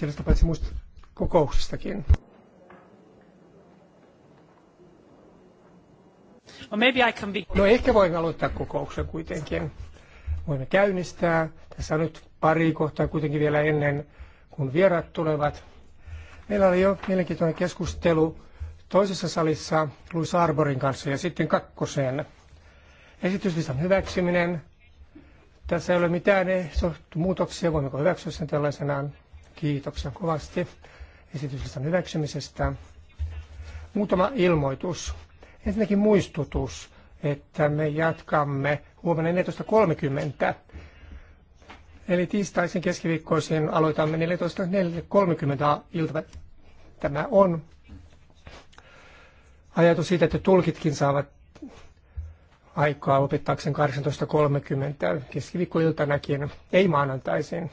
sitä paitsi muista kokouksistakin. No ehkä voimme aloittaa kokouksen kuitenkin. Voimme käynnistää. Tässä on nyt pari kohtaa kuitenkin vielä ennen kuin vieraat tulevat. Meillä oli jo mielenkiintoinen keskustelu toisessa salissa Louis Arborin kanssa ja sitten kakkoseen. Esityslistan hyväksyminen. Tässä ei ole mitään muutoksia, voimmeko hyväksyä sen tällaisenaan. Kiitoksia kovasti esityslistan hyväksymisestä. Muutama ilmoitus. Ensinnäkin muistutus, että me jatkamme huomenna 14.30. Eli tiistaisin keskiviikkoisin aloitamme 14.30 ilta Tämä on ajatus siitä, että tulkitkin saavat aikaa opettaakseen 18.30 keskiviikkoiltanakin, ei maanantaisin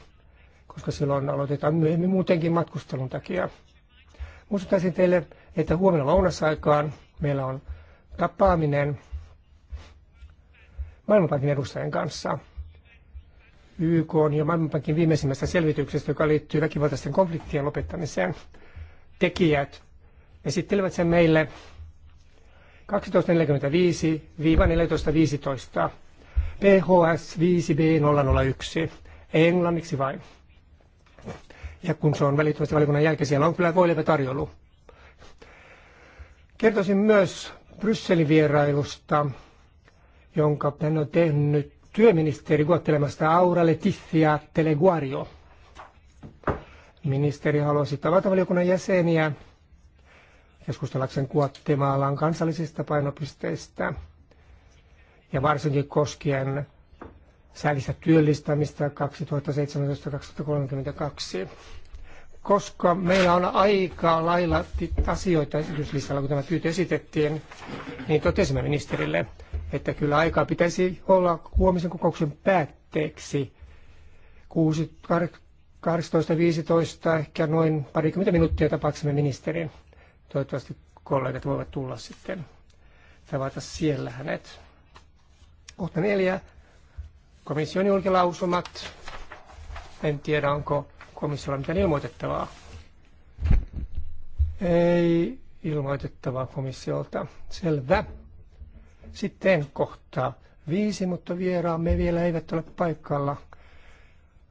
koska silloin aloitetaan myöhemmin muutenkin matkustelun takia. Muistuttaisin teille, että huomenna lounasaikaan meillä on tapaaminen Maailmanpankin edustajien kanssa. YK on jo Maailmanpankin viimeisimmästä selvityksestä, joka liittyy väkivaltaisten konfliktien lopettamiseen. Tekijät esittelevät sen meille 12.45-14.15 PHS 5B001, englanniksi vain ja kun se on välittömästi valikunnan jälkeen, siellä on kyllä voileipä tarjoulu. Kertoisin myös Brysselin vierailusta, jonka hän on tehnyt työministeri kuottelemasta Aura Letizia Teleguario. Ministeri halusi tavata valiokunnan jäseniä keskustellakseen kuottemaalan kansallisista painopisteistä ja varsinkin koskien säällistä työllistämistä 2017-2032. Koska meillä on aika lailla asioita esityslistalla, kun tämä pyyntö esitettiin, niin totesimme ministerille, että kyllä aikaa pitäisi olla huomisen kokouksen päätteeksi 18.15, ehkä noin parikymmentä minuuttia tapaaksemme ministerin. Toivottavasti kollegat voivat tulla sitten tavata siellä hänet. Kohta neljä komission julkilausumat. En tiedä, onko komissiolla mitään ilmoitettavaa. Ei ilmoitettavaa komissiolta. Selvä. Sitten kohta viisi, mutta vieraamme vielä eivät ole paikalla.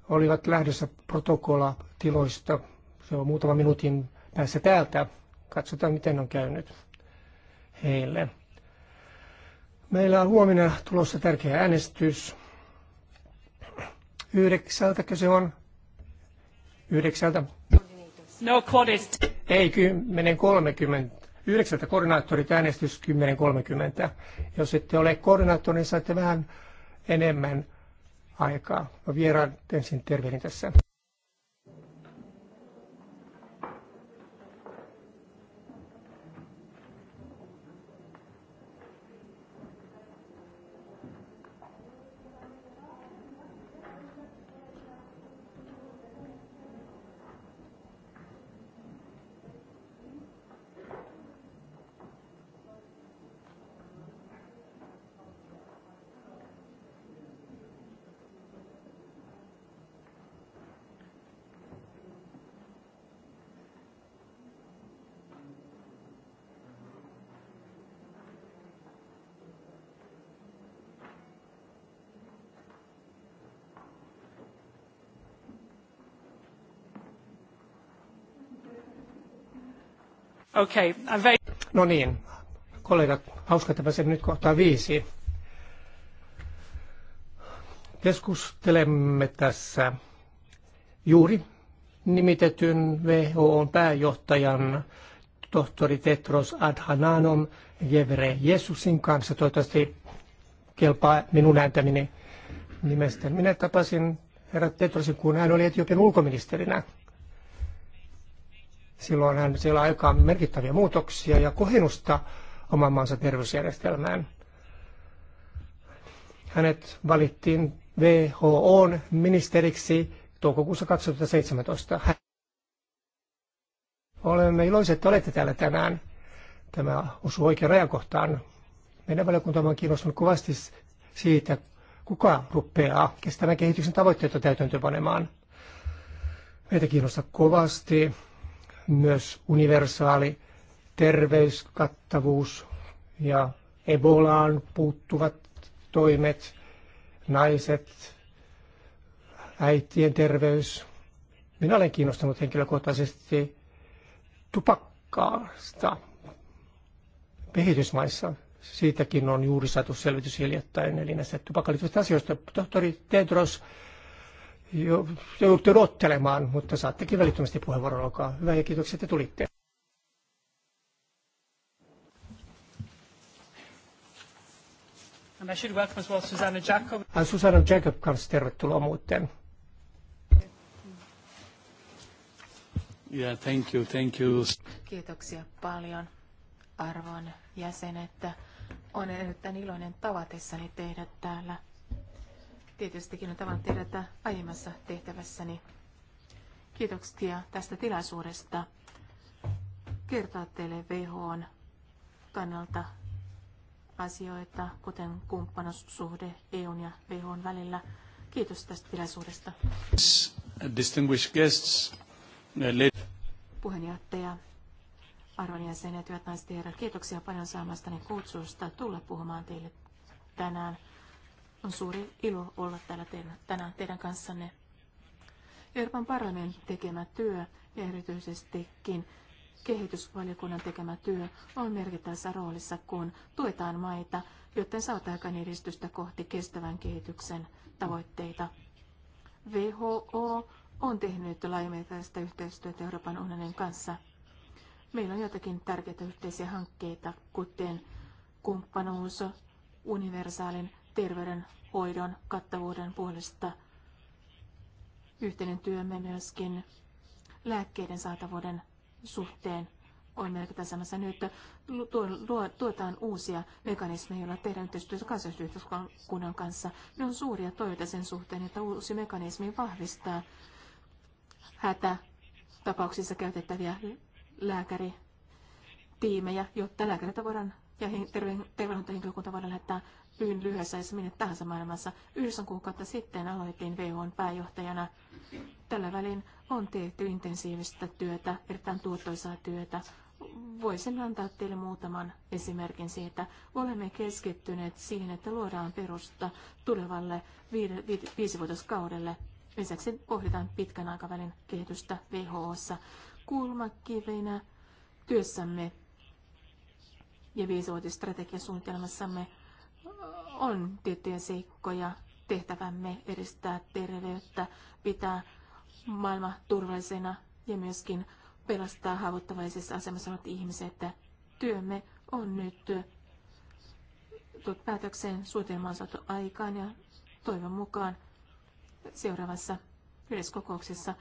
Olivat lähdössä protokollatiloista. Se on muutama minuutin päässä täältä. Katsotaan, miten on käynyt heille. Meillä on huomenna tulossa tärkeä äänestys. Yhdeksältä se on? Yhdeksältä. No kodist. Ei, kymmenen kolmekymmentä. Yhdeksältä koordinaattorit äänestys kymmenen kolmekymmentä. Jos ette ole koordinaattori, niin saatte vähän enemmän aikaa. Mä vieraan ensin tervehdin tässä. Okay, I'm very... No niin, kollegat, hauska, että pääsemme nyt kohtaan viisi. Keskustelemme tässä juuri nimitetyn WHOn pääjohtajan tohtori Tetros Adhananom Jevre Jesusin kanssa. Toivottavasti kelpaa minun ääntäminen nimestä. Minä tapasin herra Tetrosin, kun hän oli Etiopian ulkoministerinä silloin hän siellä aikaan merkittäviä muutoksia ja kohennusta oman maansa terveysjärjestelmään. Hänet valittiin WHOn ministeriksi toukokuussa 2017. Olemme iloiset, että olette täällä tänään. Tämä osuu oikein rajakohtaan. Meidän valiokuntamme on kiinnostunut kovasti siitä, kuka rupeaa kestävän kehityksen tavoitteita täytäntöönpanemaan. Meitä kiinnostaa kovasti myös universaali terveyskattavuus ja Ebolaan puuttuvat toimet, naiset, äitien terveys. Minä olen kiinnostunut henkilökohtaisesti tupakkaasta kehitysmaissa. Siitäkin on juuri saatu selvitys hiljattain, eli näistä tupakkaan asioista. Tohtori Tedros jo, joudutte odottelemaan, mutta saattekin välittömästi puheenvuoron. alkaa. hyvä ja kiitoksia, että tulitte. And I should welcome as well Susanna Jacob. And ah, Susanna Jacob kanssa tervetuloa muuten. Yeah, thank you, thank you. Kiitoksia paljon arvon jäsen, että olen erittäin iloinen tavatessani teidät täällä Tietystikin on tavannut tehdä aiemmassa tehtävässäni. Kiitoksia tästä tilaisuudesta kertoa teille WHOn kannalta asioita, kuten kumppanussuhde EUn ja WHOn välillä. Kiitos tästä tilaisuudesta. Distinguished guests, uh, Puheenjohtaja, arvon jäsenet, hyvät naiset ja herrat, kiitoksia paljon saamastani kutsusta tulla puhumaan teille tänään on suuri ilo olla täällä teidän, tänään teidän kanssanne. Euroopan parlamentin tekemä työ ja erityisestikin kehitysvaliokunnan tekemä työ on merkittävässä roolissa, kun tuetaan maita, joten saataisiin edistystä kohti kestävän kehityksen tavoitteita. WHO on tehnyt laajamittaista yhteistyötä Euroopan unionin kanssa. Meillä on jotakin tärkeitä yhteisiä hankkeita, kuten kumppanuus universaalin terveydenhoidon kattavuuden puolesta. Yhteinen työmme myöskin lääkkeiden saatavuuden suhteen on merkitä samassa nyt, että tuetaan uusia mekanismeja, joilla tehdään yhteistyössä kansallisyhteiskunnan kanssa. Ne on suuria toiveita sen suhteen, että uusi mekanismi vahvistaa hätä tapauksissa käytettäviä lääkäritiimejä, jotta lääkäreitä voidaan ja terveydenhuoltohenkilökunta voidaan lähettää lyhyen lyhyessä edes minne tahansa maailmassa. Yhdeksän kuukautta sitten aloitin WHOn pääjohtajana. Tällä välin on tehty intensiivistä työtä, erittäin tuottoisaa työtä. Voisin antaa teille muutaman esimerkin siitä. Olemme keskittyneet siihen, että luodaan perusta tulevalle viisivuotiskaudelle. Lisäksi pohditaan pitkän aikavälin kehitystä WHOssa kulmakivinä työssämme ja viisivuotistrategiasuunnitelmassamme on tiettyjä seikkoja. Tehtävämme edistää terveyttä, pitää maailma turvallisena ja myöskin pelastaa haavoittavaisessa asemassa olevat ihmiset. Työmme on nyt päätöksen suunnitelmaan saatu aikaan ja toivon mukaan seuraavassa yleiskokouksessa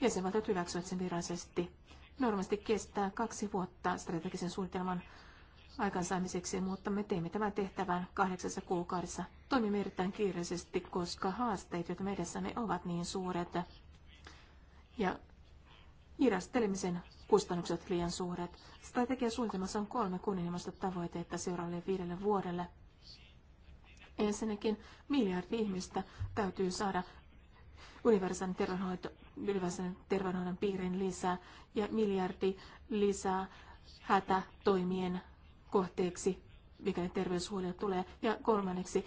jäsenvaltiot hyväksyvät sen virallisesti. Normaalisti kestää kaksi vuotta strategisen suunnitelman aikaansaamiseksi, mutta me teemme tämän tehtävän kahdeksassa kuukaudessa. Toimimme erittäin kiireisesti, koska haasteet, joita meidässämme ovat niin suuret ja hidastelemisen kustannukset liian suuret. Strategiasuunnitelmassa on kolme kunnianhimoista tavoitetta seuraavalle viidelle vuodelle. Ensinnäkin miljardi ihmistä täytyy saada universaalin terveydenhoito, universaalin terveydenhoidon piirin lisää ja miljardi lisää hätätoimien kohteeksi, mikäli terveyshuolia tulee. Ja kolmanneksi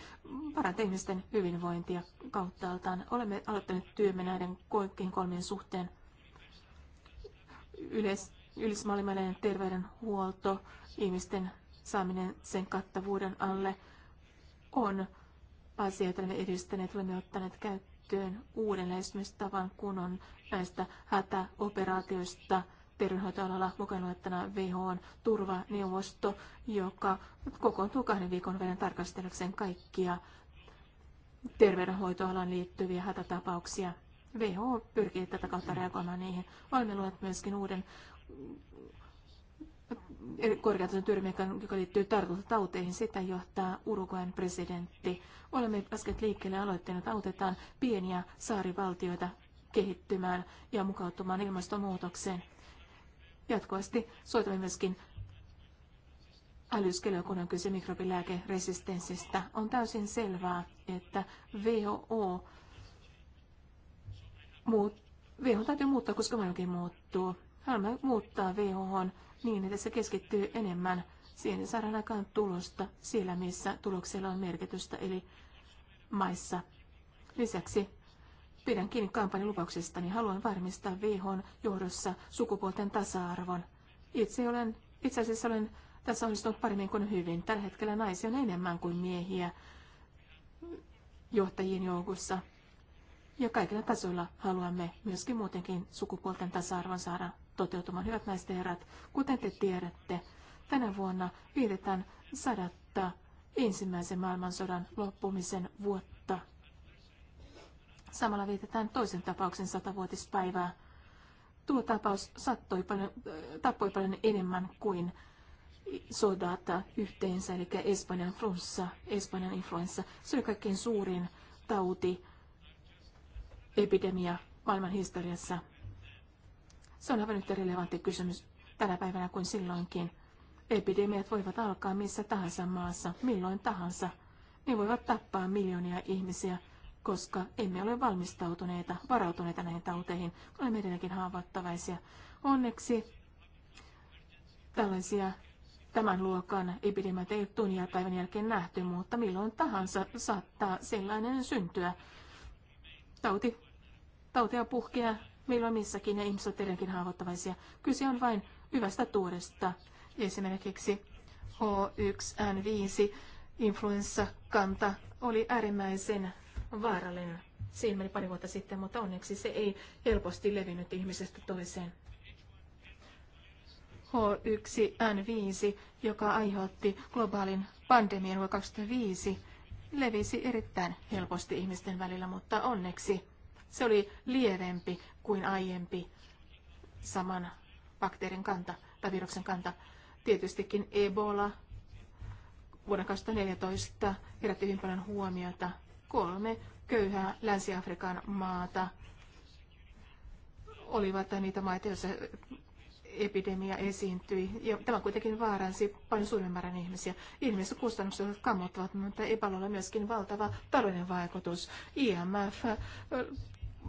parantaa ihmisten hyvinvointia kauttaaltaan. Olemme aloittaneet työmme näiden kaikkien kolmien suhteen. Yleis, ylismaailmallinen terveydenhuolto, ihmisten saaminen sen kattavuuden alle on asia, jota olemme edistäneet, olemme ottaneet käyttöön uuden lähestymistavan, kun on näistä hätäoperaatioista – että mukaan WHO on turvaneuvosto, joka kokoontuu kahden viikon välein tarkastellakseen kaikkia terveydenhoitoalan liittyviä hätätapauksia. WHO pyrkii tätä kautta reagoimaan niihin. Olemme luoneet myöskin uuden korkeatason työryhmän, joka liittyy tartuntatauteihin. Sitä johtaa Uruguayn presidentti. Olemme äsken liikkeelle aloittaneet, että autetaan pieniä saarivaltioita kehittymään ja mukautumaan ilmastonmuutokseen jatkuvasti suojelemme myöskin älyskelökunnan kyse mikrobilääkeresistenssistä. On täysin selvää, että WHO muut, WHO täytyy muuttaa, koska maailmakin muuttuu. Haluamme muuttaa WHO niin, että se keskittyy enemmän siihen saadaan aikaan tulosta siellä, missä tuloksella on merkitystä, eli maissa. Lisäksi Pidän kiinni kampanjalupauksestani. Niin haluan varmistaa VHn johdossa sukupuolten tasa-arvon. Itse, olen, itse asiassa olen tässä onnistunut paremmin kuin hyvin. Tällä hetkellä naisia on enemmän kuin miehiä johtajien joukossa. Ja kaikilla tasoilla haluamme myöskin muutenkin sukupuolten tasa-arvon saada toteutumaan. Hyvät naiset ja herrat, kuten te tiedätte, tänä vuonna vietetään sadatta ensimmäisen maailmansodan loppumisen vuotta Samalla vietetään toisen tapauksen satavuotispäivää. Tuo tapaus sattoi paljon, äh, tappoi paljon enemmän kuin sodat yhteensä, eli Espanjan flunssa, Espanjan influenssa. Se oli kaikkein suurin tauti, epidemia maailman historiassa. Se on aivan yhtä relevantti kysymys tänä päivänä kuin silloinkin. Epidemiat voivat alkaa missä tahansa maassa, milloin tahansa. Ne voivat tappaa miljoonia ihmisiä koska emme ole valmistautuneita, varautuneita näihin tauteihin. Olemme edelleenkin haavoittavaisia. Onneksi tällaisia tämän luokan epidemiat ei ole päivän jälkeen nähty, mutta milloin tahansa saattaa sellainen syntyä. Tauti, tautia puhkea milloin missäkin ja ihmiset ovat edelleenkin haavoittavaisia. Kyse on vain hyvästä tuoresta. Esimerkiksi H1N5 influenssakanta oli äärimmäisen on vaarallinen. Siinä meni pari vuotta sitten, mutta onneksi se ei helposti levinnyt ihmisestä toiseen. H1N5, joka aiheutti globaalin pandemian vuonna 2005, levisi erittäin helposti ihmisten välillä, mutta onneksi se oli lievempi kuin aiempi saman bakteerin kanta tai viruksen kanta. Tietystikin Ebola vuonna 2014 herätti hyvin paljon huomiota kolme köyhää Länsi-Afrikan maata olivat niitä maita, joissa epidemia esiintyi. Ja tämä kuitenkin vaaransi paljon suuren määrän ihmisiä. Ihmiset kustannukset ovat kammottavat, mutta Ebalolla myöskin valtava talouden vaikutus. IMF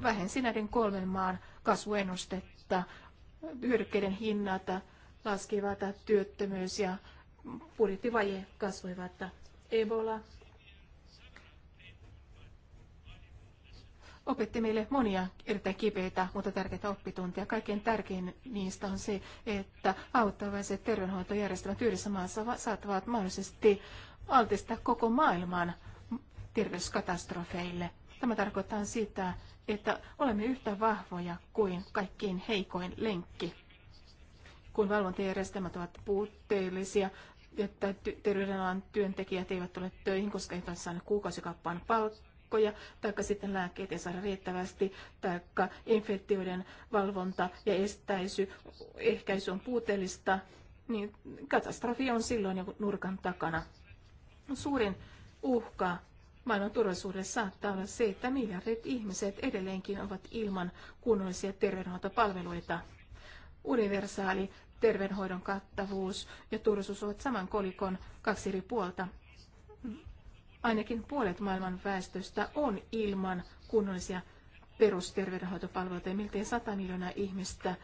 vähensi näiden kolmen maan kasvuennustetta. Hyödykkeiden hinnat laskivat, työttömyys ja budjettivaje kasvoivat. Ebola opetti meille monia erittäin kipeitä, mutta tärkeitä oppituntia. Kaikkein tärkein niistä on se, että auttavaiset terveydenhoitojärjestelmät yhdessä maassa saattavat mahdollisesti altistaa koko maailman terveyskatastrofeille. Tämä tarkoittaa sitä, että olemme yhtä vahvoja kuin kaikkiin heikoin lenkki. Kun valvontajärjestelmät ovat puutteellisia, että terveydenalan työntekijät eivät tule töihin, koska eivät ole saaneet kuukausikappaan palkkaa, viikkoja, tai sitten lääkkeitä ei saada riittävästi, tai infektioiden valvonta ja estäisy, ehkäisy on puutellista, niin katastrofi on silloin joku nurkan takana. Suurin uhka maailman turvallisuudelle saattaa olla se, että miljardit ihmiset edelleenkin ovat ilman kunnollisia terveydenhoitopalveluita. Universaali terveydenhoidon kattavuus ja turvallisuus ovat saman kolikon kaksi eri puolta ainakin puolet maailman väestöstä on ilman kunnollisia perusterveydenhoitopalveluita ja miltei 100 miljoonaa ihmistä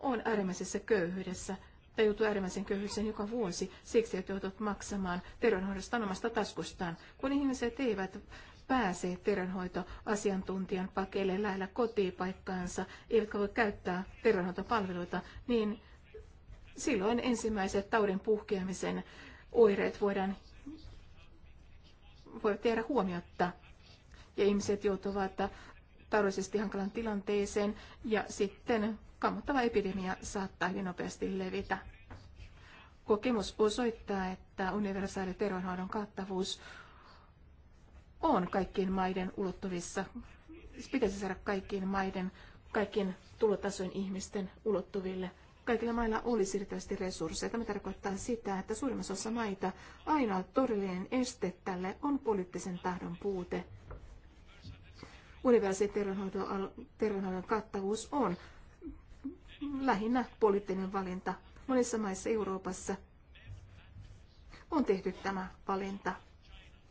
on äärimmäisessä köyhyydessä tai joutuu äärimmäisen köyhyyteen joka vuosi siksi, että joutuu maksamaan terveydenhoidosta omasta taskustaan. Kun ihmiset eivät pääse terveydenhoitoasiantuntijan pakeille lähellä kotipaikkaansa, eivätkä voi käyttää terveydenhoitopalveluita, niin silloin ensimmäiset taudin puhkeamisen oireet voidaan voi tehdä huomiotta. Ja ihmiset joutuvat taloudellisesti hankalan tilanteeseen ja sitten kammottava epidemia saattaa hyvin nopeasti levitä. Kokemus osoittaa, että universaali terveydenhoidon kattavuus on kaikkien maiden ulottuvissa. pitäisi saada kaikkien maiden, kaikkien tulotasojen ihmisten ulottuville kaikilla mailla olisi riittävästi resursseja. Tämä tarkoittaa sitä, että suurimmassa osassa maita ainoa todellinen este tälle on poliittisen tahdon puute. Universiteetin terveydenhoidon kattavuus on lähinnä poliittinen valinta. Monissa maissa Euroopassa on tehty tämä valinta.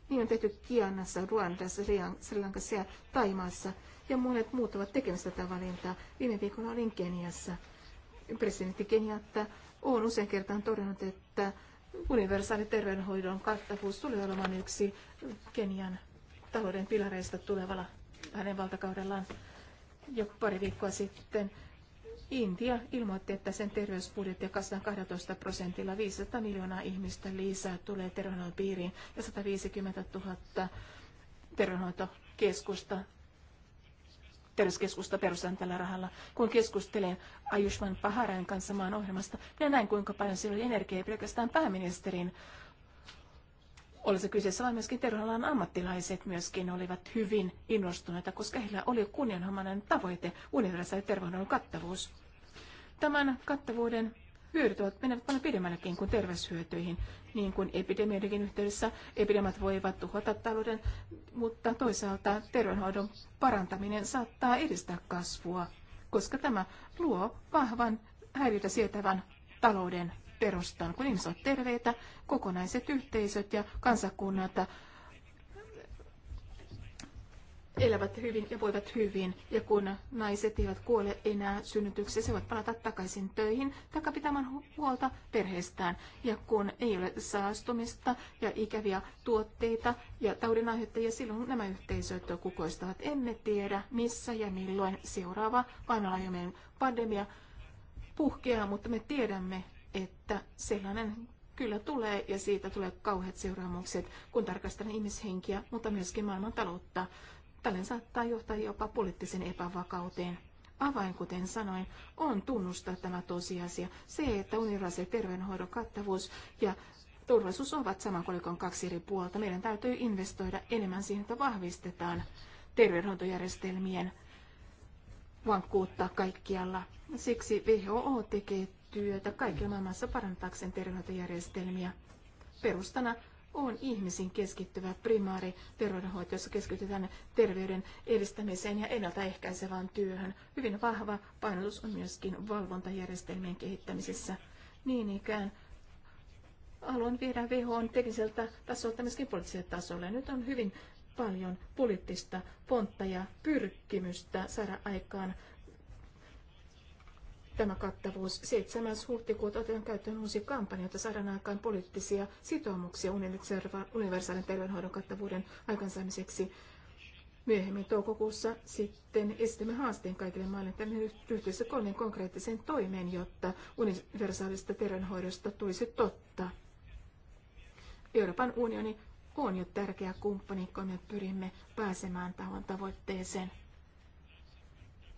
Niin on tehty Kianassa, Ruandassa, Sri Lankassa ja Taimaassa. Ja monet muut ovat tekemässä tätä valintaa. Viime viikolla olin Keniassa presidentti Keniatta on usein kertaan todennut, että universaali terveydenhoidon kattavuus tulee olemaan yksi Kenian talouden pilareista tulevalla hänen valtakaudellaan. Jo pari viikkoa sitten Intia ilmoitti, että sen terveysbudjetti kasvaa 12 prosentilla. 500 miljoonaa ihmistä lisää tulee terveydenhoidon piiriin ja 150 000 terveydenhoitokeskusta terveyskeskusta perustan tällä rahalla. Kun keskustelin Ayushman Paharan kanssa maan ohjelmasta, minä näin kuinka paljon sillä oli energiaa pelkästään pääministerin se kyseessä vain myöskin terveysalan ammattilaiset myöskin olivat hyvin innostuneita, koska heillä oli kunnianhamainen tavoite universaali terveydenhuollon kattavuus. Tämän kattavuuden hyödyt ovat menevät paljon pidemmällekin kuin terveyshyötyihin niin kuin epidemioidenkin yhteydessä. Epidemiat voivat tuhota talouden, mutta toisaalta terveydenhoidon parantaminen saattaa edistää kasvua, koska tämä luo vahvan häiriötä sietävän talouden perustan. Kun ihmiset ovat terveitä, kokonaiset yhteisöt ja kansakunnat elävät hyvin ja voivat hyvin. Ja kun naiset eivät kuole enää synnytyksessä, voivat palata takaisin töihin tai pitämään huolta perheestään. Ja kun ei ole saastumista ja ikäviä tuotteita ja taudinaiheuttajia, silloin nämä yhteisöt kukoistavat. Emme tiedä missä ja milloin seuraava maailmanlaajuinen pandemia puhkeaa, mutta me tiedämme, että sellainen kyllä tulee ja siitä tulee kauheat seuraamukset, kun tarkastellaan ihmishenkiä, mutta myöskin maailman taloutta. Tällöin saattaa johtaa jopa poliittisen epävakauteen. Avain, kuten sanoin, on tunnustaa tämä tosiasia. Se, että universaalisen terveydenhoidon kattavuus ja turvallisuus ovat saman kolikon kaksi eri puolta. Meidän täytyy investoida enemmän siihen, että vahvistetaan terveydenhoitojärjestelmien vankkuutta kaikkialla. Siksi WHO tekee työtä kaikilla maailmassa parantaakseen terveydenhoitojärjestelmiä. Perustana on ihmisiin keskittyvä primaari terveydenhoito, jossa keskitytään terveyden edistämiseen ja ennaltaehkäisevään työhön. Hyvin vahva painotus on myöskin valvontajärjestelmien kehittämisessä. Niin ikään haluan viedä WHOn tekniseltä tasolta myöskin poliittiselle tasolle. Nyt on hyvin paljon poliittista pontta ja pyrkimystä saada aikaan tämä kattavuus. 7. huhtikuuta otetaan käyttöön uusi kampanja, jotta saadaan aikaan poliittisia sitoumuksia universaalin terveydenhoidon kattavuuden aikansaamiseksi. Myöhemmin toukokuussa sitten esitämme haasteen kaikille maille, että me ryhtyisi kolmen konkreettiseen toimeen, jotta universaalista terveydenhoidosta tulisi totta. Euroopan unioni on jo tärkeä kumppani, kun me pyrimme pääsemään tähän tavoitteeseen.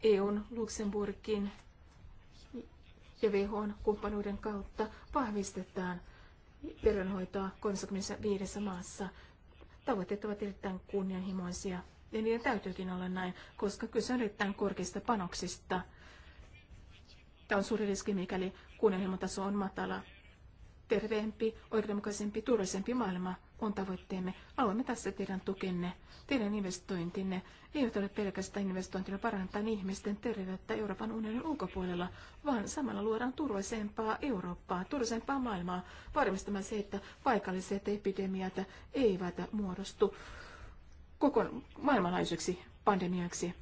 EUn, Luxemburgin ja WHO-kumppanuuden kautta vahvistetaan terveydenhoitoa 35 maassa. Tavoitteet ovat erittäin kunnianhimoisia ja niiden täytyykin olla näin, koska kyse on erittäin korkeista panoksista. Tämä on suuri riski, mikäli kunnianhimotaso on matala terveempi, oikeudenmukaisempi, turvallisempi maailma on tavoitteemme. Haluamme tässä teidän tukenne, teidän investointinne. Ei ole pelkästään investointina parantaa ihmisten terveyttä Euroopan unionin ulkopuolella, vaan samalla luodaan turvallisempaa Eurooppaa, turvallisempaa maailmaa, varmistamaan se, että paikalliset epidemiat eivät muodostu koko maailmanlaajuiseksi pandemiaksi.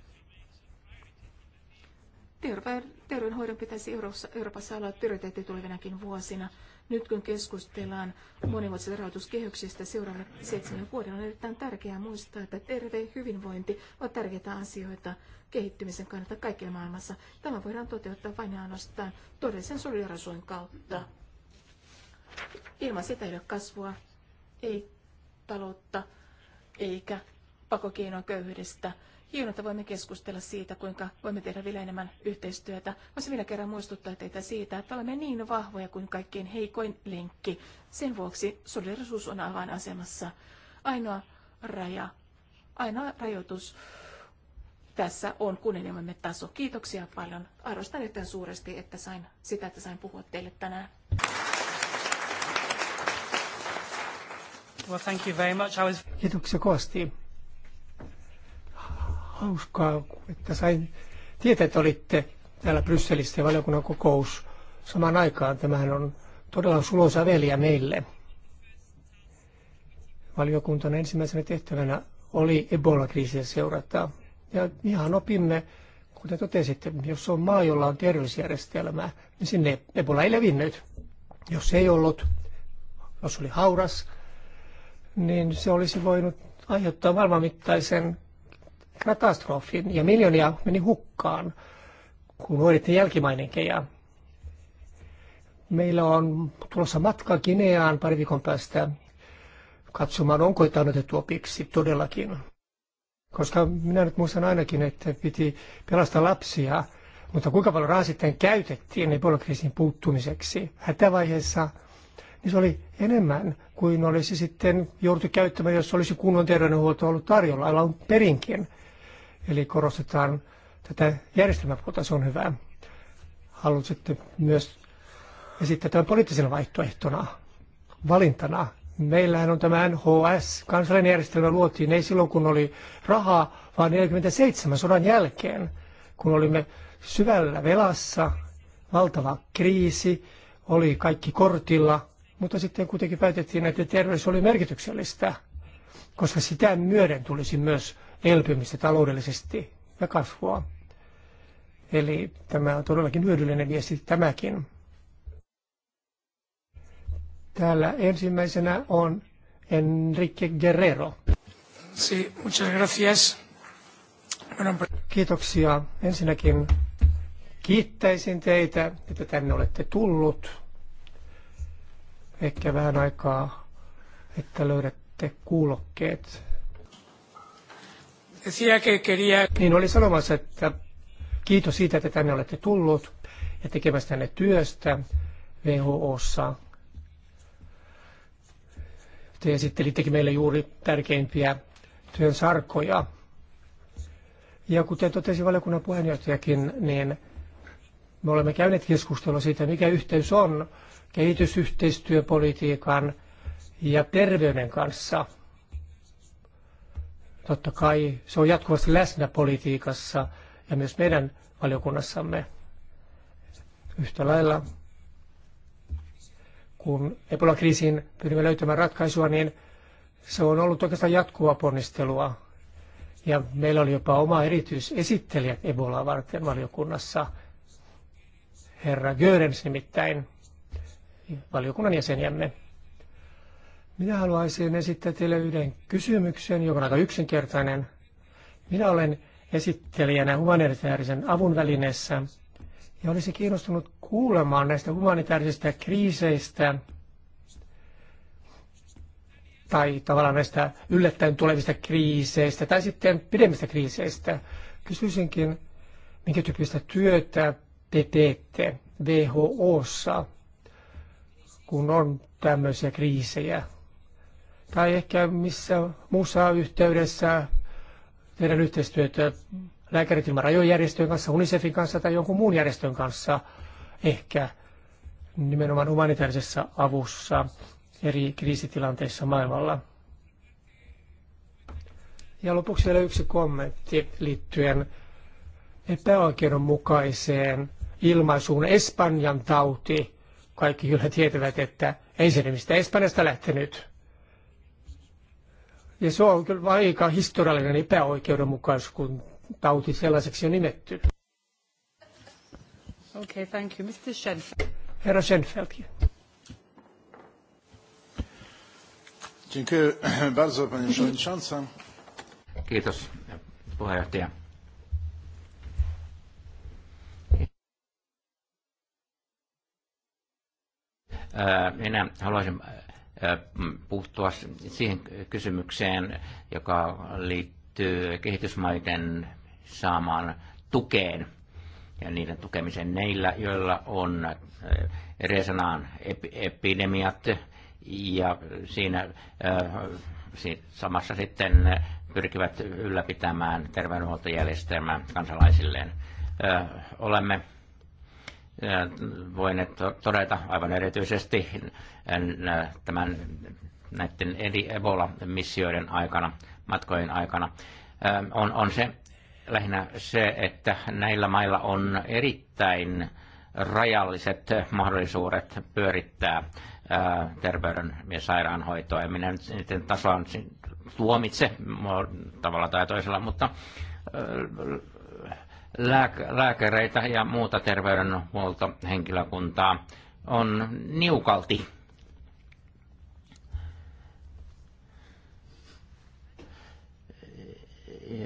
Terveydenhoidon pitäisi Euroopassa olla prioriteetti tulevinakin vuosina. Nyt kun keskustellaan monivuotisesta rahoituskehyksestä seuraavan seitsemän vuoden, on erittäin tärkeää muistaa, että terve hyvinvointi on tärkeitä asioita kehittymisen kannalta kaikilla maailmassa. Tämä voidaan toteuttaa vain ja ainoastaan todellisen solidarisuuden kautta. Ilman sitä ei ole kasvua, ei taloutta, eikä pakokeinoa köyhyydestä Hienoa, että voimme keskustella siitä, kuinka voimme tehdä vielä enemmän yhteistyötä. Voisin vielä kerran muistuttaa teitä siitä, että olemme niin vahvoja kuin kaikkein heikoin lenkki. Sen vuoksi solidarisuus on aivan asemassa. Ainoa raja, ainoa rajoitus tässä on kunnianhimomme taso. Kiitoksia paljon. Arvostan erittäin suuresti että sain, sitä, että sain puhua teille tänään. Well, thank you very much. I was... Kiitoksia kovasti hauskaa, että sain tietää, että olitte täällä Brysselissä ja valiokunnan kokous samaan aikaan. Tämähän on todella suloisa veliä meille. Valiokuntana ensimmäisenä tehtävänä oli Ebola-kriisiä seurata. Ja ihan opimme, kuten totesitte, jos on maa, jolla on terveysjärjestelmää, niin sinne Ebola ei levinnyt. Jos ei ollut, jos oli hauras, niin se olisi voinut aiheuttaa maailmanmittaisen katastrofin ja miljoonia meni hukkaan, kun hoidettiin jälkimainenkeja. Meillä on tulossa matka Gineaan pari viikon päästä katsomaan, onko jotain otettu opiksi todellakin. Koska minä nyt muistan ainakin, että piti pelastaa lapsia, mutta kuinka paljon rahaa sitten käytettiin ebolakriisin niin puuttumiseksi hätävaiheessa, niin se oli enemmän kuin olisi sitten jouduttu käyttämään, jos olisi kunnon terveydenhuolto ollut tarjolla, aivan perinkin. Eli korostetaan tätä järjestelmäpuolta, se on hyvä. Halusitte myös esittää tämän poliittisen vaihtoehtona, valintana. Meillähän on tämä NHS, kansallinen järjestelmä luotiin, ei silloin kun oli rahaa, vaan 47 sodan jälkeen, kun olimme syvällä velassa, valtava kriisi, oli kaikki kortilla, mutta sitten kuitenkin päätettiin, että terveys oli merkityksellistä, koska sitä myöden tulisi myös elpymistä taloudellisesti ja kasvua. Eli tämä on todellakin hyödyllinen viesti tämäkin. Täällä ensimmäisenä on Enrique Guerrero. Sí, muchas gracias. Kiitoksia. Ensinnäkin kiittäisin teitä, että tänne olette tullut. Ehkä vähän aikaa, että löydätte kuulokkeet niin oli sanomassa, että kiitos siitä, että tänne olette tullut ja tekemästänne työstä WHOssa. Te esittelittekin meille juuri tärkeimpiä työn sarkoja. Ja kuten totesi valiokunnan puheenjohtajakin, niin me olemme käyneet keskustelua siitä, mikä yhteys on kehitysyhteistyöpolitiikan ja terveyden kanssa – Totta kai se on jatkuvasti läsnä politiikassa ja myös meidän valiokunnassamme yhtä lailla. Kun Ebola-kriisiin pyrimme löytämään ratkaisua, niin se on ollut oikeastaan jatkuvaa ponnistelua. Ja meillä oli jopa oma erityisesittelijä Ebolaa varten valiokunnassa, herra Görens nimittäin, valiokunnan jäseniämme. Minä haluaisin esittää teille yhden kysymyksen, joka on aika yksinkertainen. Minä olen esittelijänä humanitaarisen avun välineessä ja olisin kiinnostunut kuulemaan näistä humanitaarisista kriiseistä tai tavallaan näistä yllättäen tulevista kriiseistä tai sitten pidemmistä kriiseistä. Kysyisinkin, minkä tyyppistä työtä te teette WHOssa, kun on tämmöisiä kriisejä tai ehkä missä muussa yhteydessä tehdään yhteistyötä lääkärit ilman rajojärjestöjen kanssa, UNICEFin kanssa tai jonkun muun järjestön kanssa, ehkä nimenomaan humanitaarisessa avussa eri kriisitilanteissa maailmalla. Ja lopuksi vielä yksi kommentti liittyen epäoikeudenmukaiseen ilmaisuun Espanjan tauti. Kaikki kyllä tietävät, että ei se nimistä Espanjasta lähtenyt. Ja se on kyllä aika historiallinen epäoikeudenmukaisuus, kun tauti sellaiseksi on nimetty. Okay, thank you. Mr. Schenfeld. Herra Schenfeld. Dziękuję bardzo, panie przewodniczący. Kiitos, puheenjohtaja. Minä haluaisin puuttua siihen kysymykseen, joka liittyy kehitysmaiden saamaan tukeen ja niiden tukemiseen neillä, joilla on resanaan epidemiat ja siinä samassa sitten pyrkivät ylläpitämään terveydenhuoltojärjestelmää kansalaisilleen. Olemme voineet todeta aivan erityisesti tämän näiden eri Ebola-missioiden aikana, matkojen aikana, on, on se lähinnä se, että näillä mailla on erittäin rajalliset mahdollisuudet pyörittää terveyden ja sairaanhoitoa. Ja minä nyt niiden tasoan tuomitse tavalla tai toisella, mutta lääkäreitä ja muuta terveydenhuoltohenkilökuntaa on niukalti.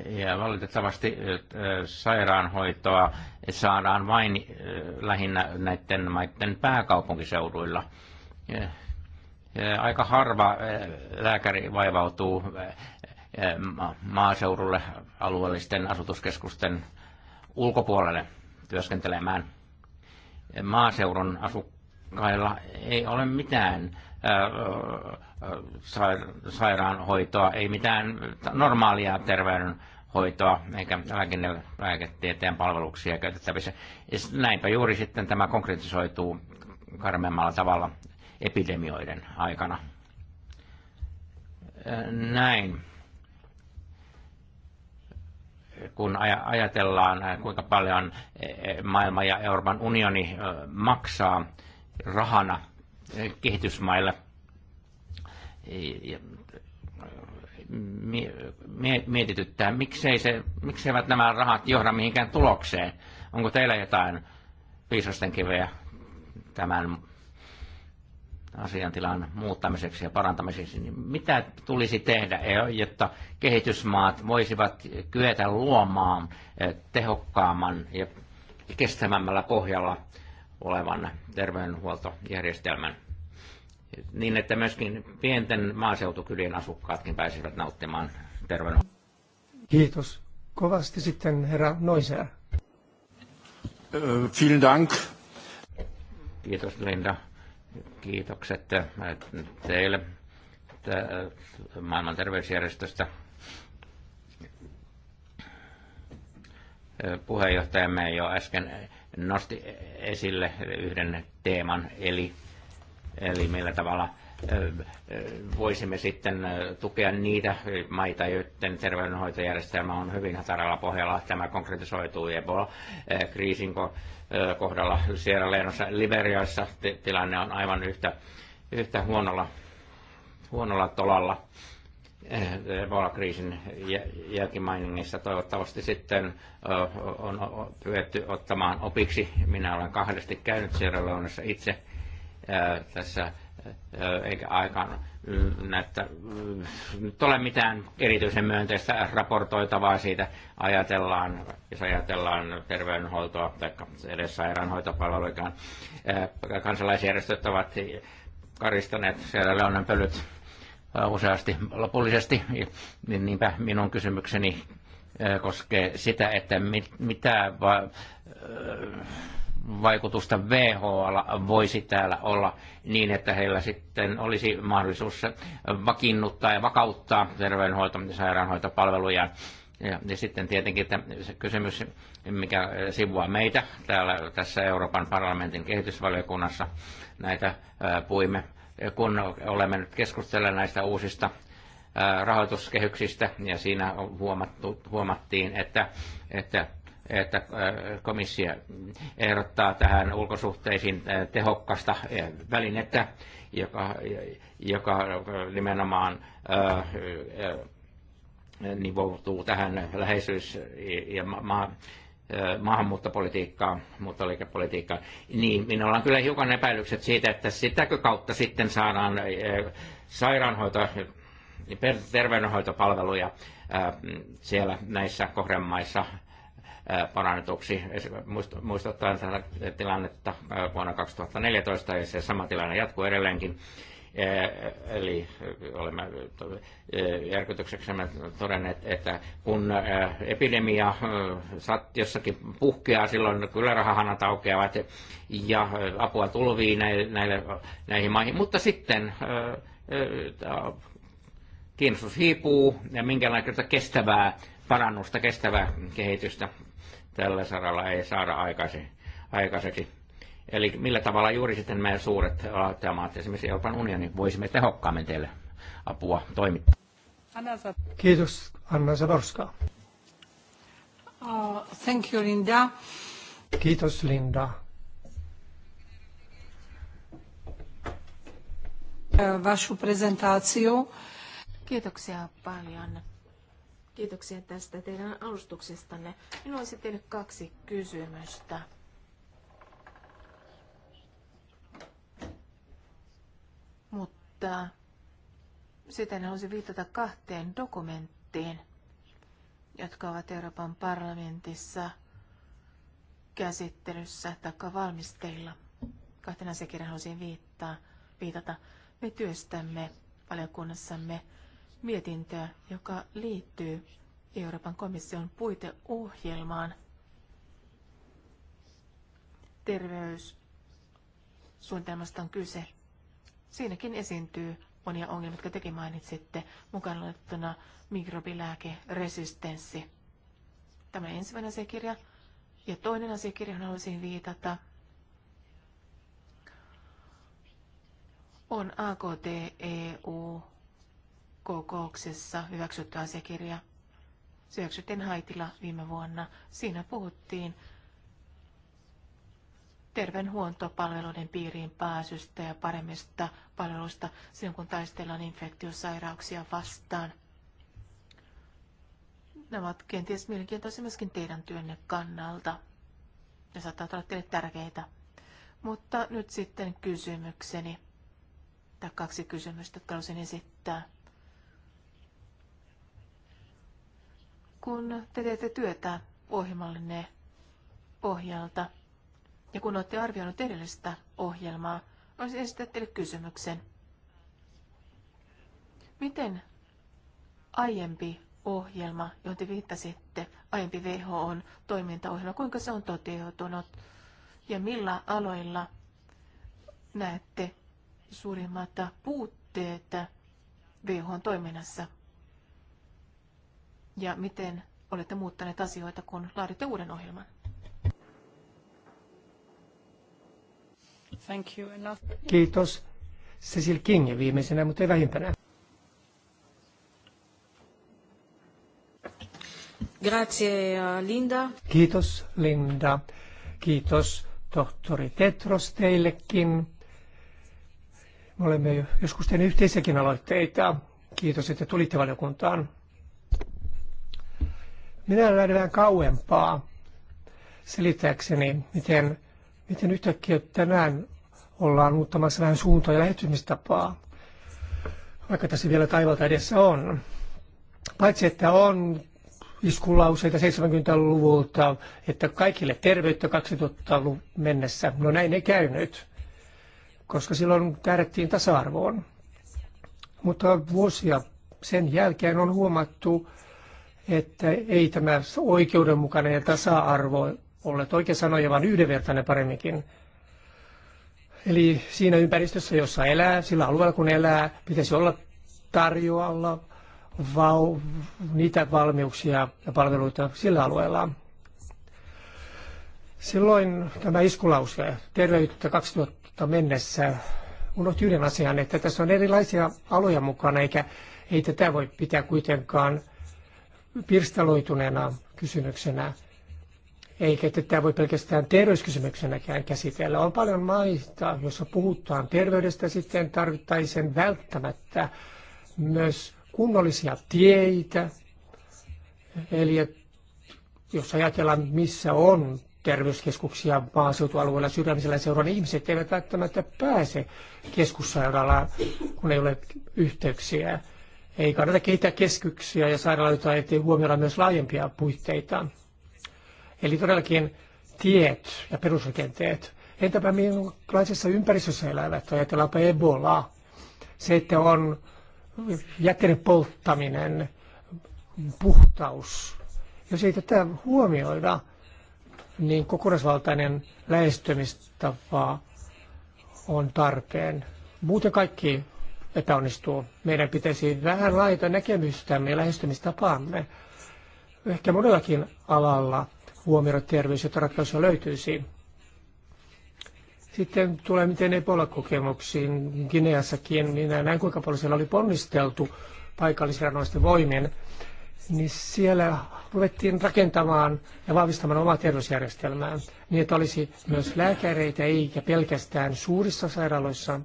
Ja valitettavasti sairaanhoitoa saadaan vain lähinnä näiden maiden pääkaupunkiseuduilla. Aika harva lääkäri vaivautuu maaseudulle alueellisten asutuskeskusten ulkopuolelle työskentelemään. Maaseudun asukkailla ei ole mitään sairaanhoitoa, ei mitään normaalia terveydenhoitoa eikä lääketieteen palveluksia käytettävissä. Näinpä juuri sitten tämä konkretisoituu karmeammalla tavalla epidemioiden aikana. Näin kun ajatellaan, äh, kuinka paljon äh, maailma ja Euroopan unioni äh, maksaa rahana kehitysmaille, mietityttää, miksei se, mikseivät nämä rahat johda mihinkään tulokseen. Onko teillä jotain viisasten kiveä tämän asiantilan muuttamiseksi ja parantamiseksi, niin mitä tulisi tehdä, e, jotta kehitysmaat voisivat kyetä luomaan e, tehokkaamman ja kestävämmällä pohjalla olevan terveydenhuoltojärjestelmän? Niin, että myöskin pienten maaseutukylien asukkaatkin pääsivät nauttimaan terveydenhuoltoa. Kiitos kovasti sitten herra Noiser. Äh, vielen Dank. Kiitos Linda Kiitokset äh, teille äh, maailman terveysjärjestöstä. Äh, puheenjohtajamme jo äsken nosti esille yhden teeman, eli, eli millä tavalla – voisimme sitten tukea niitä maita, joiden terveydenhoitojärjestelmä on hyvin hataralla pohjalla. Tämä konkretisoituu Ebola-kriisin kohdalla Sierra Leoneissa, Liberiassa tilanne on aivan yhtä, yhtä huonolla, huonolla tolalla. Ebola-kriisin jälkimainingissa toivottavasti sitten on pyydetty ottamaan opiksi. Minä olen kahdesti käynyt Sierra Leonassa itse tässä eikä aikaan näyttä, nyt ole mitään erityisen myönteistä raportoitavaa siitä. Ajatellaan, jos ajatellaan terveydenhuoltoa tai edes sairaanhoitopalveluikaan, kansalaisjärjestöt ovat karistaneet siellä Leonan pölyt useasti lopullisesti. Niinpä minun kysymykseni koskee sitä, että mit, mitä va, vaikutusta VHL voisi täällä olla niin, että heillä sitten olisi mahdollisuus vakiinnuttaa ja vakauttaa terveydenhoito- ja sairaanhoitopalveluja. Ja, ja sitten tietenkin että se kysymys, mikä sivuaa meitä täällä tässä Euroopan parlamentin kehitysvaliokunnassa, näitä puimme, kun olemme nyt keskustelleet näistä uusista rahoituskehyksistä, ja siinä huomattu, huomattiin, että, että että äh, komissio ehdottaa tähän ulkosuhteisiin äh, tehokkaista äh, välinettä, joka, joka nimenomaan nivoutuu tähän läheisyys- ja ma- maahanmuuttopolitiikkaan, muuttoliikepolitiikkaan, niin minulla on kyllä hiukan epäilykset siitä, että sitäkö kautta sitten saadaan sairaanhoito, terveydenhoitopalveluja siellä näissä kohdemaissa parannetuksi. Muistuttaen tätä tilannetta vuonna 2014 ja se sama tilanne jatkuu edelleenkin. Eli olemme järkytykseksemme todenneet, että kun epidemia jossakin puhkeaa, silloin kyllä rahahanat aukeavat ja apua tulvii näille, näihin maihin. Mutta sitten kiinnostus hiipuu ja minkälaista kestävää parannusta, kestävää kehitystä tällä saralla ei saada aikaiseksi. Eli millä tavalla juuri sitten meidän suuret maat, esimerkiksi Euroopan unioni, voisimme tehokkaammin teille apua toimittaa? Kiitos, Anna Zaborska. Uh, thank you, Linda. Kiitos, Linda. Uh, vašu Kiitoksia paljon Kiitoksia tästä teidän alustuksestanne. Minulla olisi teille kaksi kysymystä. Mutta sitten haluaisin viitata kahteen dokumenttiin, jotka ovat Euroopan parlamentissa käsittelyssä tai valmisteilla. Kahtena asiakirjan haluaisin viittaa, viitata. Me työstämme valiokunnassamme mietintöä, joka liittyy Euroopan komission puiteohjelmaan terveyssuunnitelmasta on kyse. Siinäkin esiintyy monia ongelmia, jotka tekin mainitsitte, mukaan luettuna mikrobilääkeresistenssi. Tämä ensimmäinen asiakirja ja toinen asiakirja, johon haluaisin viitata, on AKT-EU kokouksessa hyväksytty asiakirja. Se hyväksyttiin Haitilla viime vuonna. Siinä puhuttiin terveydenhuoltopalveluiden piiriin pääsystä ja paremmista palveluista silloin, kun taistellaan infektiosairauksia vastaan. Nämä ovat kenties mielenkiintoisia myöskin teidän työnne kannalta. Ne saattavat olla teille tärkeitä. Mutta nyt sitten kysymykseni, tai kaksi kysymystä, jotka haluaisin esittää. kun te teette työtä ohjelmallenne pohjalta ja kun olette arvioinut edellistä ohjelmaa, olisin esittää teille kysymyksen. Miten aiempi ohjelma, johon te viittasitte, aiempi WHO on toimintaohjelma, kuinka se on toteutunut ja millä aloilla näette suurimmat puutteet WHO toiminnassa ja miten olette muuttaneet asioita, kun laaditte uuden ohjelman? Thank you. Kiitos. Cecil King viimeisenä, mutta ei vähimpänä. Grazie, Linda. Kiitos, Linda. Kiitos, tohtori Tetros, teillekin. Me olemme joskus tehneet yhteisiäkin aloitteita. Kiitos, että tulitte valiokuntaan. Minä lähden vähän kauempaa selittääkseni, miten, miten yhtäkkiä tänään ollaan muuttamassa vähän suuntaa ja lähestymistapaa, vaikka tässä vielä taivalta edessä on. Paitsi että on iskulauseita 70-luvulta, että kaikille terveyttä 2000-luvun mennessä. No näin ei käynyt, koska silloin tähdättiin tasa-arvoon. Mutta vuosia sen jälkeen on huomattu, että ei tämä oikeudenmukainen ja tasa-arvo ole oikein sanoja, vaan yhdenvertainen paremminkin. Eli siinä ympäristössä, jossa elää, sillä alueella kun elää, pitäisi olla tarjoalla vau, niitä valmiuksia ja palveluita sillä alueella. Silloin tämä iskulause terveyttä 2000 mennessä unohti yhden asian, että tässä on erilaisia aloja mukana, eikä ei tätä voi pitää kuitenkaan – pirstaloituneena kysymyksenä, eikä tätä voi pelkästään terveyskysymyksenäkään käsitellä. On paljon maita, joissa puhutaan terveydestä, sitten tarvittaisiin välttämättä myös kunnollisia tieitä, eli jos ajatellaan, missä on terveyskeskuksia maaseutualueella sydämisellä niin ihmiset eivät välttämättä pääse keskussairaalaan, kun ei ole yhteyksiä. Ei kannata kehittää keskyksiä ja sairaaloita, ettei huomioida myös laajempia puitteita. Eli todellakin tiet ja perusrakenteet. Entäpä minkälaisessa ympäristössä elävät? Ajatellaanpa Ebola. Se, että on jätteiden polttaminen, puhtaus. Jos ei tätä huomioida, niin kokonaisvaltainen lähestymistapa on tarpeen. Muuten kaikki epäonnistuu. Meidän pitäisi vähän laita näkemystämme ja lähestymistapaamme. Ehkä monellakin alalla huomioida terveys, jotta ratkaisuja löytyisi. Sitten tulee miten Ebola-kokemuksiin Gineassakin. Minä näin kuinka paljon siellä oli ponnisteltu paikallisranoisten voimin. Niin siellä ruvettiin rakentamaan ja vahvistamaan omaa terveysjärjestelmää niin, että olisi myös lääkäreitä eikä pelkästään suurissa sairaaloissa,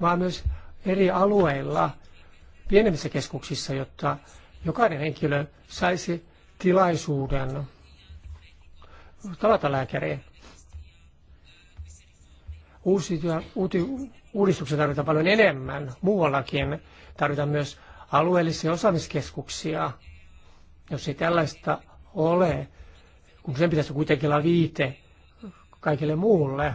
vaan myös eri alueilla pienemmissä keskuksissa, jotta jokainen henkilö saisi tilaisuuden tavata lääkäriä. Uusia, uuti, uudistuksia tarvitaan paljon enemmän muuallakin. Tarvitaan myös alueellisia osaamiskeskuksia. Jos ei tällaista ole, kun sen pitäisi kuitenkin olla viite kaikille muulle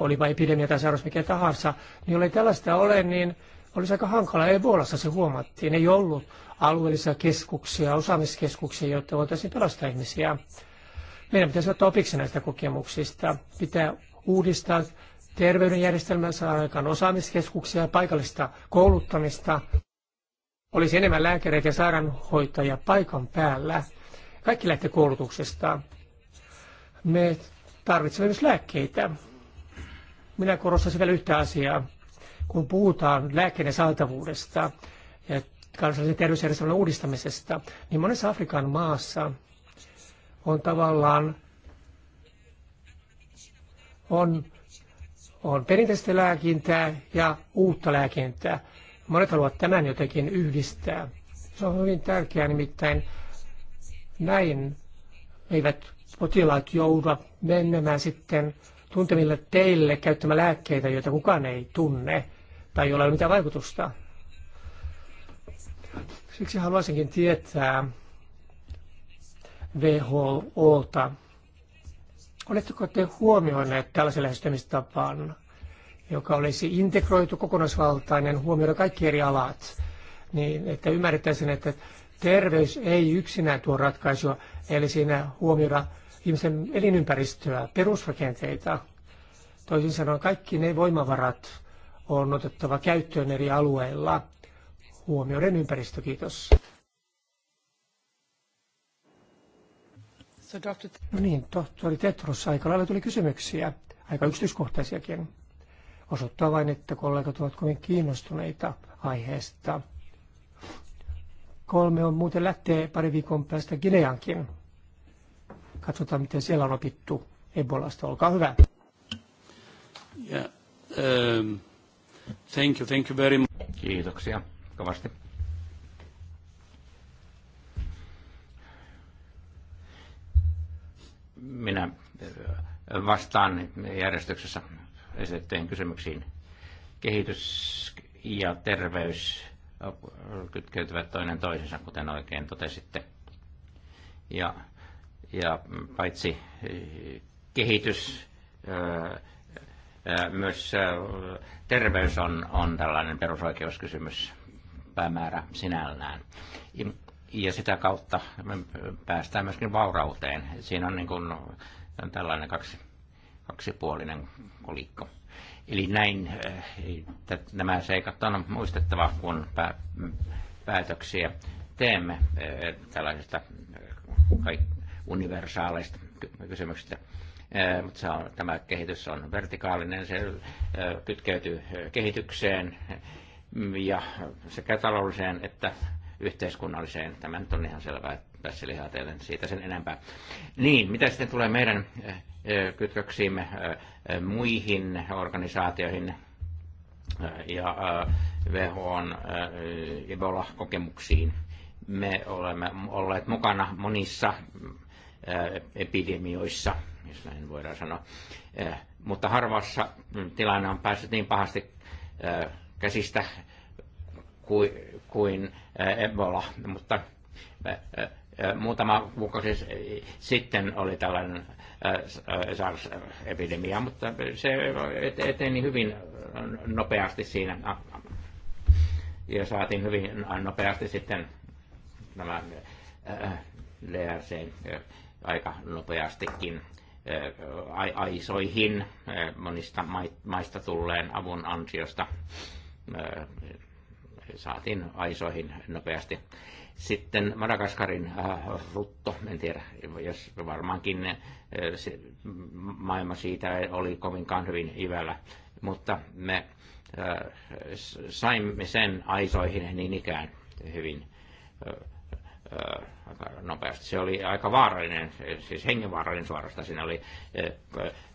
olipa epidemia tai sairaus mikä tahansa, niin oli tällaista ole, niin olisi aika hankala. Ebolassa se huomattiin. Ei ollut alueellisia keskuksia, osaamiskeskuksia, jotta voitaisiin pelastaa ihmisiä. Meidän pitäisi ottaa opiksi näistä kokemuksista. Pitää uudistaa terveydenjärjestelmää, saada aikaan osaamiskeskuksia, paikallista kouluttamista. Olisi enemmän lääkäreitä ja sairaanhoitajia paikan päällä. Kaikki lähtee koulutuksesta. Me tarvitsemme myös lääkkeitä minä korostaisin vielä yhtä asiaa. Kun puhutaan lääkkeiden saatavuudesta ja kansallisen terveysjärjestelmän uudistamisesta, niin monessa Afrikan maassa on tavallaan on, on perinteistä lääkintää ja uutta lääkintää. Monet haluavat tämän jotenkin yhdistää. Se on hyvin tärkeää, nimittäin näin eivät potilaat joudu menemään sitten tuntemille teille käyttämä lääkkeitä, joita kukaan ei tunne tai jolla ei ole mitään vaikutusta. Siksi haluaisinkin tietää WHOlta, oletteko te huomioineet tällaisen lähestymistapan, joka olisi integroitu kokonaisvaltainen, huomioida kaikki eri alat, niin että ymmärrettäisiin, että terveys ei yksinään tuo ratkaisua, eli siinä huomioida ihmisen elinympäristöä, perusrakenteita. Toisin sanoen kaikki ne voimavarat on otettava käyttöön eri alueilla huomioiden ympäristö. Kiitos. No niin, tohtori Tetros, aika lailla tuli kysymyksiä, aika yksityiskohtaisiakin. Osoittaa vain, että kollegat ovat kovin kiinnostuneita aiheesta. Kolme on muuten lähtee pari viikon päästä Gineankin Katsotaan, miten siellä on opittu Ebolasta. Olkaa hyvä. Yeah. Um, thank you, thank you very much. Kiitoksia kovasti. Minä äh, vastaan järjestyksessä esitettyihin kysymyksiin. Kehitys ja terveys kytkeytyvät toinen toisensa, kuten oikein totesitte. Ja ja paitsi eh, kehitys, eh, eh, myös terveys on, on tällainen perusoikeuskysymys päämäärä sinällään. Ja sitä kautta me päästään myöskin vaurauteen. Siinä on niin kuin tällainen kaksi, kaksipuolinen kolikko. Eli näin nämä seikat on muistettava, kun päätöksiä teemme tällaisesta universaaleista kysymyksistä. Mutta se on, tämä kehitys on vertikaalinen, se kytkeytyy kehitykseen ja sekä taloudelliseen että yhteiskunnalliseen. Tämä nyt on ihan selvää tässä teille siitä sen enempää. Niin, mitä sitten tulee meidän kytköksiimme muihin organisaatioihin ja WHOn Ebola-kokemuksiin? Me olemme olleet mukana monissa epidemioissa, jos näin voidaan sanoa. Mutta harvassa tilanne on päässyt niin pahasti käsistä kuin Ebola, mutta muutama kuukausi sitten oli tällainen SARS-epidemia, mutta se eteni hyvin nopeasti siinä ja saatiin hyvin nopeasti sitten nämä DRC aika nopeastikin aisoihin monista maista tulleen avun ansiosta saatiin aisoihin nopeasti. Sitten Madagaskarin rutto, en tiedä, jos varmaankin se maailma siitä oli kovinkaan hyvin ivällä, mutta me saimme sen aisoihin niin ikään hyvin aika nopeasti. Se oli aika vaarallinen, siis hengenvaarallinen suorasta. Siinä oli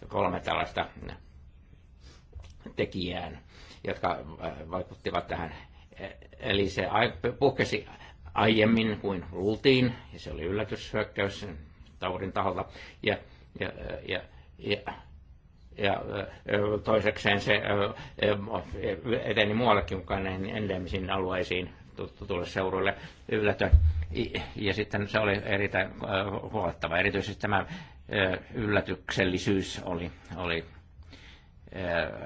kolme tällaista tekijää, jotka vaikuttivat tähän. Eli se puhkesi aiemmin kuin luultiin, ja se oli yllätyshyökkäys taudin taholta. Ja, ja, ja, ja, ja toisekseen se eteni muuallekin mukaan endemisiin alueisiin tutulle seuruille yllätön. Ja sitten se oli erittäin huolettava. Erityisesti tämä yllätyksellisyys oli, oli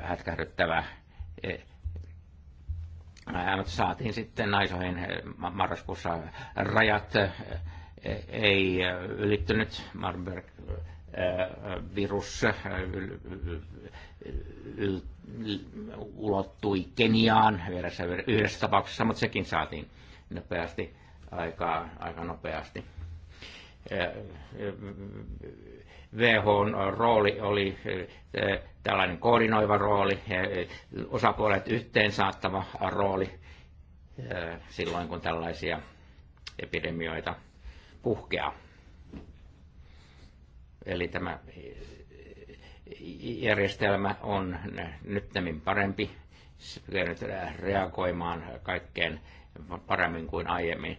hätkähdyttävä. Mutta e, saatiin sitten naisoihin marraskuussa rajat e, ei ylittynyt Marburg virus ulottui Keniaan yhdessä, yhdessä tapauksessa, mutta sekin saatiin nopeasti, aika, aika nopeasti. WHOn rooli oli e, tällainen koordinoiva rooli, e, osapuolet yhteen saattava rooli e, silloin, kun tällaisia epidemioita puhkeaa. Eli tämä järjestelmä on nyttemmin parempi, se nyt reagoimaan kaikkeen paremmin kuin aiemmin.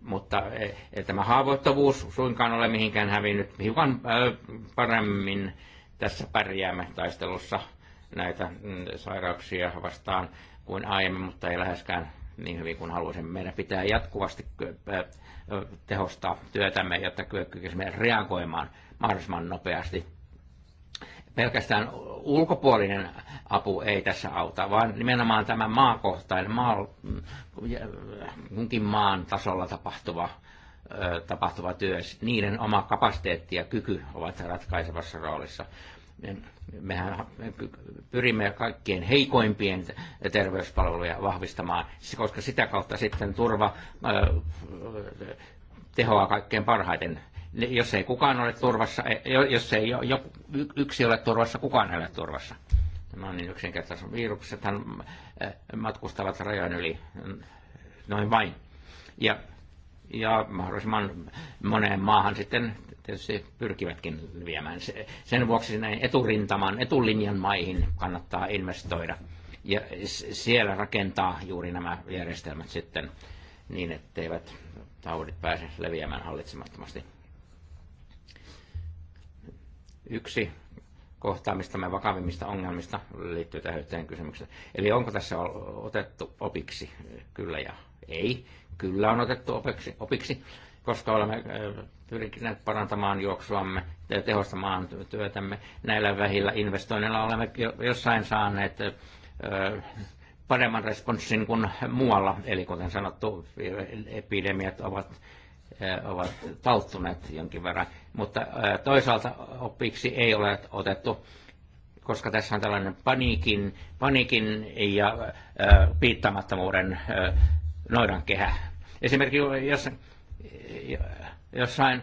Mutta eh, eh, tämä haavoittuvuus suinkaan ole mihinkään hävinnyt. Hiukan eh, paremmin tässä pärjäämme taistelussa näitä mm, sairauksia vastaan kuin aiemmin, mutta ei läheskään niin hyvin kuin haluaisimme. Meidän pitää jatkuvasti tehostaa työtämme, jotta kykenemme reagoimaan mahdollisimman nopeasti pelkästään ulkopuolinen apu ei tässä auta, vaan nimenomaan tämä maakohtainen, maa, mm, kunkin maan tasolla tapahtuva, tapahtuva työ, niiden oma kapasiteetti ja kyky ovat ratkaisevassa roolissa. Mehän pyrimme kaikkien heikoimpien terveyspalveluja vahvistamaan, koska sitä kautta sitten turva tehoaa kaikkein parhaiten jos ei kukaan ole turvassa, e, jos ei joku, yksi ole turvassa, kukaan ei ole turvassa. Tämä on niin yksinkertaisesti. Viruksethan e, matkustavat rajan yli mm, noin vain. Ja, ja mahdollisimman moneen maahan sitten tietysti pyrkivätkin viemään. Sen vuoksi näin eturintaman, etulinjan maihin kannattaa investoida ja siellä rakentaa juuri nämä järjestelmät sitten niin, etteivät taudit pääse leviämään hallitsemattomasti. Yksi me vakavimmista ongelmista liittyy tähän yhteen kysymykseen. Eli onko tässä otettu opiksi? Kyllä ja ei. Kyllä on otettu opiksi, opiksi koska olemme pyrkineet parantamaan juoksuamme ja tehostamaan työtämme. Näillä vähillä investoinneilla olemme jossain saaneet paremman responssin kuin muualla. Eli kuten sanottu, epidemiat ovat ovat talttuneet jonkin verran. Mutta toisaalta opiksi ei ole otettu, koska tässä on tällainen paniikin, paniikin ja piittamattomuuden noidankehä. Esimerkiksi jos, jossain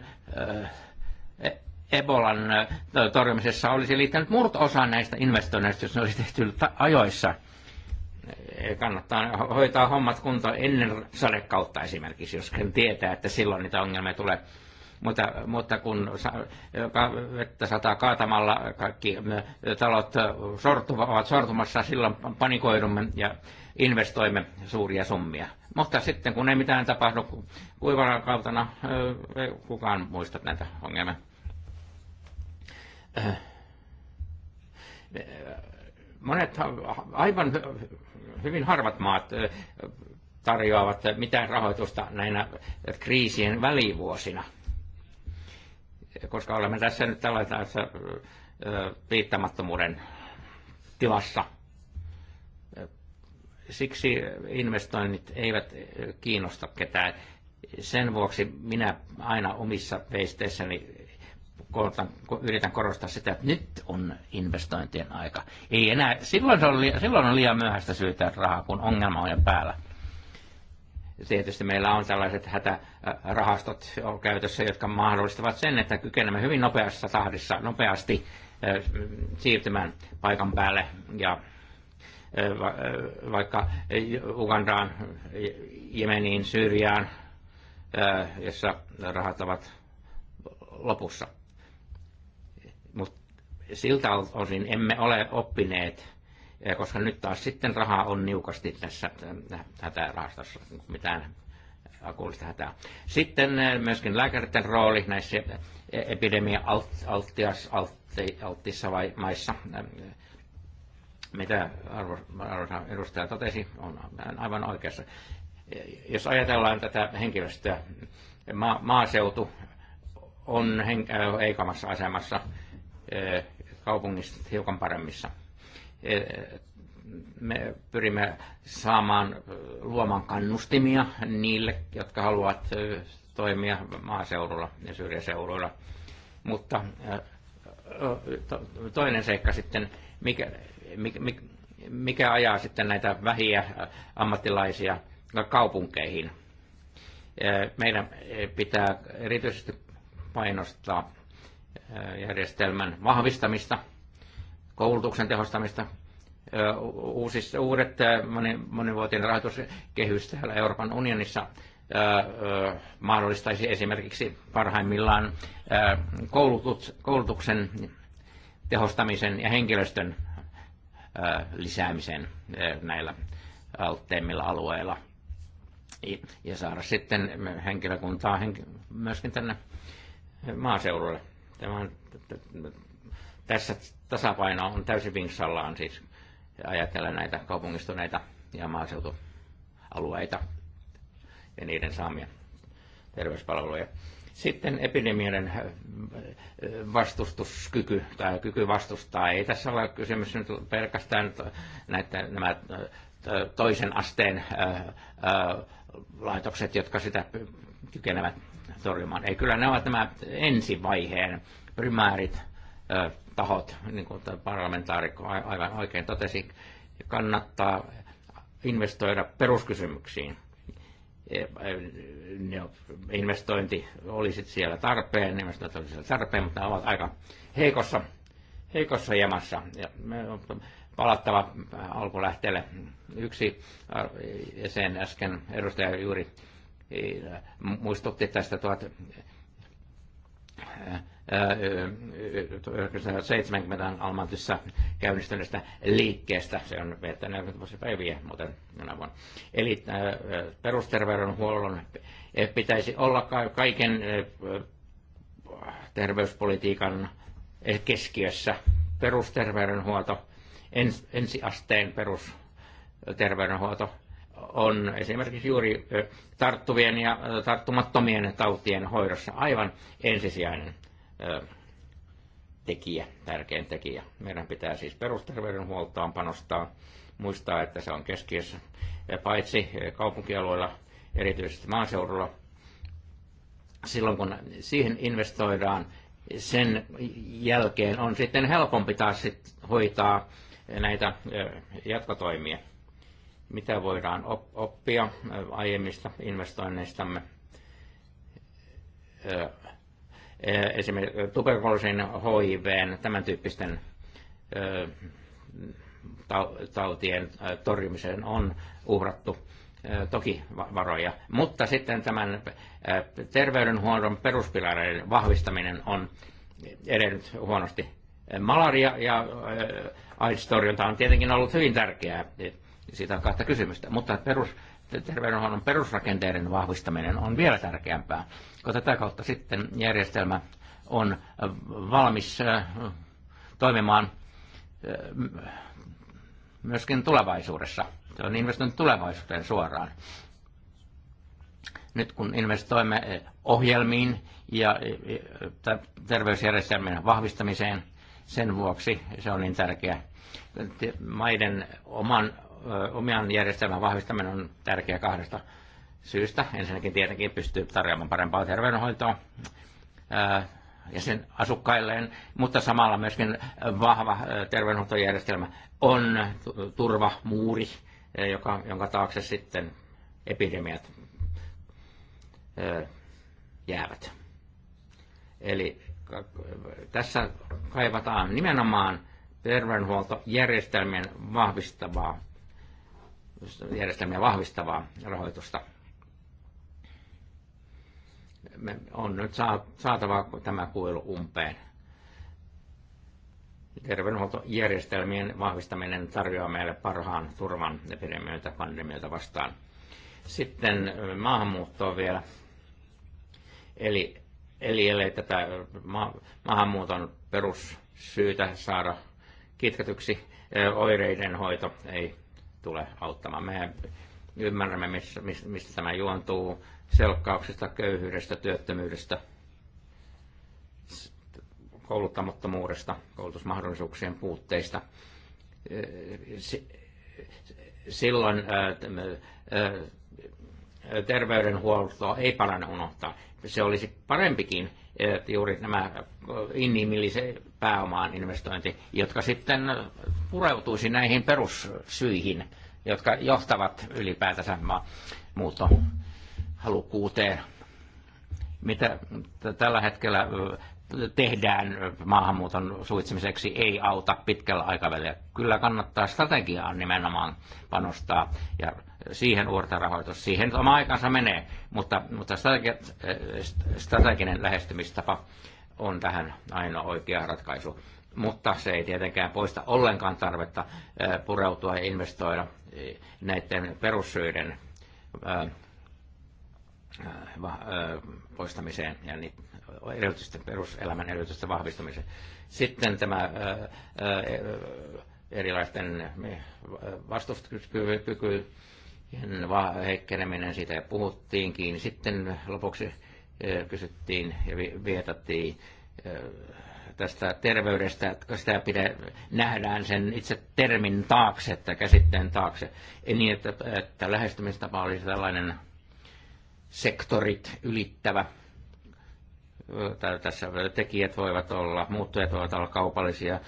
Ebolan torjumisessa olisi liittänyt murto osa näistä investoinneista, jos ne olisi tehty ajoissa – kannattaa hoitaa hommat kuntoon ennen sadekautta esimerkiksi, jos tietää, että silloin niitä ongelmia tulee. Mutta, mutta kun vettä sataa kaatamalla, kaikki talot sortuva, ovat sortumassa, silloin panikoidumme ja investoimme suuria summia. Mutta sitten kun ei mitään tapahdu kuivana kautena, ei kukaan muista näitä ongelmia monet aivan hyvin harvat maat tarjoavat mitään rahoitusta näinä kriisien välivuosina. Koska olemme tässä nyt tällaisessa viittamattomuuden tilassa. Siksi investoinnit eivät kiinnosta ketään. Sen vuoksi minä aina omissa veisteissäni kootan, yritän korostaa sitä, että nyt on investointien aika. Ei enää, silloin, se on, liian, silloin on liian myöhäistä syytää rahaa, kun ongelma on jo päällä. Tietysti meillä on tällaiset hätärahastot äh, käytössä, jotka mahdollistavat sen, että kykenemme hyvin nopeassa tahdissa, nopeasti äh, siirtymään paikan päälle ja äh, vaikka Ugandaan, Jemeniin, Syyriaan, jossa rahat ovat lopussa siltä osin emme ole oppineet, eh, koska nyt taas sitten rahaa on niukasti tässä hätärahastossa, eh, mitään akuullista hätää. Sitten eh, myöskin lääkäritten rooli näissä epidemia vai maissa, mitä arvoisa edustaja totesi, on aivan oikeassa. Jos ajatellaan tätä henkilöstöä, maaseutu on hen- asemassa kaupungista hiukan paremmissa. E, me pyrimme saamaan luomaan kannustimia niille, jotka haluavat toimia maaseudulla ja syrjäseuduilla. Mutta toinen seikka sitten, mikä, mikä, mikä ajaa sitten näitä vähiä ammattilaisia kaupunkeihin. E, meidän e, pitää erityisesti painostaa järjestelmän vahvistamista, koulutuksen tehostamista, uusis, uudet monivuotinen rahoituskehys täällä Euroopan unionissa mahdollistaisi esimerkiksi parhaimmillaan koulutuksen tehostamisen ja henkilöstön lisäämisen näillä altteimmilla alueilla ja saada sitten henkilökuntaa myöskin tänne maaseudulle. Tämän, tässä tasapaino on täysin vinksallaan siis ajatella näitä kaupungistuneita ja maaseutualueita ja niiden saamia terveyspalveluja. Sitten epidemioiden äh, vastustuskyky tai kyky vastustaa. Ei tässä ole kysymys nyt pelkästään näitä, nämä äh, toisen asteen äh, laitokset, jotka sitä kykenevät torjumaan. Ei, kyllä ne ovat nämä ensivaiheen primäärit ö, tahot, niin kuin parlamentaarikko aivan oikein totesi, kannattaa investoida peruskysymyksiin. E, e, investointi olisi siellä tarpeen, investointi olisi siellä tarpeen, mutta ne ovat aika heikossa, heikossa jamassa. Ja me on palattava alkulähteelle. Yksi sen äsken edustaja juuri muistutti tästä 1970 äh, äh, äh, Almantissa käynnistyneestä liikkeestä. Se on viettää 40 päiviä muuten minä vuonna. Eli perusterveydenhuollon pitäisi olla kaiken terveyspolitiikan keskiössä perusterveydenhuolto, ens, ensiasteen perusterveydenhuolto, on esimerkiksi juuri tarttuvien ja tarttumattomien tautien hoidossa aivan ensisijainen tekijä, tärkein tekijä. Meidän pitää siis perusterveydenhuoltoon panostaa, muistaa, että se on keskiössä paitsi kaupunkialueilla, erityisesti maaseudulla. Silloin kun siihen investoidaan, sen jälkeen on sitten helpompi taas sit hoitaa näitä jatkotoimia mitä voidaan oppia aiemmista investoinneistamme. E, esimerkiksi tuberkuloosin, HIV, tämän tyyppisten tautien torjumiseen on uhrattu toki varoja, mutta sitten tämän terveydenhuollon peruspilareiden vahvistaminen on edennyt huonosti. Malaria ja AIDS-torjunta on tietenkin ollut hyvin tärkeää siitä on kahta kysymystä. Mutta perus, terveydenhuollon perusrakenteiden vahvistaminen on vielä tärkeämpää, kun tätä kautta sitten järjestelmä on valmis toimimaan myöskin tulevaisuudessa. Se on investointi tulevaisuuteen suoraan. Nyt kun investoimme ohjelmiin ja terveysjärjestelmien vahvistamiseen, sen vuoksi se on niin tärkeä maiden oman omian järjestelmän vahvistaminen on tärkeä kahdesta syystä. Ensinnäkin tietenkin pystyy tarjoamaan parempaa terveydenhoitoa ja sen asukkailleen, mutta samalla myöskin vahva terveydenhoitojärjestelmä on turvamuuri, joka, jonka taakse sitten epidemiat jäävät. Eli tässä kaivataan nimenomaan terveydenhuoltojärjestelmien vahvistavaa järjestelmiä vahvistavaa rahoitusta. Me on nyt saatava tämä kuilu umpeen. Terveydenhuoltojärjestelmien vahvistaminen tarjoaa meille parhaan turvan epidemioita pandemioita vastaan. Sitten maahanmuuttoa vielä. Eli, eli ellei tätä ma- maahanmuuton perussyytä saada kitketyksi, oireiden hoito ei tule auttamaan. Me ymmärrämme, missä, mistä tämä juontuu, selkkauksesta, köyhyydestä, työttömyydestä, kouluttamattomuudesta, koulutusmahdollisuuksien puutteista. Silloin terveydenhuoltoa ei parane unohtaa. Se olisi parempikin Eh, juuri nämä inhimillisen pääomaan investointi, jotka sitten pureutuisi näihin perussyihin, jotka johtavat ylipäätänsä muuttohalukkuuteen. Mitä tällä hetkellä tehdään maahanmuuton suitsimiseksi ei auta pitkällä aikavälillä. Kyllä kannattaa strategiaan nimenomaan panostaa ja siihen uurta rahoitus. Siihen oma aikansa menee, mutta, mutta strateginen lähestymistapa on tähän ainoa oikea ratkaisu. Mutta se ei tietenkään poista ollenkaan tarvetta pureutua ja investoida näiden perussyiden poistamiseen ja edellytysten, peruselämän edellytysten vahvistamiseen. Sitten tämä erilaisten vastustuskyky heikkeneminen, siitä puhuttiinkin. Sitten lopuksi kysyttiin ja vietattiin tästä terveydestä, että sitä pide, nähdään sen itse termin taakse, että käsitteen taakse. Ei niin, että, että lähestymistapa olisi tällainen sektorit ylittävä. Tässä tekijät voivat olla, muuttujat voivat olla kaupallisia,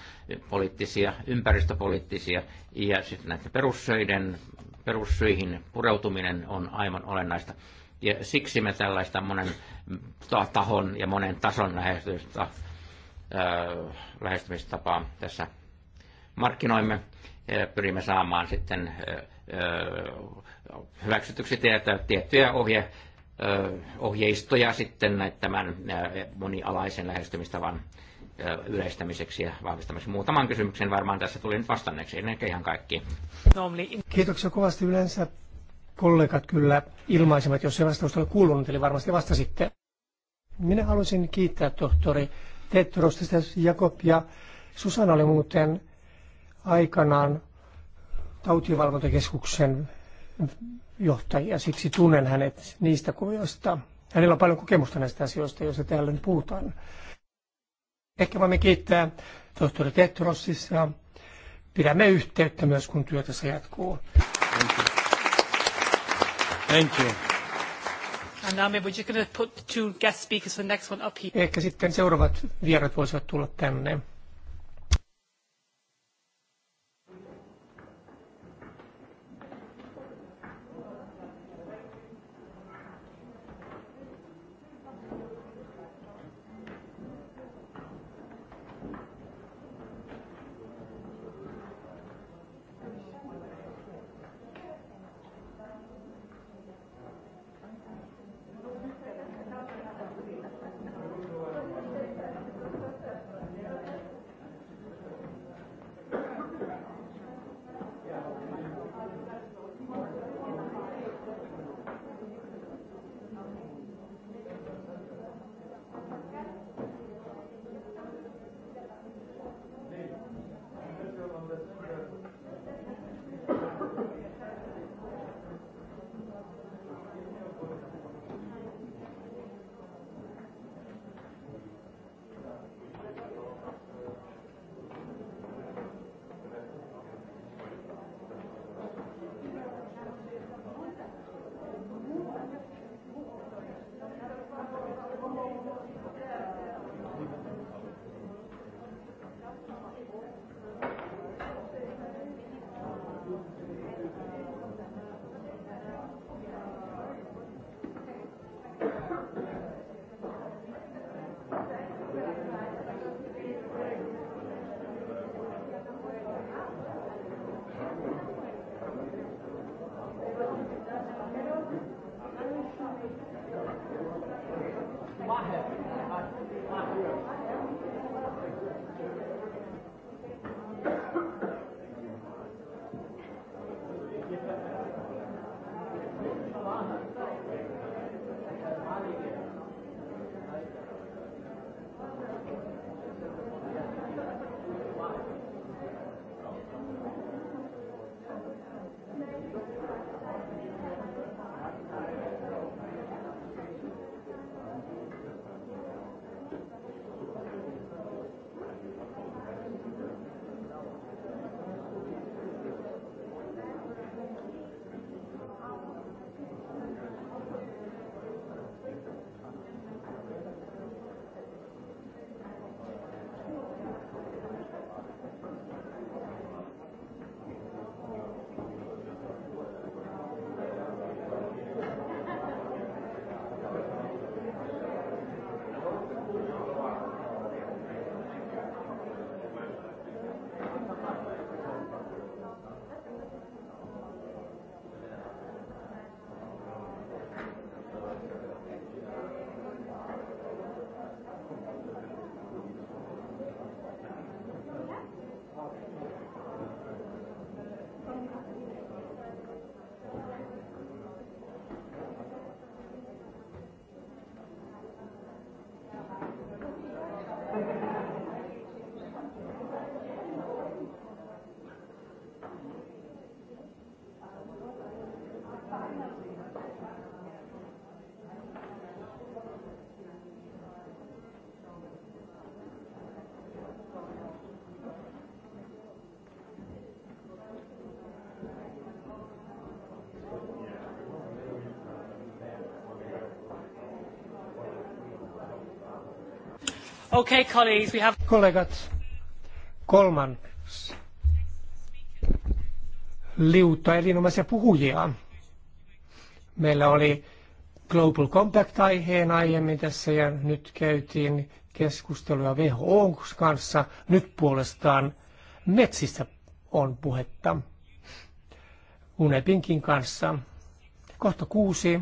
poliittisia, ympäristöpoliittisia ja sitten näiden perussöiden perussyihin pureutuminen on aivan olennaista. Ja siksi me tällaista monen tahon ja monen tason äh, lähestymistapaa tässä markkinoimme. Ja pyrimme saamaan sitten äh, äh, hyväksytyksi tiettyjä ohje, ohjeistoja sitten tämän monialaisen lähestymistavan yleistämiseksi ja vahvistamiseksi. Muutaman kysymyksen varmaan tässä tuli nyt vastanneeksi, ennen ihan kaikki. Kiitoksia kovasti yleensä. Kollegat kyllä ilmaisivat, jos se vastausta ole kuulunut, eli varmasti vastasitte. Minä haluaisin kiittää tohtori Tetros, Jakob ja Susanna oli muuten aikanaan tautivalvontakeskuksen johtajia, siksi tunnen hänet niistä kuvioista. Hänellä on paljon kokemusta näistä asioista, joista täällä nyt puhutaan. Ehkä voimme kiittää tohtori Tetrossissa. Pidämme yhteyttä myös, kun työ tässä jatkuu. Thank you. Thank you. And now maybe we're going to put two guest speakers for the next one up here. Ehkä sitten seuraavat vierat voisivat tulla tänne. Okay, colleagues, we have... Kollegat, kolmanneksi liutta puhujia. Meillä oli Global Compact aiheen aiemmin tässä ja nyt käytiin keskustelua WHO kanssa. Nyt puolestaan metsistä on puhetta UNEPinkin kanssa. Kohta kuusi.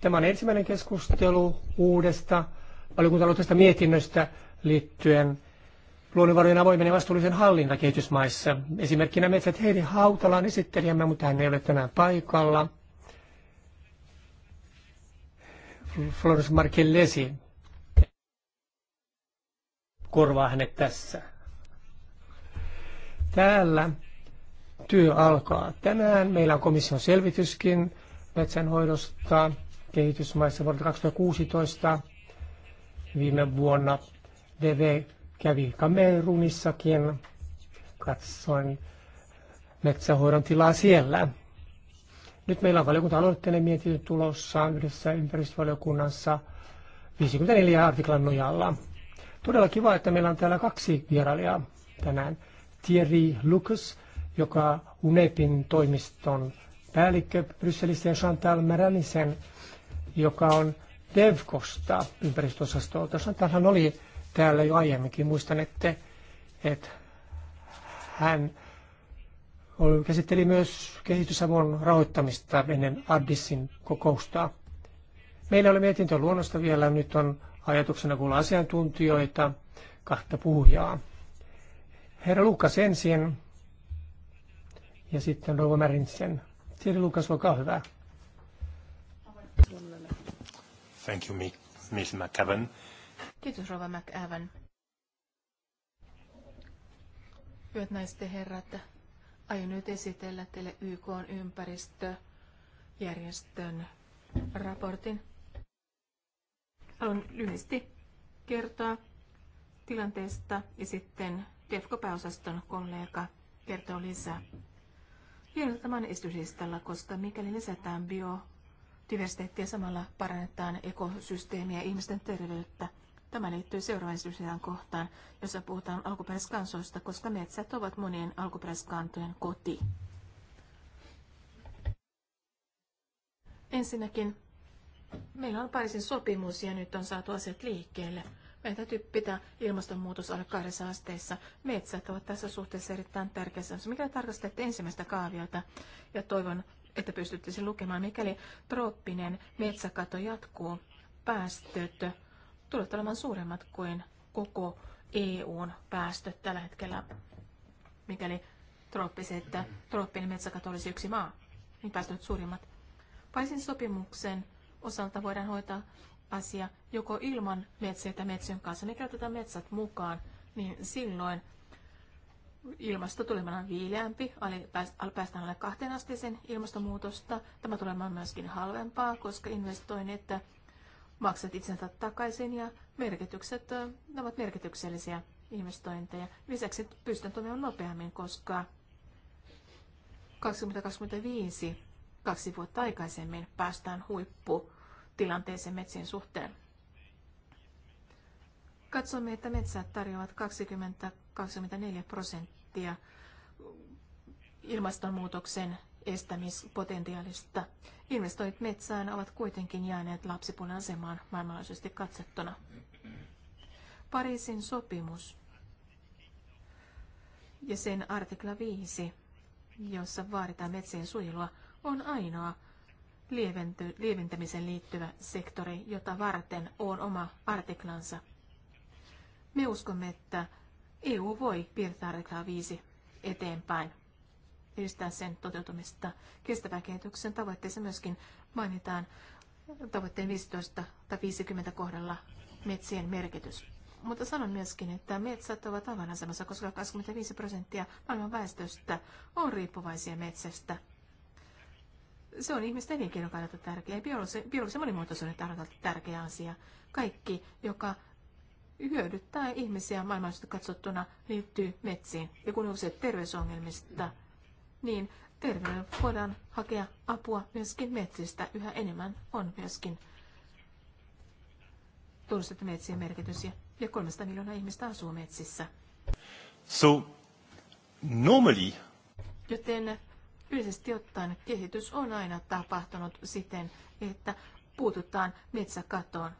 Tämä on ensimmäinen keskustelu uudesta valiokunta mietinnöstä liittyen luonnonvarojen avoimen ja vastuullisen hallinnan kehitysmaissa. Esimerkkinä metsät Heidi Hautalan esittelijämme, mutta hän ei ole tänään paikalla. Florence Markellesi korvaa hänet tässä. Täällä työ alkaa tänään. Meillä on komission selvityskin metsänhoidosta kehitysmaissa vuodelta 2016 viime vuonna. DV kävi Kamerunissakin, katsoin metsähoidon tilaa siellä. Nyt meillä on valiokunta aloitteinen mietintö tulossa yhdessä ympäristövaliokunnassa 54 artiklan nojalla. Todella kiva, että meillä on täällä kaksi vierailijaa tänään. Thierry Lucas, joka UNEPin toimiston päällikkö Brysselissä ja Chantal Märämisen, joka on DevKosta ympäristöosastolta. hän oli täällä jo aiemminkin. Muistan, että, että hän käsitteli myös kehitysavun rahoittamista ennen Addisin kokousta. Meillä oli mietintö luonnosta vielä. Nyt on ajatuksena kuulla asiantuntijoita, kahta puhujaa. Herra Lukas ensin ja sitten Rouva Märinsen. Tiede Lukas, olkaa hyvä. Thank you. Thank you, Ms. Kiitos, rouva McAvan. Hyvät naiset ja herrat, aion nyt esitellä teille YK ympäristöjärjestön raportin. Haluan lyhyesti kertoa tilanteesta ja sitten DEFCO-pääosaston kollega kertoo lisää. Hienoa tämän esityslistalla, koska mikäli lisätään bio diversiteettiä samalla parannetaan ekosysteemiä ja ihmisten terveyttä. Tämä liittyy seuraavaan kohtaan, jossa puhutaan alkuperäiskansoista, koska metsät ovat monien alkuperäiskantojen koti. Ensinnäkin meillä on Pariisin sopimus ja nyt on saatu asiat liikkeelle. Meidän täytyy pitää ilmastonmuutos alle kahdessa asteessa. Metsät ovat tässä suhteessa erittäin tärkeässä. Mikä tarkastatte ensimmäistä kaaviota ja toivon että pystyttäisiin lukemaan, mikäli trooppinen metsäkato jatkuu, päästöt tulevat olemaan suuremmat kuin koko EUn päästöt tällä hetkellä, mikäli trooppiset, trooppinen metsäkato olisi yksi maa, niin päästöt suurimmat. Paisin sopimuksen osalta voidaan hoitaa asia joko ilman metsiä tai metsien kanssa. Me käytetään metsät mukaan, niin silloin ilmasto tulemaan viileämpi, päästään alle kahteen asteeseen ilmastonmuutosta. Tämä tulee olemaan myöskin halvempaa, koska investoinnit maksat itsensä takaisin ja merkitykset ne ovat merkityksellisiä investointeja. Lisäksi pystyn toimimaan nopeammin, koska 2025, kaksi vuotta aikaisemmin, päästään huipputilanteeseen metsien suhteen. Katsomme, että metsät tarjoavat 20-24 prosenttia ilmastonmuutoksen estämispotentiaalista. Investoit metsään ovat kuitenkin jääneet lapsipuolen asemaan maailmanlaajuisesti katsettuna. Pariisin sopimus ja sen artikla 5, jossa vaaditaan metsien suojelua, on ainoa lieventy, lieventämiseen liittyvä sektori, jota varten on oma artiklansa – me uskomme, että EU voi piirtää artiklaa eteenpäin, edistää sen toteutumista. Kestävän kehityksen tavoitteessa myöskin mainitaan tavoitteen 15 tai 50 kohdalla metsien merkitys. Mutta sanon myöskin, että metsät ovat avainasemassa, koska 25 prosenttia maailman väestöstä on riippuvaisia metsästä. Se on ihmisten elinkeinon kannalta tärkeä ja biologisen, biologisen monimuotoisuuden kannalta tärkeä asia. Kaikki, joka hyödyttää ihmisiä maailmasta katsottuna liittyy metsiin. Ja kun on se terveysongelmista, niin terveyden voidaan hakea apua myöskin metsistä. Yhä enemmän on myöskin tunnustettu metsien merkitys ja 300 miljoonaa ihmistä asuu metsissä. So, normally... Joten yleisesti ottaen kehitys on aina tapahtunut siten, että puututaan metsäkatoon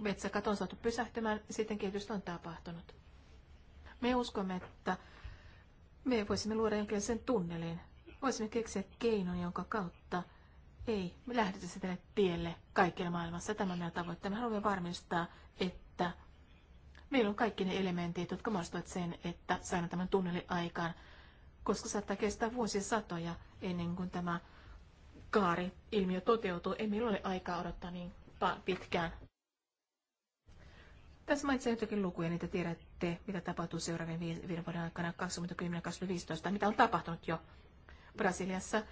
metsäkato on saatu pysähtymään, niin sitten kehitystä on tapahtunut. Me uskomme, että me voisimme luoda jonkinlaisen tunnelin. Voisimme keksiä keinon, jonka kautta ei me lähdetä tälle tielle kaikkialla maailmassa. Tämä meidän tavoitteemme. Haluamme varmistaa, että meillä on kaikki ne elementit, jotka mahdollistavat sen, että saadaan tämän tunnelin aikaan, koska saattaa kestää vuosia satoja ennen kuin tämä kaari ilmiö toteutuu. Ei meillä ole aikaa odottaa niin pitkään. Tässä mainitsen jotakin lukuja, niitä tiedätte, mitä tapahtuu seuraavien viiden vuoden aikana 2010-2015, mitä on tapahtunut jo Brasiliassa.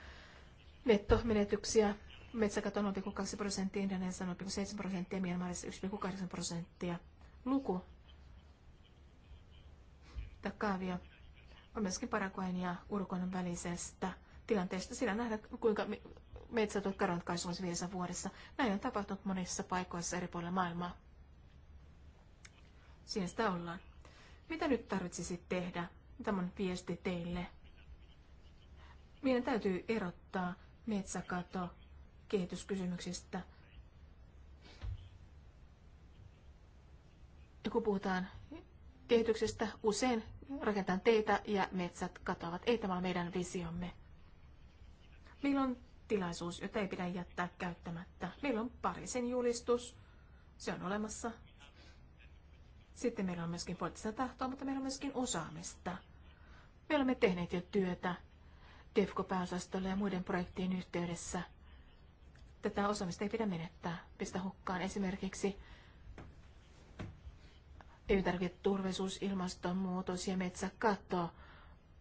Nettomenetyksiä metsäkato 0,2 prosenttia, Indonesia 0,7 prosenttia, Myanmarissa 1,8 prosenttia. Luku tai kaavio on myöskin Paraguayn ja Urkoinnon välisestä tilanteesta. Sillä nähdään, kuinka metsät ovat kadonneet vuodessa. Näin on tapahtunut monissa paikoissa eri puolilla maailmaa. Siinä sitä ollaan. Mitä nyt tarvitsisi tehdä? Tämä on viesti teille. Meidän täytyy erottaa metsäkato kehityskysymyksistä. Ja kun puhutaan kehityksestä, usein rakentaa teitä ja metsät katoavat. Ei tämä ole meidän visiomme. Meillä on tilaisuus, jota ei pidä jättää käyttämättä. Meillä on Pariisin julistus. Se on olemassa. Sitten meillä on myöskin poliittista tahtoa, mutta meillä on myöskin osaamista. Me olemme tehneet jo työtä DEFCO-pääosastolle ja muiden projektien yhteydessä. Tätä osaamista ei pidä menettää, pistä hukkaan. Esimerkiksi elintarviketurvallisuus, ilmastonmuutos ja metsäkatto.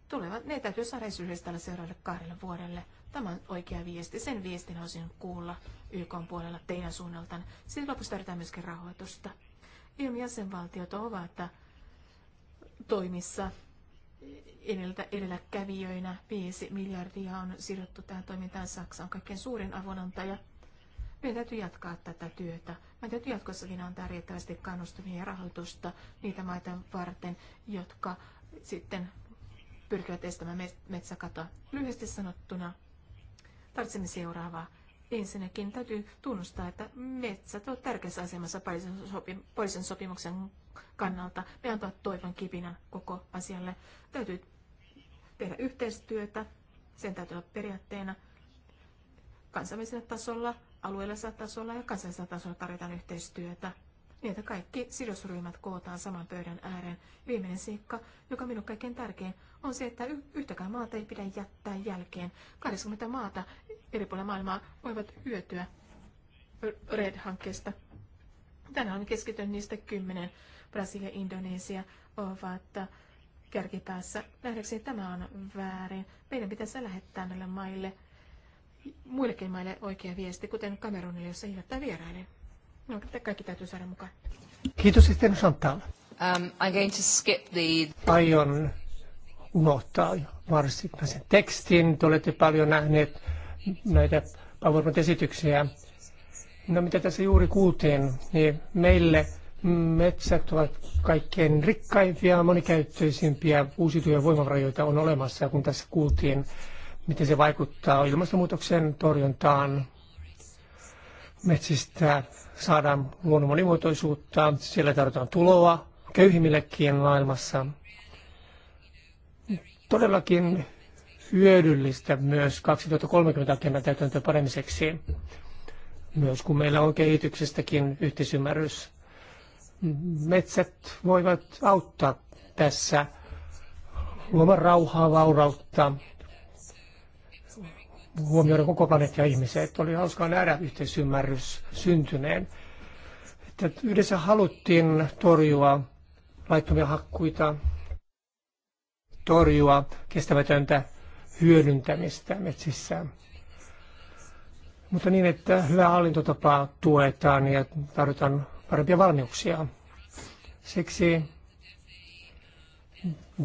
tulevat, ne täytyy saada tällä seuraavalle kahdelle vuodelle. Tämä on oikea viesti. Sen viestin haluaisin kuulla YK puolella teidän suunnaltaan. Sitten lopussa tarvitaan myöskin rahoitusta. EUn jäsenvaltiot ovat toimissa edeltä, edelläkävijöinä. 5 miljardia on sidottu tähän toimintaan. Saksa on kaikkein suurin avunantaja. Meidän täytyy jatkaa tätä työtä. Meidän täytyy jatkossakin antaa riittävästi kannustumia ja rahoitusta niitä maita varten, jotka sitten pyrkivät estämään metsäkatoa. Lyhyesti sanottuna tarvitsemme seuraavaa. Ensinnäkin täytyy tunnustaa, että metsät ovat tärkeässä asemassa Pariisin sopimuksen kannalta. Me antavat toivon kipinä koko asialle. Täytyy tehdä yhteistyötä, sen täytyy olla periaatteena kansainvälisellä tasolla, alueellisella tasolla ja kansallisella tasolla tarvitaan yhteistyötä. Niitä kaikki sidosryhmät kootaan saman pöydän ääreen. Viimeinen seikka, joka minun kaikkein tärkein, on se, että yhtäkään maata ei pidä jättää jälkeen. 20 maata eri puolilla maailmaa voivat hyötyä RED-hankkeesta. Tänään on keskityn niistä kymmenen. Brasilia ja Indonesia ovat kärkipäässä. Nähdäkseni tämä on väärin. Meidän pitäisi lähettää näille maille, muillekin maille oikea viesti, kuten Kamerunille, jossa hiljattain vierailin. No, kaikki täytyy saada mukaan. Kiitos sitten Chantal. Um, I'm going to skip the... Aion unohtaa varsinaisen tekstin. Te olette paljon nähneet näitä PowerPoint esityksiä. No mitä tässä juuri kuultiin, niin meille metsät ovat kaikkein rikkaimpia, monikäyttöisimpiä uusiutuvia voimavarajoita on olemassa, kun tässä kuultiin, miten se vaikuttaa ilmastonmuutoksen torjuntaan. Metsistä saadaan luonnon monimuotoisuutta, siellä tarvitaan tuloa köyhimmillekin maailmassa todellakin hyödyllistä myös 2030 agendan täytäntöä paremiseksi, myös kun meillä on kehityksestäkin yhteisymmärrys. Metsät voivat auttaa tässä luomaan rauhaa, vaurautta, huomioida koko planeetta ja ihmiset. Oli hauskaa nähdä yhteisymmärrys syntyneen. Että yhdessä haluttiin torjua laittomia hakkuita, torjua kestämätöntä hyödyntämistä metsissä. Mutta niin, että hyvää hallintotapaa tuetaan ja tarvitaan parempia valmiuksia. Siksi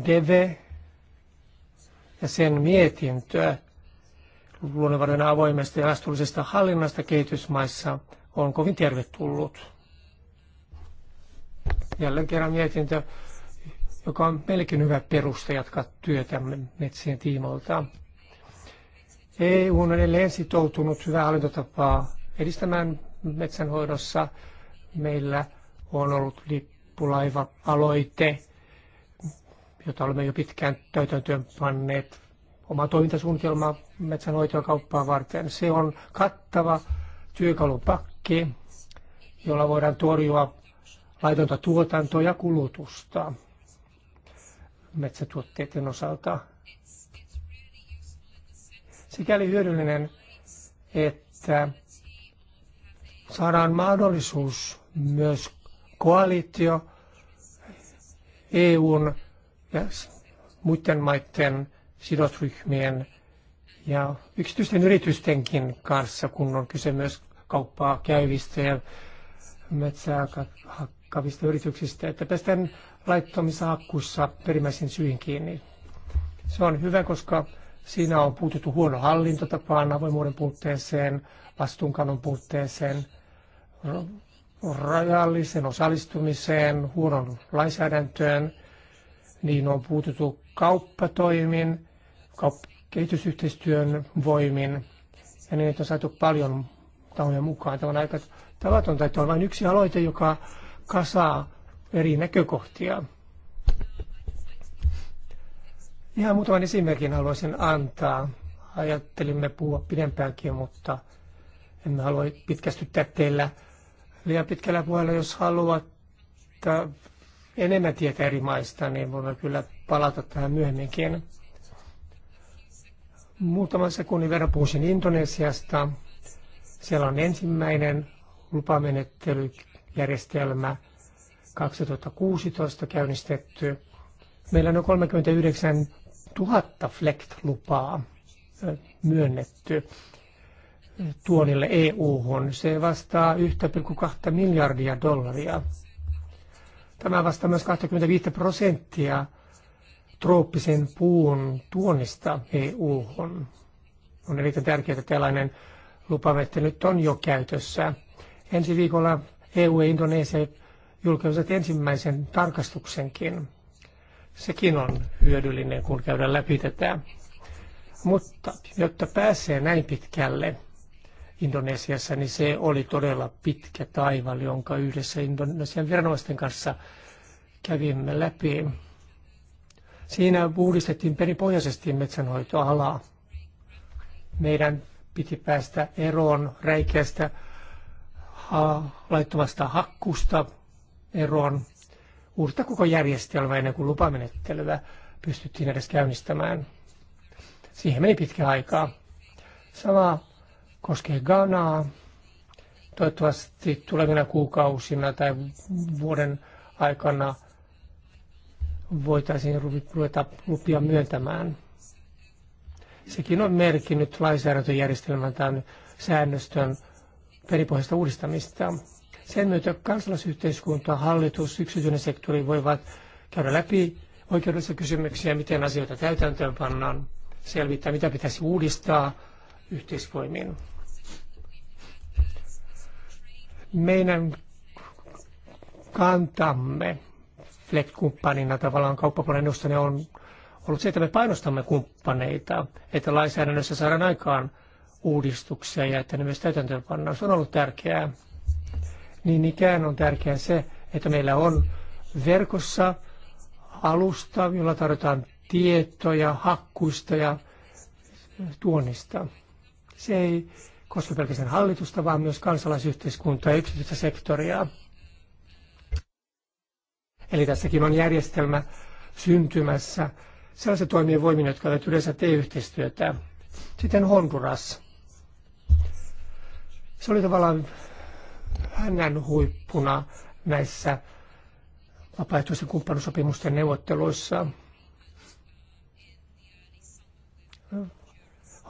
DEVE ja sen mietintö luonnonvarojen avoimesta ja vastuullisesta hallinnasta kehitysmaissa on kovin tervetullut. Jälleen kerran mietintö joka on melkein hyvä peruste jatkaa työtämme metsien tiimoilta. EU on edelleen sitoutunut hyvää hallintotapaa edistämään metsänhoidossa. Meillä on ollut lippulaiva-aloite, jota olemme jo pitkään täytäntöön panneet oma toimintasuunnitelma metsänhoitoa kauppaa varten. Se on kattava työkalupakki, jolla voidaan torjua laitonta tuotantoa ja kulutusta metsätuotteiden osalta. Sikäli hyödyllinen, että saadaan mahdollisuus myös koalitio EUn ja muiden maiden sidosryhmien ja yksityisten yritystenkin kanssa, kun on kyse myös kauppaa käyvistä ja metsää hakkavista yrityksistä, että päästään laittomissa hakkuissa perimmäisiin syihin kiinni. Se on hyvä, koska siinä on puututtu huono hallintotapaan, avoimuuden puutteeseen, vastuunkannon puutteeseen, rajalliseen osallistumiseen, huonon lainsäädäntöön, niin on puututtu kauppatoimin, kehitysyhteistyön voimin, ja niin, että on saatu paljon tahoja mukaan. Tämä on aika tavatonta, että on vain yksi aloite, joka kasaa eri näkökohtia. Ihan muutaman esimerkin haluaisin antaa. Ajattelimme puhua pidempäänkin, mutta emme halua pitkästyttää teillä liian pitkällä puolella. Jos haluat enemmän tietää eri maista, niin voimme kyllä palata tähän myöhemminkin. Muutaman sekunnin verran puhuisin Indonesiasta. Siellä on ensimmäinen lupamenettelyjärjestelmä – 2016 käynnistetty. Meillä on noin 39 000 FLECT-lupaa myönnetty tuonille EU-hun. Se vastaa 1,2 miljardia dollaria. Tämä vastaa myös 25 prosenttia trooppisen puun tuonnista EU-hun. On erittäin tärkeää, että tällainen lupamenettely nyt on jo käytössä. Ensi viikolla EU ja Indonesia julkaisivat ensimmäisen tarkastuksenkin. Sekin on hyödyllinen, kun käydään läpi tätä. Mutta jotta pääsee näin pitkälle Indonesiassa, niin se oli todella pitkä taival, jonka yhdessä Indonesian viranomaisten kanssa kävimme läpi. Siinä uudistettiin perinpohjaisesti metsänhoitoalaa. Meidän piti päästä eroon räikeästä ha- laittomasta hakkusta eroon, uudistaa koko järjestelmää ennen kuin lupamenettelyä pystyttiin edes käynnistämään. Siihen meni pitkä aikaa. Sama koskee Ghanaa. Toivottavasti tulevina kuukausina tai vuoden aikana voitaisiin ruveta lupia myöntämään. Sekin on merkinnyt lainsäädäntöjärjestelmän tämän säännöstön peripohjaista uudistamista. Sen myötä kansalaisyhteiskunta, hallitus, yksityinen sektori voivat käydä läpi oikeudellisia kysymyksiä, miten asioita täytäntöön pannaan, selvittää, mitä pitäisi uudistaa yhteisvoimin. Meidän kantamme FLEC-kumppanina tavallaan kauppapuolen edustajana on ollut se, että me painostamme kumppaneita, että lainsäädännössä saadaan aikaan uudistuksia ja että ne myös täytäntöön pannaan. Se on ollut tärkeää niin ikään on tärkeää se, että meillä on verkossa alusta, jolla tarjotaan tietoja hakkuista ja tuonnista. Se ei koske pelkästään hallitusta, vaan myös kansalaisyhteiskuntaa ja yksityistä sektoria. Eli tässäkin on järjestelmä syntymässä sellaisen toimien voimin, jotka eivät yleensä tee yhteistyötä. Sitten Honduras. Se oli tavallaan hänen huippuna näissä vapaaehtoisten kumppanusopimusten neuvotteluissa.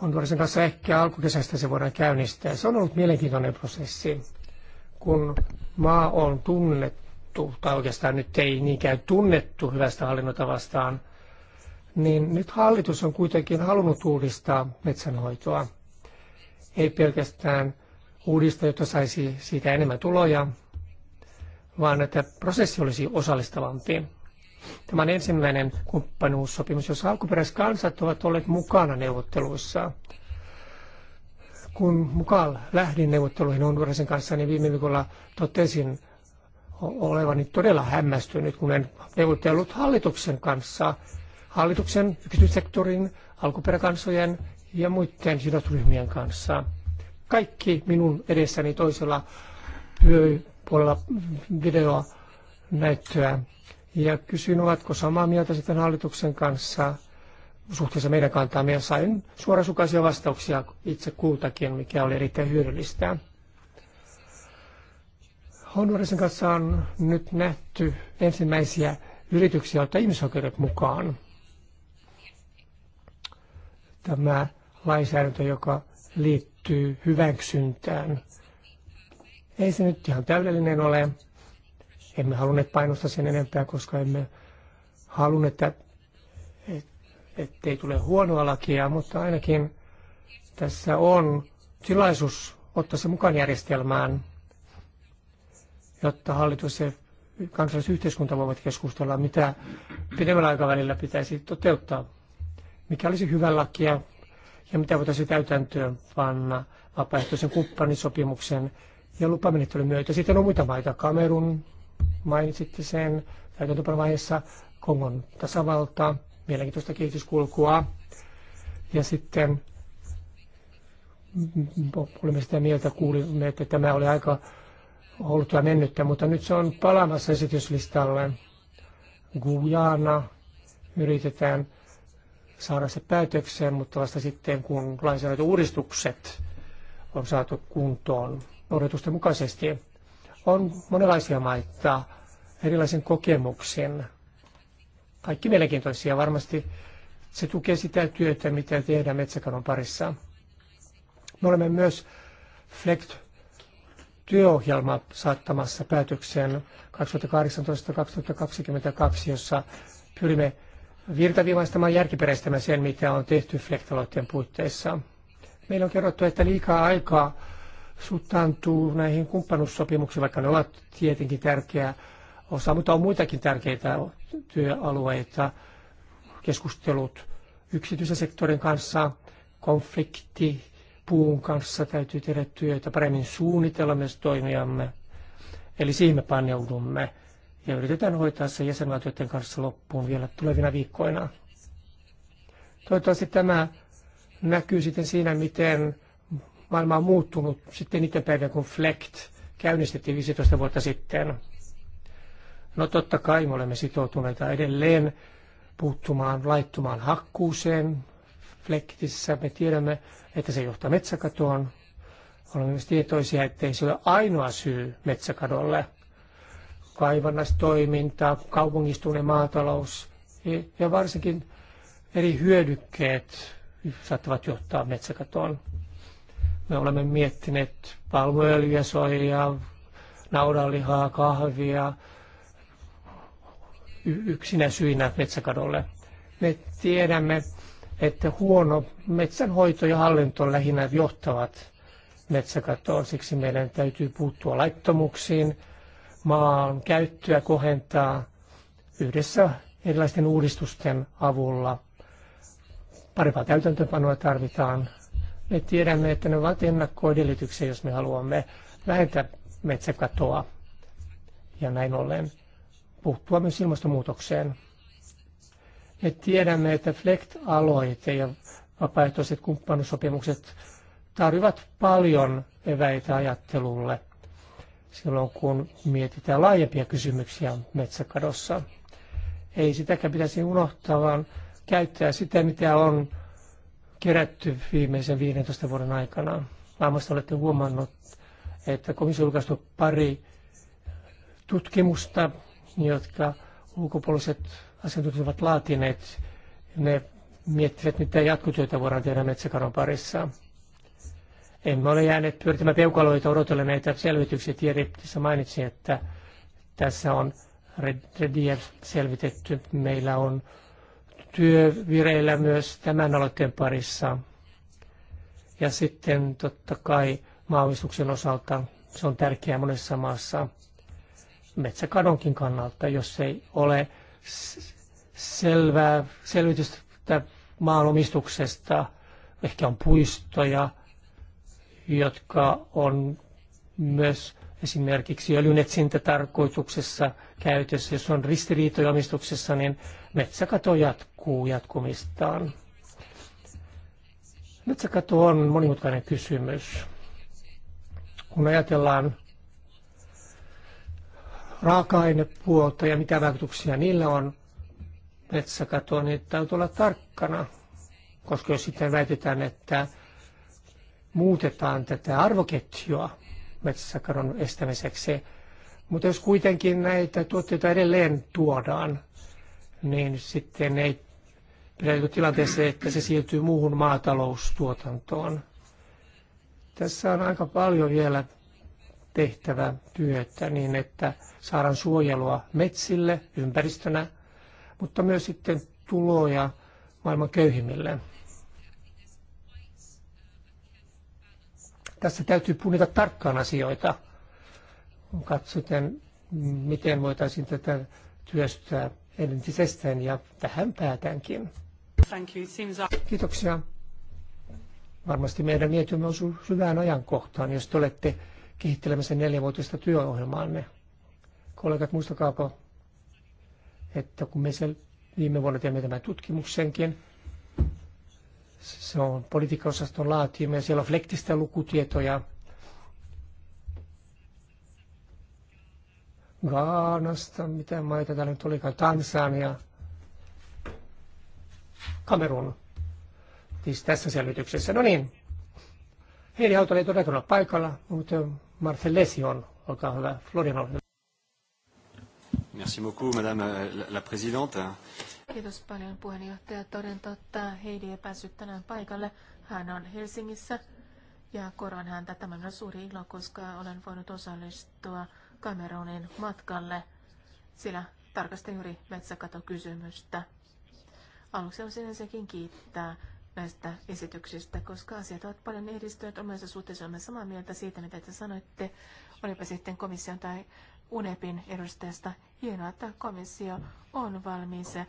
Hondurasin kanssa ehkä alkukesästä se voidaan käynnistää. Se on ollut mielenkiintoinen prosessi, kun maa on tunnettu, tai oikeastaan nyt ei niinkään tunnettu hyvästä hallinnotavastaan, niin nyt hallitus on kuitenkin halunnut uudistaa metsänhoitoa. Ei pelkästään uudista, jotta saisi siitä enemmän tuloja, vaan että prosessi olisi osallistavampi. Tämä on ensimmäinen kumppanuussopimus, jossa alkuperäiskansat ovat olleet mukana neuvotteluissa. Kun mukaan lähdin neuvotteluihin Hondurasin kanssa, niin viime viikolla totesin olevani todella hämmästynyt, kun en neuvotellut hallituksen kanssa, hallituksen, yksityissektorin, alkuperäkansojen ja muiden sidosryhmien kanssa – kaikki minun edessäni toisella puolella videonäyttöä. Ja kysyin, ovatko samaa mieltä sitten hallituksen kanssa suhteessa meidän kantaamme. Ja sain suorasukaisia vastauksia itse kultakin, mikä oli erittäin hyödyllistä. Hondurasin kanssa on nyt nähty ensimmäisiä yrityksiä ottaa ihmisoikeudet mukaan. Tämä lainsäädäntö, joka liittyy liittyy hyväksyntään. Ei se nyt ihan täydellinen ole. Emme halunneet painostaa sen enempää, koska emme halunneet, että, ettei tule huonoa lakia, mutta ainakin tässä on tilaisuus ottaa se mukaan järjestelmään, jotta hallitus ja kansallisyhteiskunta voivat keskustella, mitä pidemmällä aikavälillä pitäisi toteuttaa, mikä olisi hyvä lakia ja mitä voitaisiin täytäntöön panna vapaaehtoisen kumppanisopimuksen ja lupamenettelyn myötä. Sitten on muita maita. Kamerun mainitsitte sen täytäntöpanovaiheessa, Kongon tasavalta, mielenkiintoista kehityskulkua. Ja sitten mm, olimme sitä mieltä, kuulimme, että tämä oli aika ja mennyttä, mutta nyt se on palaamassa esityslistalle. Guyana yritetään saada se päätökseen, mutta vasta sitten kun lainsäädäntöuudistukset on saatu kuntoon odotusten mukaisesti. On monenlaisia maita erilaisen kokemuksen. Kaikki mielenkiintoisia varmasti. Se tukee sitä työtä, mitä tehdään metsäkanon parissa. Me olemme myös FLECT työohjelma saattamassa päätökseen 2018-2022, jossa pyrimme virtaviivaistamaan järkiperäistämään sen, mitä on tehty flektaloiden puitteissa. Meillä on kerrottu, että liikaa aikaa suhtaantuu näihin kumppanuussopimuksiin, vaikka ne ovat tietenkin tärkeä osa, mutta on muitakin tärkeitä työalueita, keskustelut yksityisen sektorin kanssa, konflikti puun kanssa täytyy tehdä työtä, paremmin suunnitella myös toimijamme. Eli siihen me paneudumme ja yritetään hoitaa se jäsenvaltioiden kanssa loppuun vielä tulevina viikkoina. Toivottavasti tämä näkyy sitten siinä, miten maailma on muuttunut sitten niiden päivien, kun FLECT käynnistettiin 15 vuotta sitten. No totta kai me olemme sitoutuneita edelleen puuttumaan laittumaan hakkuuseen FLECTissä. Me tiedämme, että se johtaa metsäkatoon. Olemme myös tietoisia, ettei se ole ainoa syy metsäkadolle – kaivannaistoiminta, kaupungistuneen maatalous ja varsinkin eri hyödykkeet saattavat johtaa metsäkatoon. Me olemme miettineet palmuöljyä, soijaa, naudanlihaa, kahvia yksinä syinä metsäkadolle. Me tiedämme, että huono metsänhoito ja hallinto lähinnä johtavat metsäkatoon. Siksi meidän täytyy puuttua laittomuksiin, maan käyttöä kohentaa yhdessä erilaisten uudistusten avulla. Parempaa täytäntöpanoa tarvitaan. Me tiedämme, että ne ovat ennakkoedellytyksiä, jos me haluamme vähentää metsäkatoa ja näin ollen puuttua myös ilmastonmuutokseen. Me tiedämme, että FLECT-aloite ja vapaaehtoiset kumppanuussopimukset tarjoavat paljon eväitä ajattelulle silloin, kun mietitään laajempia kysymyksiä metsäkadossa. Ei sitäkään pitäisi unohtaa, vaan käyttää sitä, mitä on kerätty viimeisen 15 vuoden aikana. Varmasti olette huomannut, että komissio julkaistu pari tutkimusta, jotka ulkopuoliset asiantuntijat ovat laatineet. Ne miettivät, mitä jatkotyötä voidaan tehdä metsäkadon parissa. Emme ole jääneet pyörittämään peukaloita odotellemme näitä selvityksiä. Tiedettissä mainitsin, että tässä on Rediä selvitetty. Meillä on työvireillä myös tämän aloitteen parissa. Ja sitten totta kai maavistuksen osalta se on tärkeää monessa maassa metsäkadonkin kannalta, jos ei ole selvää selvitystä maanomistuksesta, ehkä on puistoja, jotka on myös esimerkiksi öljynetsintätarkoituksessa käytössä. Jos on ristiriitoja omistuksessa, niin metsäkato jatkuu jatkumistaan. Metsäkato on monimutkainen kysymys. Kun ajatellaan raaka-ainepuolta ja mitä vaikutuksia niillä on metsäkatoon, niin täytyy olla tarkkana. Koska jos sitten väitetään, että muutetaan tätä arvoketjua metsäkadon estämiseksi. Mutta jos kuitenkin näitä tuotteita edelleen tuodaan, niin sitten ei pidä tilanteessa, että se siirtyy muuhun maataloustuotantoon. Tässä on aika paljon vielä tehtävä työtä niin, että saadaan suojelua metsille ympäristönä, mutta myös sitten tuloja maailman köyhimmille. Tässä täytyy punnita tarkkaan asioita. Katsotaan, miten voitaisiin tätä työstää entisestään ja tähän päätänkin. Thank you. Seems like... Kiitoksia. Varmasti meidän mietimme osuu hyvään ajankohtaan, jos te olette kehittelemässä neljävuotista työohjelmaanne. Kollegat, muistakaapa, että kun me sen viime vuonna teemme tämän tutkimuksenkin, se on politiikkaosaston laatima ja siellä on Flektistä lukutietoja. Gaanasta, mitä maita täällä nyt olikaan, Tansania, Kamerun, siis tässä selvityksessä. No niin, Heidi Hautola oli todella paikalla, mutta Marcel Lesi on, olkaa hyvä, Florian Merci beaucoup, madame la présidente. Kiitos paljon puheenjohtaja. Toden totta, Heidi ei päässyt tänään paikalle. Hän on Helsingissä ja korvan häntä. Tämä on suuri ilo, koska olen voinut osallistua Cameronin matkalle, sillä tarkastin juuri metsäkatokysymystä. Aluksi haluaisin ensinnäkin kiittää näistä esityksistä, koska asiat ovat paljon edistyneet omassa suhteessa. Olemme samaa mieltä siitä, mitä te sanoitte, olipa sitten komission tai UNEPin edustajasta. Hienoa, että komissio on valmis äh,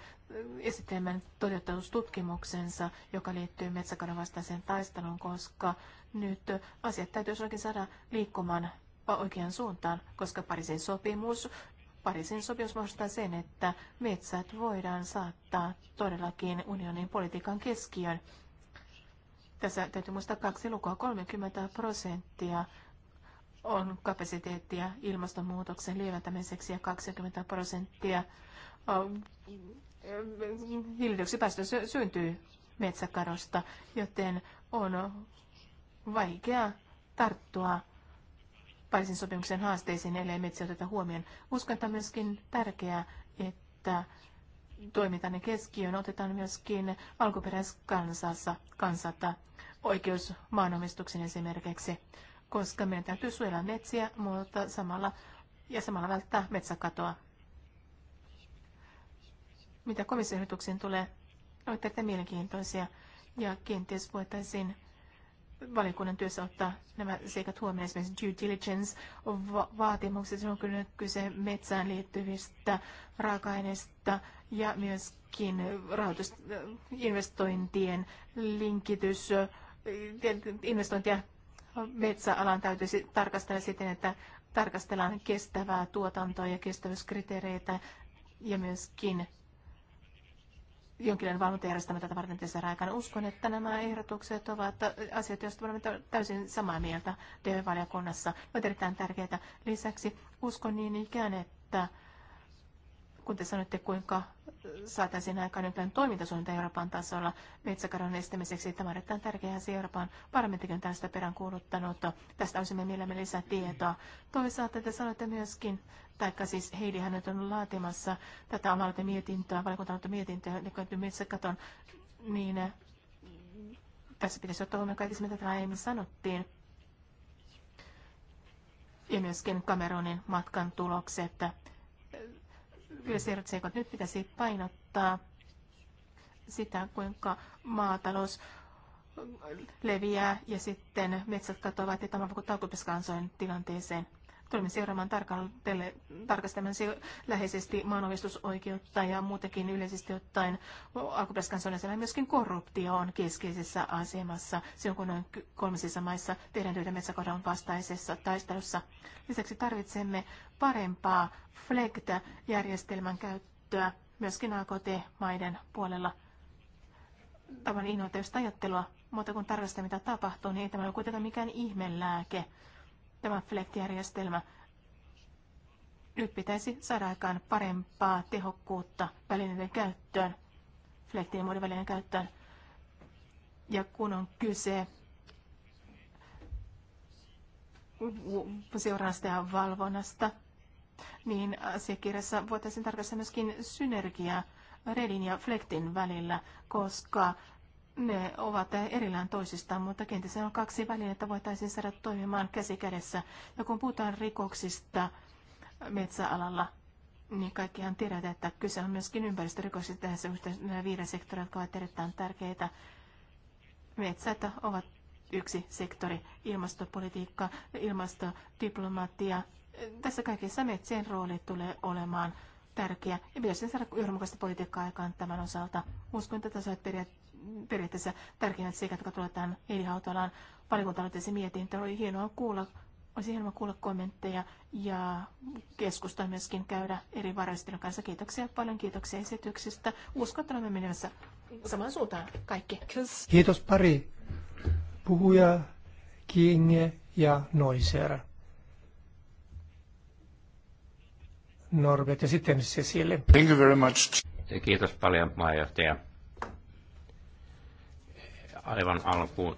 esittelemään toteutetustutkimuksensa, joka liittyy metsäkadon vastaiseen taisteluun, koska nyt asiat täytyy oikein saada liikkumaan oikeaan suuntaan, koska Pariisin sopimus Pariisin sopimus mahdollistaa sen, että metsät voidaan saattaa todellakin unionin politiikan keskiön. Tässä täytyy muistaa kaksi lukua. 30 prosenttia on kapasiteettia ilmastonmuutoksen lieventämiseksi ja 20 prosenttia hiilidioksipäästö syntyy metsäkarosta, joten on vaikea tarttua Pariisin sopimuksen haasteisiin, ellei metsä oteta huomioon. Uskon, että on myöskin tärkeää, että toimintanne keskiöön otetaan myöskin alkuperäiskansassa kansata oikeus maanomistuksen esimerkiksi koska meidän täytyy suojella metsiä mutta samalla, ja samalla välttää metsäkatoa. Mitä komission tulee, olette erittäin mielenkiintoisia ja kenties voitaisiin valiokunnan työssä ottaa nämä seikat huomioon, esimerkiksi due diligence va- vaatimukset, se on kyllä kyse metsään liittyvistä raaka-aineista ja myöskin rahoitusinvestointien linkitys, eh, investointia metsäalan täytyisi tarkastella siten, että tarkastellaan kestävää tuotantoa ja kestävyyskriteereitä ja myöskin jonkinlainen valvontajärjestelmä tätä varten tässä aikana. Uskon, että nämä ehdotukset ovat asioita, joista olemme täysin samaa mieltä TV-valiokunnassa. Ne ovat erittäin tärkeitä. Lisäksi uskon niin ikään, että kun te sanoitte, kuinka saataisiin aikaan jonkinlainen toimintasuunta Euroopan tasolla metsäkadon estämiseksi. Tämä on erittäin tärkeä asia. Euroopan parlamenttikin on tästä peräänkuuluttanut. Tästä olisimme mielemme lisää tietoa. Toisaalta te sanoitte myöskin, taikka siis Heidi hänet on laatimassa tätä omalta mietintöä, valiokunta mietintöä, joka on metsäkaton, niin äh, tässä pitäisi ottaa huomioon kaikissa, mitä täällä aiemmin sanottiin. Ja myöskin Cameronin matkan tulokset kyllä nyt pitäisi painottaa sitä, kuinka maatalous leviää ja sitten metsät katoavat ja tämä vaikuttaa alkuperäiskansojen tilanteeseen. Tulemme seuraamaan tarkastamaan se läheisesti maanomistusoikeutta ja muutenkin yleisesti ottaen alkuperäiskansalaisella myöskin korruptio on keskeisessä asemassa on kuin noin kolmisissa maissa tehdään työtä metsäkohdan vastaisessa taistelussa. Lisäksi tarvitsemme parempaa FLEGT-järjestelmän käyttöä myöskin AKT-maiden puolella tavan innoittajista ajattelua, mutta kun tarkastetaan mitä tapahtuu, niin ei tämä ole kuitenkaan mikään ihmelääke tämä Flekt-järjestelmä. Nyt pitäisi saada aikaan parempaa tehokkuutta välineiden käyttöön, Flektin ja muiden välineiden käyttöön. Ja kun on kyse seurannasta ja valvonnasta, niin asiakirjassa voitaisiin tarkastella myöskin synergiaa Redin ja Flektin välillä, koska ne ovat erillään toisistaan, mutta kenties on kaksi välinettä voitaisiin saada toimimaan kädessä. Ja kun puhutaan rikoksista metsäalalla, niin kaikkihan tiedät, että kyse on myöskin ympäristörikoksista ja nämä viiden sektorit jotka ovat erittäin tärkeitä. Metsät ovat yksi sektori, ilmastopolitiikka, ilmastodiplomatia. Tässä kaikessa metsien rooli tulee olemaan tärkeä ja pitäisi saada johdonmukaista politiikkaa aikaan tämän osalta. Uskon, että tässä periaatteessa periaatteessa tärkeimmät seikat, jotka tulevat tähän Eili Hautalaan valiokuntaloitteeseen mietintöön. Oli hienoa kuulla, olisi hienoa kuulla kommentteja ja keskustaa myöskin käydä eri varjoistelun kanssa. Kiitoksia paljon, kiitoksia esityksestä. Uskon, että olemme menemässä samaan suuntaan kaikki. Kiitos pari puhuja, Kinge ja Noiser. Norbert ja sitten Cecilia. Thank you very much. Kiitos paljon, maajohtaja aivan alkuun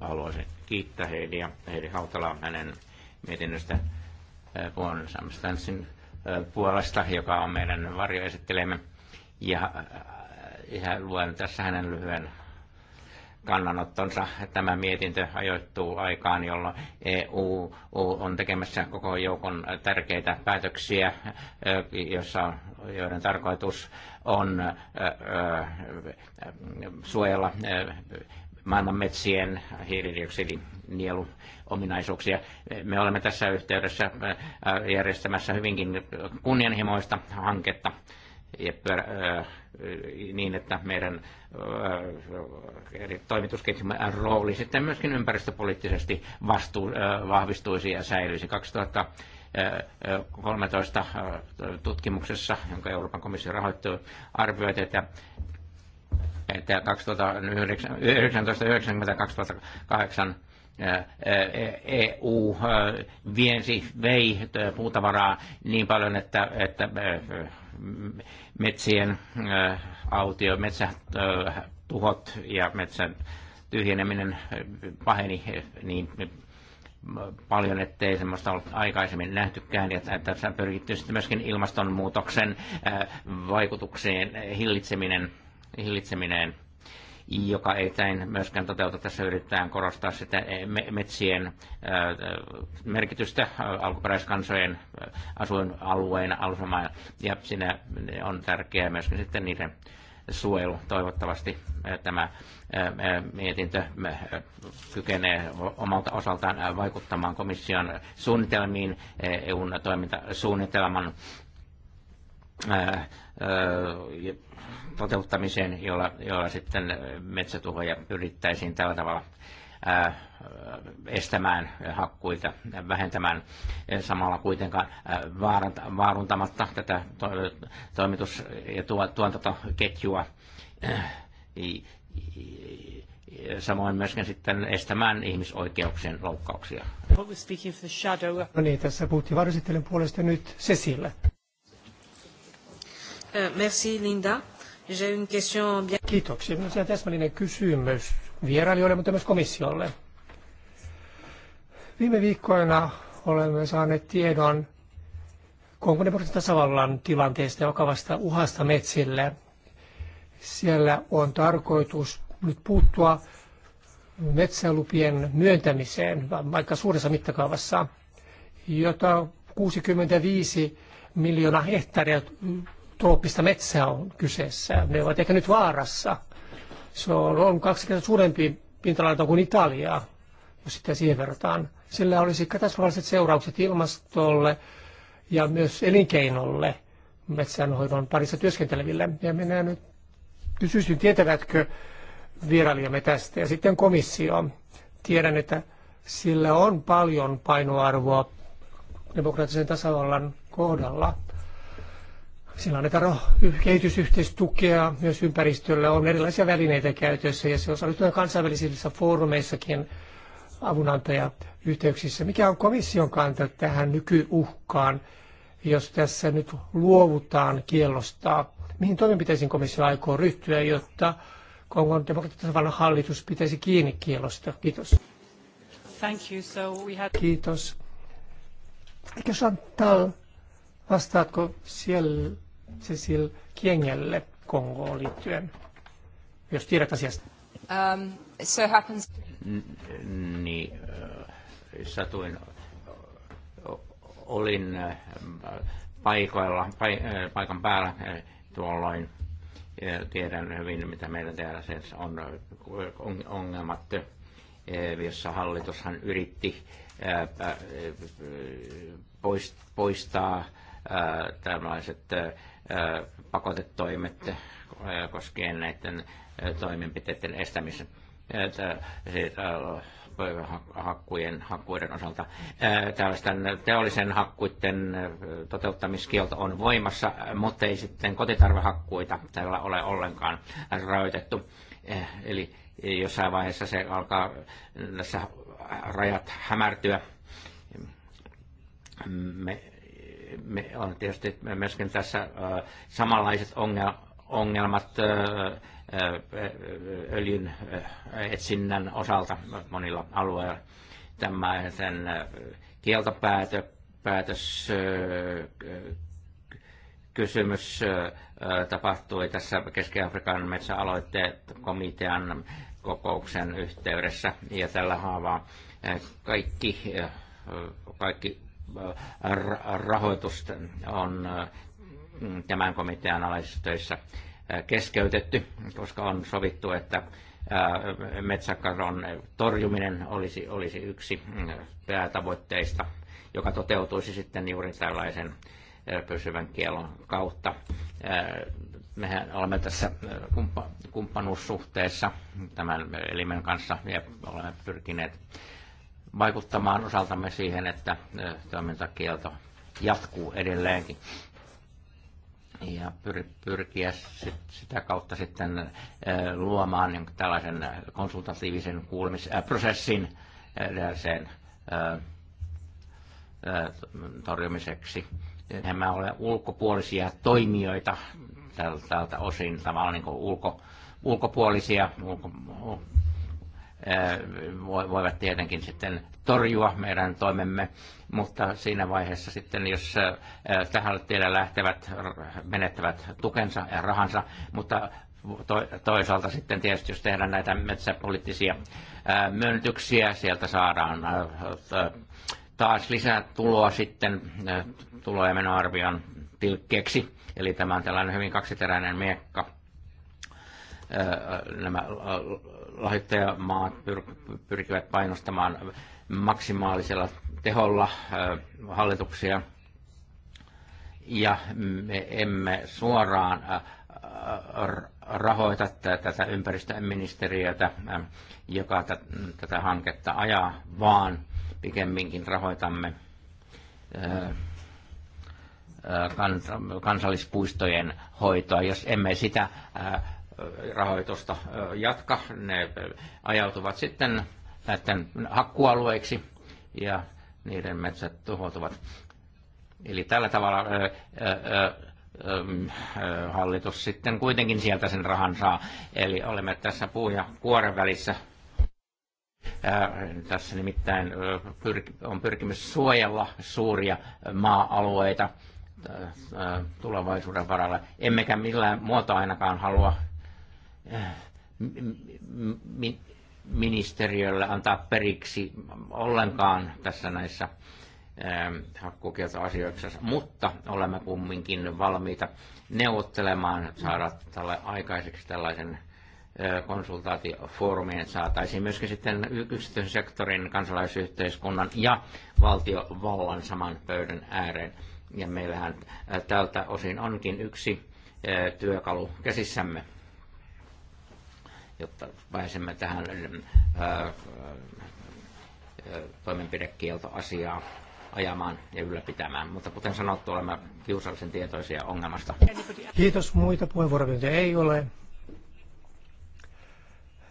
haluaisin kiittää Heidi ja Heidi Hautalaa hänen mietinnöstä Puon Samstansin puolesta, joka on meidän varjoesittelemme. Ja, ja luen tässä hänen lyhyen kannanottonsa. Tämä mietintö ajoittuu aikaan, jolloin EU on tekemässä koko joukon tärkeitä päätöksiä, jossa, joiden tarkoitus on suojella maailman metsien hiilidioksidinielu ominaisuuksia. Me olemme tässä yhteydessä järjestämässä hyvinkin kunnianhimoista hanketta niin, että meidän eri toimitusketjumme rooli sitten myöskin ympäristöpoliittisesti vastuu, vahvistuisi ja säilyisi. 2013 tutkimuksessa, jonka Euroopan komissio rahoitti, arvioitiin, että että 2019-2008 EU viensi, vei puutavaraa niin paljon, että, että metsien autio, metsätuhot ja metsän tyhjeneminen paheni niin paljon, ettei semmoista ollut aikaisemmin nähtykään. Ja tässä pyritty sitten myöskin ilmastonmuutoksen vaikutukseen hillitseminen, hillitseminen – joka ei täin myöskään toteuta. Tässä yritetään korostaa sitä eh, metsien eh, merkitystä eh, alkuperäiskansojen asuinalueen alusmailla, ja siinä on tärkeää myöskin sitten niiden suojelu. Toivottavasti tämä mietintö kykenee omalta osaltaan vaikuttamaan komission suunnitelmiin EUn toimintasuunnitelman toteuttamiseen, jolla, jolla sitten metsätuhoja pyrittäisiin tällä tavalla estämään hakkuita, vähentämään samalla kuitenkaan vaaruntamatta tätä toimitus- ja tuotantoketjua. Samoin myöskin sitten estämään ihmisoikeuksien loukkauksia. No niin, tässä puhuttiin varsittelen puolesta nyt Cecille. Euh, merci Linda. J'ai une question bien... Kiitoksia. Minulla on täsmällinen kysymys vierailijoille, mutta myös komissiolle. Viime viikkoina olemme saaneet tiedon Kongon tasavallan tilanteesta ja vakavasta uhasta metsille. Siellä on tarkoitus nyt puuttua metsälupien myöntämiseen, vaikka suuressa mittakaavassa, jota 65 miljoonaa hehtaaria trooppista metsää on kyseessä. Ne ovat ehkä nyt vaarassa. Se on, on kaksi kertaa suurempi pinta kuin Italia, jos sitä siihen verrataan. Sillä olisi katastrofaaliset seuraukset ilmastolle ja myös elinkeinolle metsänhoidon parissa työskenteleville. Ja minä nyt kysyisin, tietävätkö vierailijamme tästä. Ja sitten komissio. Tiedän, että sillä on paljon painoarvoa demokraattisen tasavallan kohdalla – sillä annetaan kehitysyhteistukea, myös ympäristöllä on erilaisia välineitä käytössä ja se osallistuu kansainvälisissä foorumeissakin avunantajayhteyksissä. Mikä on komission kanta tähän nykyuhkaan, jos tässä nyt luovutaan kiellosta? Mihin toimenpiteisiin komissio aikoo ryhtyä, jotta Kongon demokratian hallitus pitäisi kiinni kiellosta? Kiitos. Thank you. So we had... Kiitos. Eikö Chantal, vastaatko siellä Cecil Kiengelle Kongoon liittyen, jos tiedät asiasta. Um, so happens... niin, äh, satuin, olin äh, paikoilla, äh, paikan päällä äh, tuolloin. Ja tiedän hyvin, mitä meillä täällä on, äh, on ongelmat, äh, jossa hallitushan yritti äh, poistaa tällaiset pakotetoimet koskien näiden toimenpiteiden estämisen hakkujen, hakkuiden osalta. Tällaisten teollisen hakkuiden toteuttamiskielto on voimassa, mutta ei sitten kotitarvehakkuita tällä ole ollenkaan rajoitettu. Eli jossain vaiheessa se alkaa näissä rajat hämärtyä. Me, on tietysti myöskin tässä äh, samanlaiset ongelmat äh, äh, öljyn etsinnän osalta monilla alueilla. Tämä sen kieltopäätö, päätös, kysymys tapahtui tässä Keski-Afrikan metsäaloitteet komitean kokouksen yhteydessä ja tällä haavaa kaikki, kaikki Äh, rahoitusta on äh, tämän komitean töissä äh, keskeytetty, koska on sovittu, että metsäkaron torjuminen olisi, olisi yksi mm, päätavoitteista, joka toteutuisi sitten juuri tällaisen pysyvän kielon kautta. Mehän olemme tässä kumppanuussuhteessa tämän elimen kanssa ja olemme pyrkineet vaikuttamaan osaltamme siihen, että toimintakielto jatkuu edelleenkin. Ja pyr, pyrkiä sit, sitä kautta sitten luomaan niin tällaisen konsultatiivisen kuulemisprosessin edelliseen torjumiseksi. Nämä ole ulkopuolisia toimijoita tältä osin, tavallaan niin ulko, ulkopuolisia ulko, voivat tietenkin sitten torjua meidän toimemme, mutta siinä vaiheessa sitten, jos tähän tielle lähtevät, menettävät tukensa ja rahansa, mutta toisaalta sitten tietysti, jos tehdään näitä metsäpoliittisia myönnytyksiä, sieltä saadaan taas lisää tuloa sitten tulo- ja menoarvion tilkkeeksi. Eli tämä on tällainen hyvin kaksiteräinen miekka. Nämä lahjoittajamaat pyrkivät painostamaan maksimaalisella teholla hallituksia. Ja me emme suoraan rahoita tätä ympäristöministeriötä, joka tätä hanketta ajaa, vaan pikemminkin rahoitamme kansallispuistojen hoitoa. Jos emme sitä rahoitusta jatka. Ne ajautuvat sitten näiden hakkualueiksi ja niiden metsät tuhoutuvat. Eli tällä tavalla ö, ö, ö, hallitus sitten kuitenkin sieltä sen rahan saa. Eli olemme tässä puu- ja kuoren välissä. Tässä nimittäin on pyrkimys suojella suuria maa-alueita tulevaisuuden varalle. Emmekä millään muotoa ainakaan halua ministeriölle antaa periksi ollenkaan tässä näissä ähm, hakkukieltoasioissa, mutta olemme kumminkin valmiita neuvottelemaan, saada tälle aikaiseksi tällaisen äh, konsultaatiofoorumin, että saataisiin myöskin sitten yksityisen sektorin, kansalaisyhteiskunnan ja valtiovallan saman pöydän ääreen. Ja meillähän äh, tältä osin onkin yksi äh, työkalu käsissämme jotta pääsemme tähän ää, äh, äh, toimenpidekieltoasiaa ajamaan ja ylläpitämään. Mutta kuten sanottu, olemme kiusallisen tietoisia ongelmasta. Kiitos. Muita puheenvuoroja ei ole.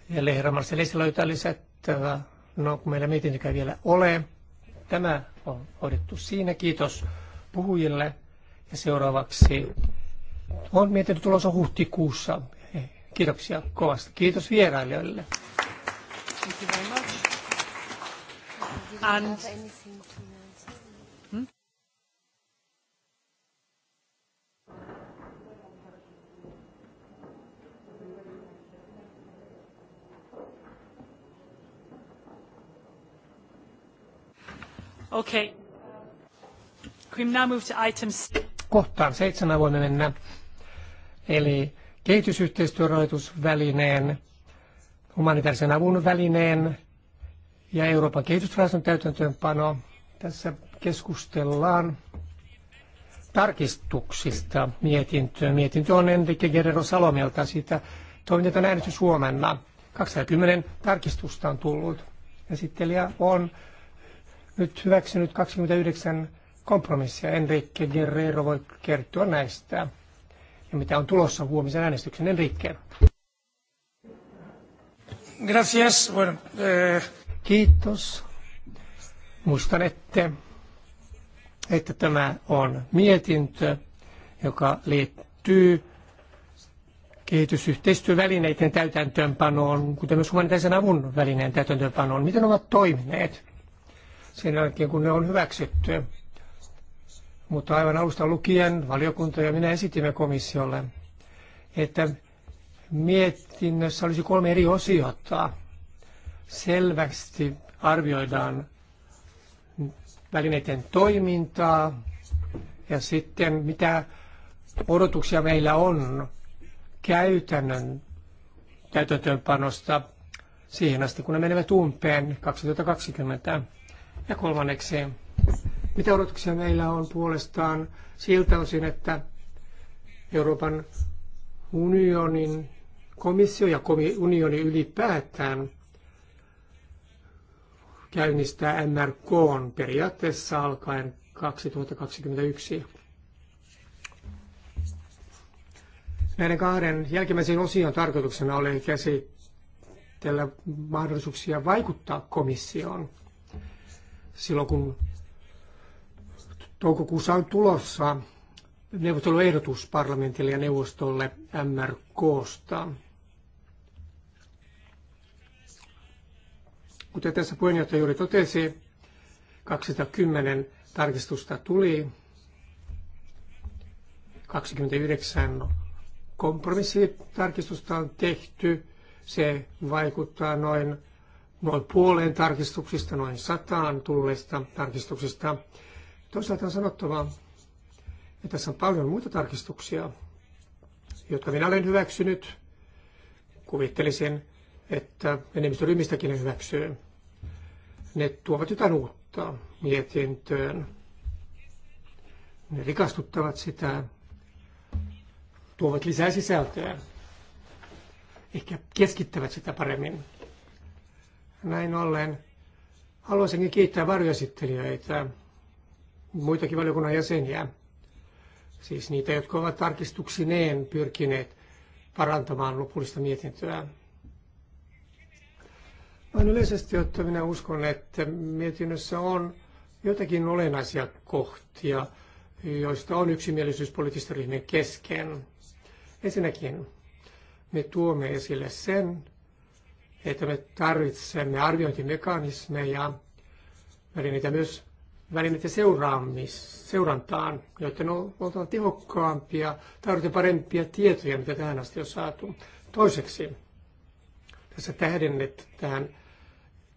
Ja Lehramarssa löytää lisättävää. No, kun meillä mietintäkään vielä ole. Tämä on hoidettu siinä. Kiitos puhujille. Ja seuraavaksi on mietitty tulossa huhtikuussa Kiitoksia kovasti. Kiitos vierailijoille. Thank you very much. And Okay. Can we now move to six. Kohtaan seitsemän voimme mennä. Eli kehitysyhteistyörahoitusvälineen, humanitaarisen avun välineen ja Euroopan kehitysrahaston täytäntöönpano. Tässä keskustellaan tarkistuksista mietintöä. Mietintö on Enrique Guerrero Salomelta. Siitä toimitetaan äänestys huomenna. 210 tarkistusta on tullut. Esittelijä on nyt hyväksynyt 29 kompromissia. Enrique Guerrero voi kertoa näistä ja mitä on tulossa huomisen äänestyksen Enriqueen. Gracias. Bueno, eh... Kiitos. Muistan, että, että tämä on mietintö, joka liittyy kehitysyhteistyövälineiden täytäntöönpanoon, kuten myös humanitaarisen avun välineen täytäntöönpanoon. Miten ne ovat toimineet sen jälkeen, kun ne on hyväksytty? Mutta aivan alusta lukien valiokunta ja minä esitimme komissiolle, että mietinnössä olisi kolme eri osiota. Selvästi arvioidaan välineiden toimintaa ja sitten mitä odotuksia meillä on käytännön täytäntöönpanosta siihen asti, kun ne menevät umpeen 2020. Ja kolmanneksi mitä odotuksia meillä on puolestaan siltä osin, että Euroopan unionin komissio ja unioni ylipäätään käynnistää MRK on periaatteessa alkaen 2021. Näiden kahden jälkimmäisen osion tarkoituksena oli käsitellä mahdollisuuksia vaikuttaa komissioon silloin, kun Toukokuussa on tulossa neuvotteluehdotus parlamentille ja neuvostolle MRKsta. Kuten tässä puheenjohtaja juuri totesi, 210 tarkistusta tuli, 29 kompromissitarkistusta on tehty, se vaikuttaa noin, noin puoleen tarkistuksista, noin sataan tulleista tarkistuksista. Toisaalta on sanottava, että tässä on paljon muita tarkistuksia, jotka minä olen hyväksynyt. Kuvittelisin, että enemmistöryhmistäkin ne hyväksyy. Ne tuovat jotain uutta mietintöön. Ne rikastuttavat sitä, tuovat lisää sisältöä. Ehkä keskittävät sitä paremmin. Näin ollen haluaisinkin kiittää varjoesittelijöitä muitakin valiokunnan jäseniä, siis niitä, jotka ovat tarkistuksineen pyrkineet parantamaan lopullista mietintöä. Noin yleisesti ottaen minä uskon, että mietinnössä on jotakin olennaisia kohtia, joista on yksimielisyys poliittisten ryhmien kesken. Ensinnäkin me tuomme esille sen, että me tarvitsemme arviointimekanismeja, välineitä myös välineiden seuraamis, seurantaan, joiden on oltava tehokkaampia, tarvitaan parempia tietoja, mitä tähän asti on saatu. Toiseksi tässä tähdennetään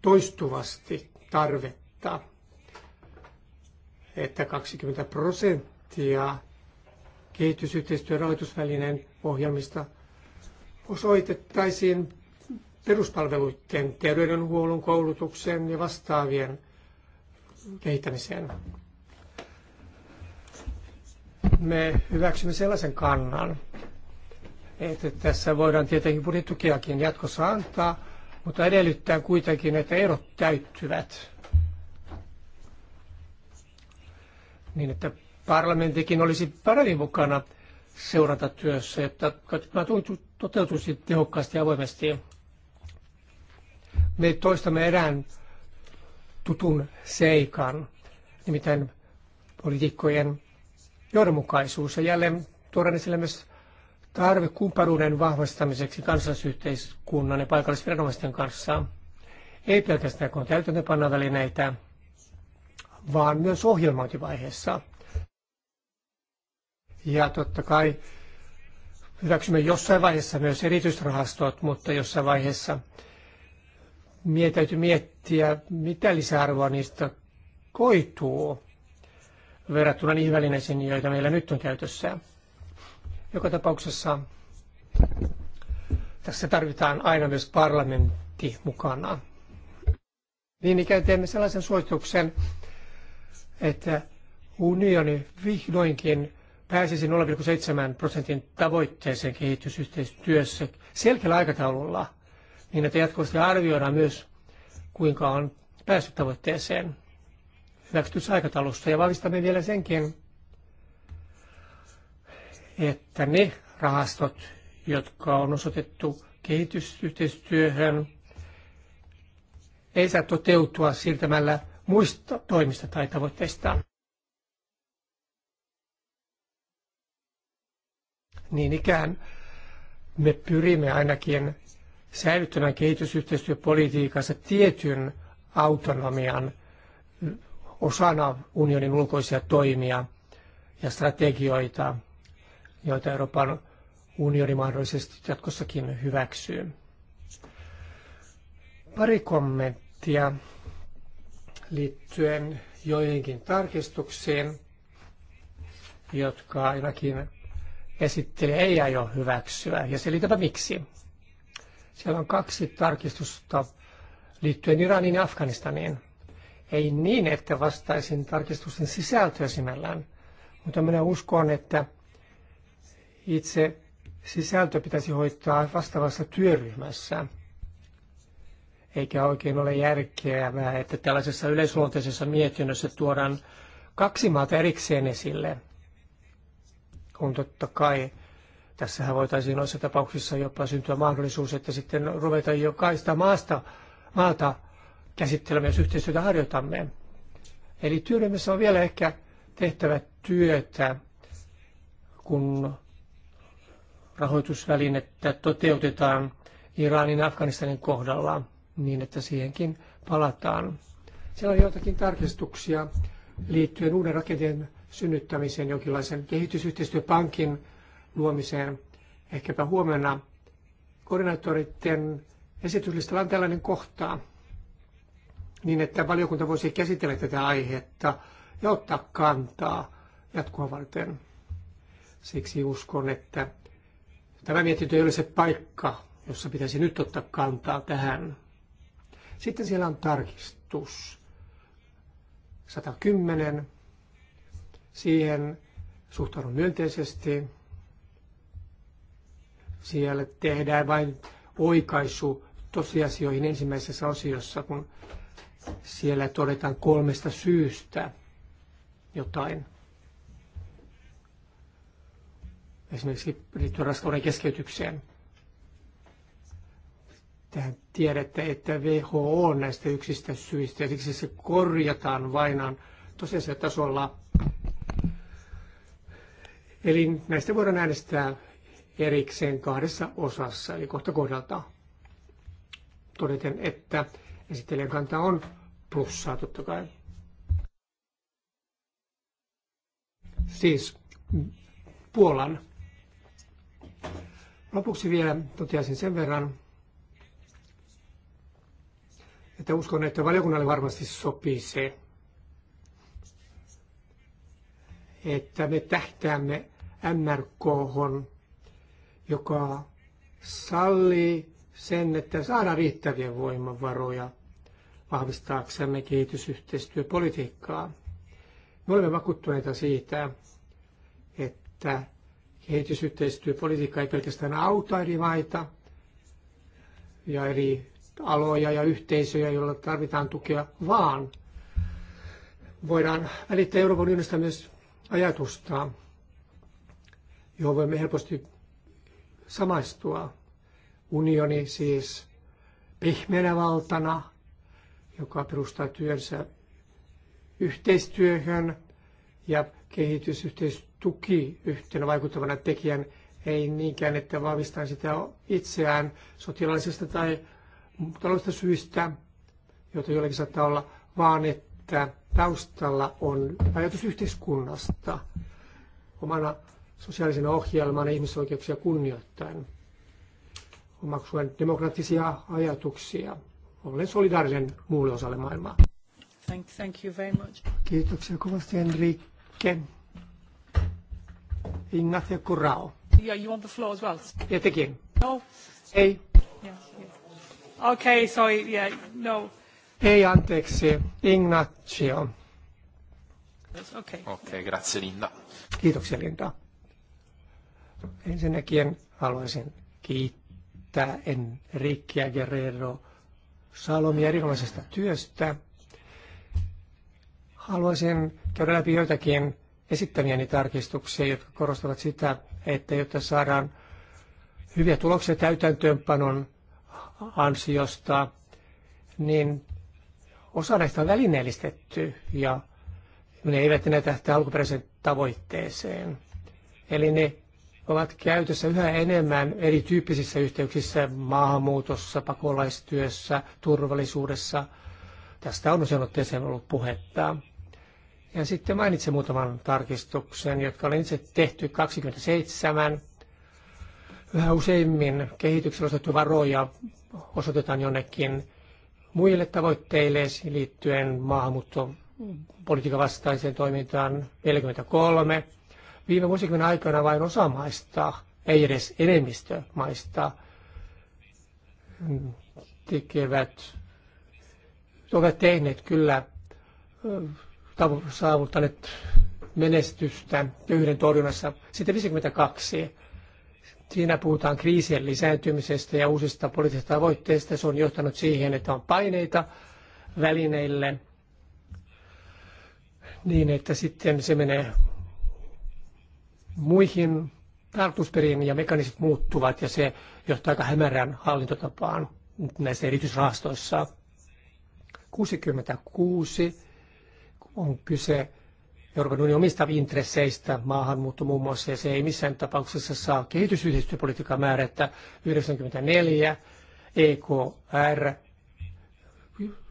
toistuvasti tarvetta, että 20 prosenttia kehitysyhteistyön rahoitusvälineen ohjelmista osoitettaisiin peruspalveluiden, terveydenhuollon, koulutuksen ja vastaavien kehittämiseen. Me hyväksymme sellaisen kannan, että tässä voidaan tietenkin budjettukiakin jatkossa antaa, mutta edellyttää kuitenkin, että erot täyttyvät. Niin, että parlamentikin olisi paremmin mukana seurantatyössä, että tämä toteutuisi tehokkaasti ja avoimesti. Me toistamme erään tutun seikan, nimittäin poliitikkojen johdonmukaisuus ja jälleen tuodaan esille myös tarve kumppanuuden vahvistamiseksi kansallisyhteiskunnan ja paikallisviranomaisten kanssa. Ei pelkästään kun täytäntöpanna välineitä, vaan myös ohjelmointivaiheessa. Ja totta kai hyväksymme jossain vaiheessa myös erityisrahastot, mutta jossain vaiheessa Mie täytyy miettiä, mitä lisäarvoa niistä koituu verrattuna niihin välineisiin, joita meillä nyt on käytössä. Joka tapauksessa tässä tarvitaan aina myös parlamentti mukana. Niin ikään teemme sellaisen suosituksen, että unioni vihdoinkin pääsisi 0,7 prosentin tavoitteeseen kehitysyhteistyössä selkeällä aikataululla – niin että jatkuvasti arvioidaan myös, kuinka on päässyt tavoitteeseen hyväksytyssä aikataulussa. Ja vahvistamme vielä senkin, että ne rahastot, jotka on osoitettu kehitysyhteistyöhön, ei saa toteutua siirtämällä muista toimista tai tavoitteista. Niin ikään me pyrimme ainakin säilyttämään kehitysyhteistyöpolitiikassa tietyn autonomian osana unionin ulkoisia toimia ja strategioita, joita Euroopan unioni mahdollisesti jatkossakin hyväksyy. Pari kommenttia liittyen joihinkin tarkistuksiin, jotka ainakin esittelijä ei aio hyväksyä, ja selitäpä miksi. Siellä on kaksi tarkistusta liittyen Iraniin ja Afganistaniin. Ei niin, että vastaisin tarkistusten sisältöä sinällään, mutta minä uskon, että itse sisältö pitäisi hoitaa vastaavassa työryhmässä. Eikä oikein ole järkeä, että tällaisessa yleisluonteisessa mietinnössä tuodaan kaksi maata erikseen esille, kun totta kai Tässähän voitaisiin noissa tapauksissa jopa syntyä mahdollisuus, että sitten ruveta jokaista maasta, maata käsittelemään, jos yhteistyötä harjoitamme. Eli työryhmässä on vielä ehkä tehtävä työtä, kun rahoitusvälinettä toteutetaan Iranin Afganistanin kohdalla niin, että siihenkin palataan. Siellä on joitakin tarkistuksia liittyen uuden rakenteen synnyttämiseen, jonkinlaisen kehitysyhteistyöpankin luomiseen. Ehkäpä huomenna koordinaattoritten esityslistalla on tällainen kohta, niin että valiokunta voisi käsitellä tätä aihetta ja ottaa kantaa jatkoa varten. Siksi uskon, että tämä mietintö ei ole se paikka, jossa pitäisi nyt ottaa kantaa tähän. Sitten siellä on tarkistus. 110. Siihen suhtaudun myönteisesti. Siellä tehdään vain oikaisu tosiasioihin ensimmäisessä osiossa, kun siellä todetaan kolmesta syystä jotain. Esimerkiksi liittyen raskauden keskeytykseen. Tähän tiedätte, että WHO on näistä yksistä syistä ja siksi se korjataan vainan tosiasiatasolla. Eli näistä voidaan äänestää erikseen kahdessa osassa, eli kohta kohdalta todeten, että esittelijän kanta on plussaa totta kai. Siis mm, Puolan. Lopuksi vielä toteaisin sen verran, että uskon, että valiokunnalle varmasti sopii se, että me tähtäämme MRKhon joka sallii sen, että saadaan riittäviä voimavaroja vahvistaaksemme kehitysyhteistyöpolitiikkaa. Me olemme vakuuttuneita siitä, että kehitysyhteistyöpolitiikka ei pelkästään auta eri maita ja eri aloja ja yhteisöjä, joilla tarvitaan tukea, vaan voidaan välittää Euroopan unionista myös ajatusta, johon voimme helposti samaistua. Unioni siis pehmeänä valtana, joka perustaa työnsä yhteistyöhön ja kehitysyhteistuki yhtenä vaikuttavana tekijän, ei niinkään, että vahvistaa sitä itseään sotilaallisesta tai taloudellisista syistä, joita joillakin saattaa olla, vaan että taustalla on ajatus yhteiskunnasta omana sosiaalisen ohjelman ihmisoikeuksia kunnioittaen, omaksuen demokraattisia ajatuksia, Olen solidaarinen muulle osalle maailmaa. Thank, thank you very much. Kiitoksia kovasti Enrique. Ignacio Corrao. Yeah, you want the floor as well? Ja tekin. No. Ei. Yeah, yeah. Okay, sorry, yeah, no. Ei, anteeksi. Ignacio. Okei, okay. okay, grazie Linda. Kiitoksia Linda. Ensinnäkin haluaisin kiittää Enriquea Guerrero Salomia erinomaisesta työstä. Haluaisin käydä läpi joitakin esittämiäni tarkistuksia, jotka korostavat sitä, että jotta saadaan hyviä tuloksia täytäntöönpanon ansiosta, niin osa näistä on välineellistetty ja ne eivät enää tähtää alkuperäiseen tavoitteeseen. Eli ne ovat käytössä yhä enemmän erityyppisissä yhteyksissä maahanmuutossa, pakolaistyössä, turvallisuudessa. Tästä on usein otteeseen ollut puhetta. Ja sitten mainitsen muutaman tarkistuksen, jotka olen itse tehty 27. Yhä useimmin kehityksellä osoitettu varoja osoitetaan jonnekin muille tavoitteille liittyen maahanmuuttopolitiikan vastaiseen toimintaan 43 Viime vuosikymmenen aikana vain osa maista, ei edes enemmistö maista, tekevät, ovat tehneet kyllä saavuttaneet menestystä köyhyyden torjunnassa. Sitten 52. Siinä puhutaan kriisien lisääntymisestä ja uusista poliittisista tavoitteista. Se on johtanut siihen, että on paineita välineille niin, että sitten se menee muihin tarkoitusperiin ja mekanismit muuttuvat ja se johtaa aika hämärään hallintotapaan näissä erityisrahastoissa. 66 on kyse Euroopan unionin omista intresseistä, maahanmuutto muun muassa, ja se ei missään tapauksessa saa kehitysyhteistyöpolitiikkaa määrätä 94, EKR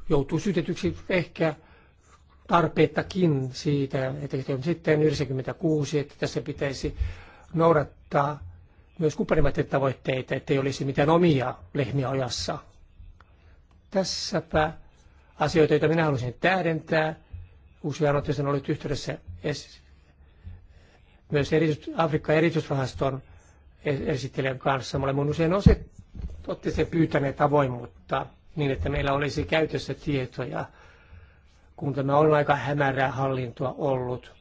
joutuu syytetyksi ehkä tarpeettakin siitä, että sitten 96, että tässä pitäisi noudattaa myös kumppanimaiden tavoitteita, ettei olisi mitään omia lehmiä ojassa. Tässäpä asioita, joita minä haluaisin tähdentää. Usean otteeseen ollut yhteydessä myös erityis- Afrikka erityisrahaston e- esittelijän kanssa. Me olemme usein sen pyytäneet avoimuutta niin, että meillä olisi käytössä tietoja – kun tämä on aika hämärää hallintoa ollut.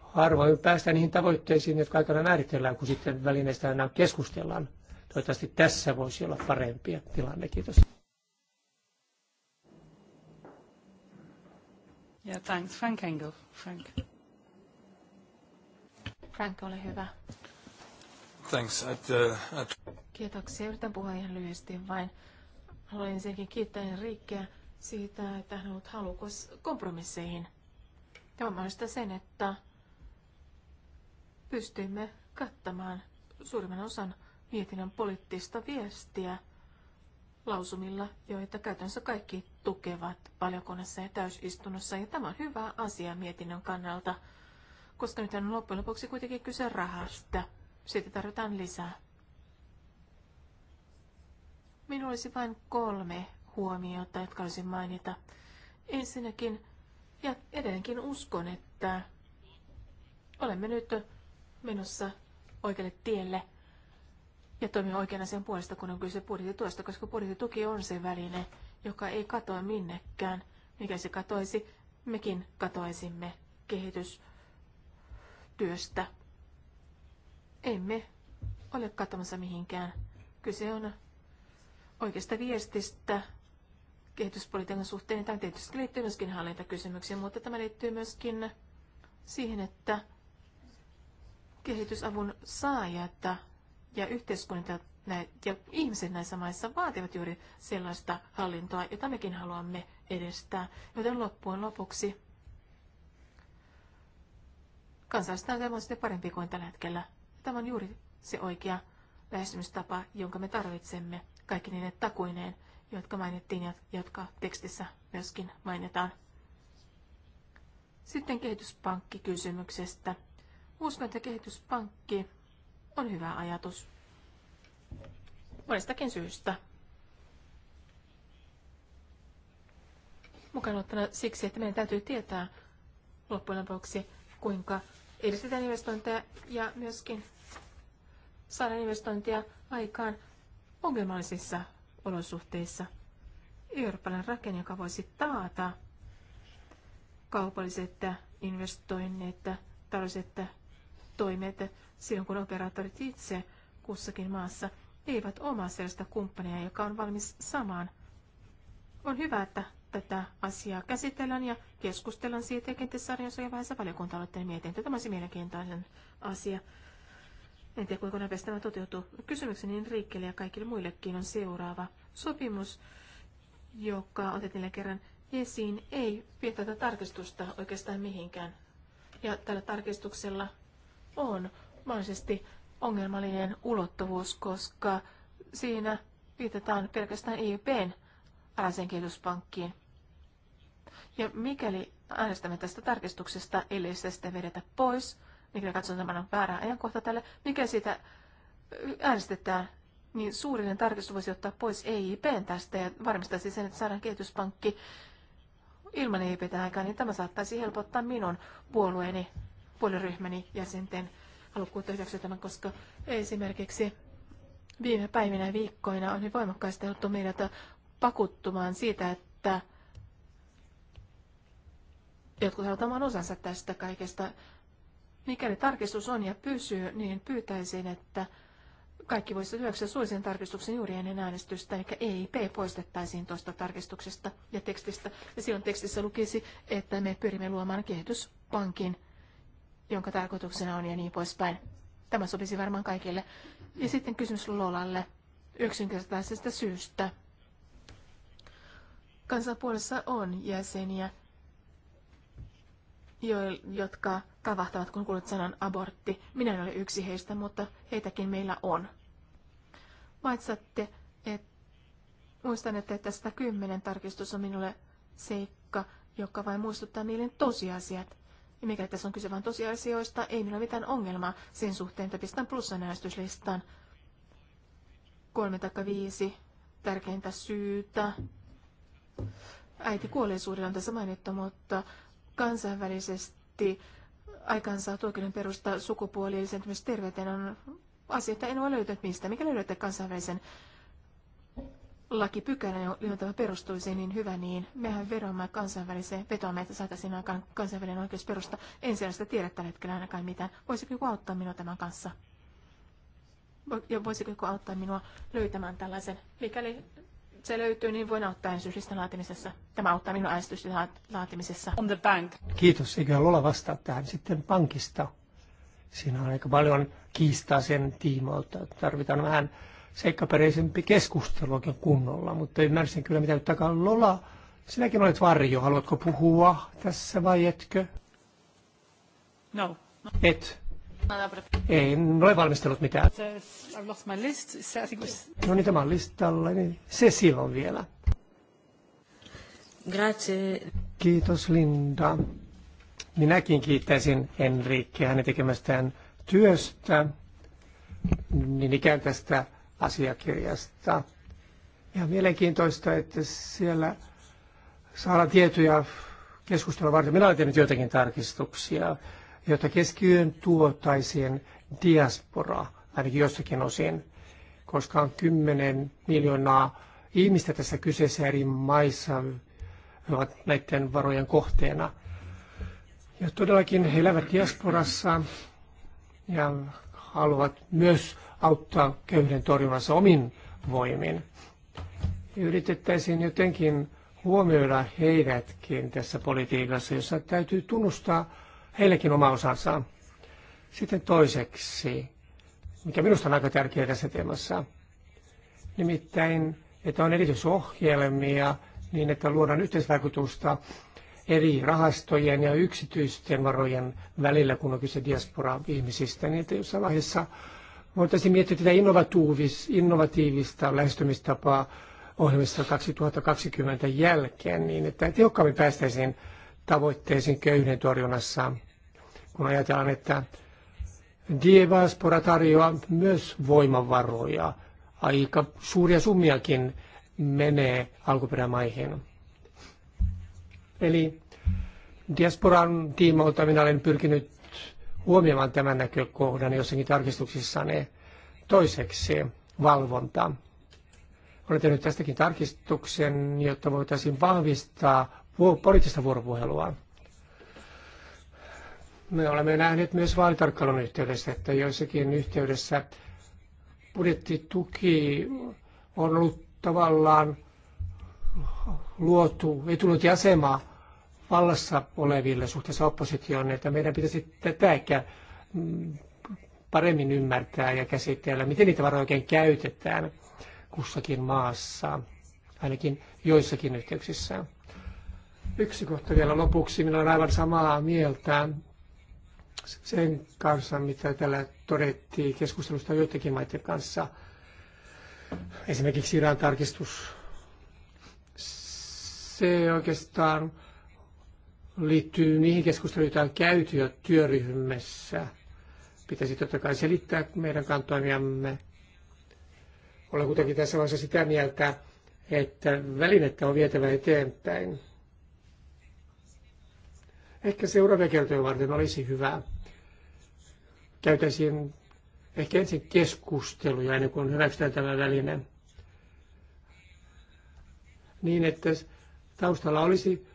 Harvoin päästään niihin tavoitteisiin, jotka aikana määritellään, kun sitten välineistä aina keskustellaan. Toivottavasti tässä voisi olla parempia tilanne. Kiitos. Yeah, thanks. Frank Engel. Frank. Frank, ole hyvä. Thanks. At, uh, at... Kiitoksia. Yritän puhua ihan lyhyesti vain. Haluan ensinnäkin kiittää Riikkeä siitä, että hän on ollut halukas kompromisseihin. Tämä mahdollistaa sen, että pystymme kattamaan suurimman osan mietinnön poliittista viestiä lausumilla, joita käytännössä kaikki tukevat valiokunnassa ja täysistunnossa. Ja tämä on hyvä asia mietinnön kannalta, koska nyt on loppujen lopuksi kuitenkin kyse rahasta. Siitä tarvitaan lisää. Minulla olisi vain kolme huomiota, jotka olisin mainita. Ensinnäkin, ja edelleenkin uskon, että olemme nyt menossa oikealle tielle ja toimimme oikean asian puolesta, kun on kyse budjettituesta, koska budjettituki on se väline, joka ei katoa minnekään. Mikä se katoisi, mekin katoisimme kehitystyöstä. Emme ole katomassa mihinkään. Kyse on oikeasta viestistä, kehityspolitiikan suhteen, niin tämä tietysti liittyy myöskin hallintakysymyksiin, mutta tämä liittyy myöskin siihen, että kehitysavun saajat ja yhteiskunta ja ihmiset näissä maissa vaativat juuri sellaista hallintoa, jota mekin haluamme edistää. Joten loppuun lopuksi kansallista on sitten parempi kuin tällä hetkellä. Tämä on juuri se oikea lähestymistapa, jonka me tarvitsemme kaikki niiden takuineen, jotka mainittiin ja jotka tekstissä myöskin mainitaan. Sitten kysymyksestä. Uskon, että kehityspankki on hyvä ajatus. Monestakin syystä. Mukaan ottana siksi, että meidän täytyy tietää loppujen lopuksi, kuinka edistetään investointeja ja myöskin saada investointia aikaan ongelmallisissa olosuhteissa eurooppalainen rakenne, joka voisi taata kaupalliset investoinnit, taloudelliset toimet silloin, kun operaattorit itse kussakin maassa eivät omaa sellaista kumppania, joka on valmis samaan. On hyvä, että tätä asiaa käsitellään ja keskustellaan siitä ja kenties sarjassa ja vähän valiokunta-aloitteen mietintö. Tämä olisi mielenkiintoinen asia. En tiedä, kuinka nopeasti tämä toteutuu. Kysymykseni Enriikkelle ja kaikille muillekin on seuraava. Sopimus, joka otettiin kerran esiin, ei vie tätä tarkistusta oikeastaan mihinkään. Ja tällä tarkistuksella on mahdollisesti ongelmallinen ulottuvuus, koska siinä viitataan pelkästään EIPn alaisen kehityspankkiin. Ja mikäli äänestämme tästä tarkistuksesta, ellei sitä vedetä pois, mikä katson tämän on väärä ajankohta tälle, mikä siitä äänestetään, niin suurinen tarkistus voisi ottaa pois EIP tästä ja varmistaisi sen, että saadaan kehityspankki ilman EIP aikaa, niin tämä saattaisi helpottaa minun puolueeni, puolueryhmäni jäsenten halukkuutta hyväksyä tämän, koska esimerkiksi viime päivinä ja viikkoina on niin voimakkaasti haluttu meidät pakuttumaan siitä, että jotkut haluavat oman osansa tästä kaikesta Mikäli tarkistus on ja pysyy, niin pyytäisin, että kaikki voisivat hyväksyä suullisen tarkistuksen juuri ennen äänestystä, eli EIP poistettaisiin tuosta tarkistuksesta ja tekstistä. Ja silloin tekstissä lukisi, että me pyrimme luomaan kehityspankin, jonka tarkoituksena on ja niin poispäin. Tämä sopisi varmaan kaikille. Ja sitten kysymys Lolalle yksinkertaisesta syystä. Kansanpuolessa on jäseniä, jo, jotka kavahtavat, kun kuulet sanan abortti. Minä en ole yksi heistä, mutta heitäkin meillä on. Maitsatte, että muistan, että tästä kymmenen tarkistus on minulle seikka, joka vain muistuttaa niiden tosiasiat. Ja mikä tässä on kyse vain tosiasioista, ei minulla mitään ongelmaa sen suhteen, että pistän plussan äänestyslistaan. Kolme tai viisi tärkeintä syytä. Äiti kuolleisuudella on tässä mainittu, mutta kansainvälisesti aikansa oikeuden perusta sukupuoli ja terveyteen on asia, että en ole löytänyt mistä. Mikä löydätte kansainvälisen lakipykälän, johon tämä perustuisi, niin hyvä niin. Mehän veromme kansainväliseen vetoamme, että saataisiin aikaan kansainvälinen perusta. En sellaista tiedä tällä hetkellä ainakaan mitään. Voisiko joku auttaa minua tämän kanssa? Ja voisiko joku auttaa minua löytämään tällaisen, mikäli se löytyy, niin voin auttaa äänestyslistan laatimisessa. Tämä auttaa minua äänestyslistan laatimisessa. On the bank. Kiitos. Eikö Lola vastaa tähän sitten pankista? Siinä on aika paljon kiistaa sen tiimoilta. Tarvitaan vähän seikkaperäisempi keskustelu oikein kunnolla, mutta ymmärsin kyllä mitä takaa Lola. Sinäkin olet varjo. Haluatko puhua tässä vai etkö? No. no. Et. En ole valmistellut mitään. No niin, tämä on listalla. Niin se silloin vielä. Grazie. Kiitos Linda. Minäkin kiittäisin Enriikkiä hänen tekemästään työstä, niin ikään tästä asiakirjasta. Ja mielenkiintoista, että siellä saadaan tietoja keskustelua varten. Minä olen tehnyt joitakin tarkistuksia jotta keskiyön tuottaisiin diaspora, ainakin jossakin osin, koska on 10 miljoonaa ihmistä tässä kyseessä eri maissa ovat näiden varojen kohteena. Ja todellakin he elävät diasporassa ja haluavat myös auttaa köyhyyden torjunnassa omin voimin. Yritettäisiin jotenkin huomioida heidätkin tässä politiikassa, jossa täytyy tunnustaa heillekin oma osansa. Sitten toiseksi, mikä minusta on aika tärkeää tässä teemassa, nimittäin, että on erityisohjelmia niin, että luodaan yhteisvaikutusta eri rahastojen ja yksityisten varojen välillä, kun on kyse diaspora-ihmisistä, niin että jossain vaiheessa voitaisiin miettiä tätä innovatiivista lähestymistapaa ohjelmissa 2020 jälkeen, niin että tehokkaammin päästäisiin tavoitteisiin köyhyyden torjunnassa kun ajatellaan, että diaspora tarjoaa myös voimavaroja. Aika suuria summiakin menee alkuperämaihin. Eli diasporan tiimoilta minä olen pyrkinyt huomioimaan tämän näkökohdan jossakin tarkistuksissani. Toiseksi valvonta. Olen tehnyt tästäkin tarkistuksen, jotta voitaisiin vahvistaa poliittista vuoropuhelua me olemme nähneet myös vaalitarkkailun yhteydessä, että joissakin yhteydessä budjettituki on ollut tavallaan luotu, ei tullut asema vallassa oleville suhteessa oppositioon, että meidän pitäisi tätä ehkä paremmin ymmärtää ja käsitellä, miten niitä varoja oikein käytetään kussakin maassa, ainakin joissakin yhteyksissä. Yksi kohta vielä lopuksi. Minä olen aivan samaa mieltä sen kanssa, mitä täällä todettiin keskustelusta joidenkin maiden kanssa. Esimerkiksi Iran tarkistus. Se oikeastaan liittyy niihin keskusteluihin, joita on käyty jo työryhmässä. Pitäisi totta kai selittää meidän kantoimiamme. Olen kuitenkin tässä vaiheessa sitä mieltä, että välinettä on vietävä eteenpäin. Ehkä seuraavia kertoja varten olisi hyvä. Käytäisiin ehkä ensin keskusteluja ennen kuin hyväksytään tämä väline. Niin, että taustalla olisi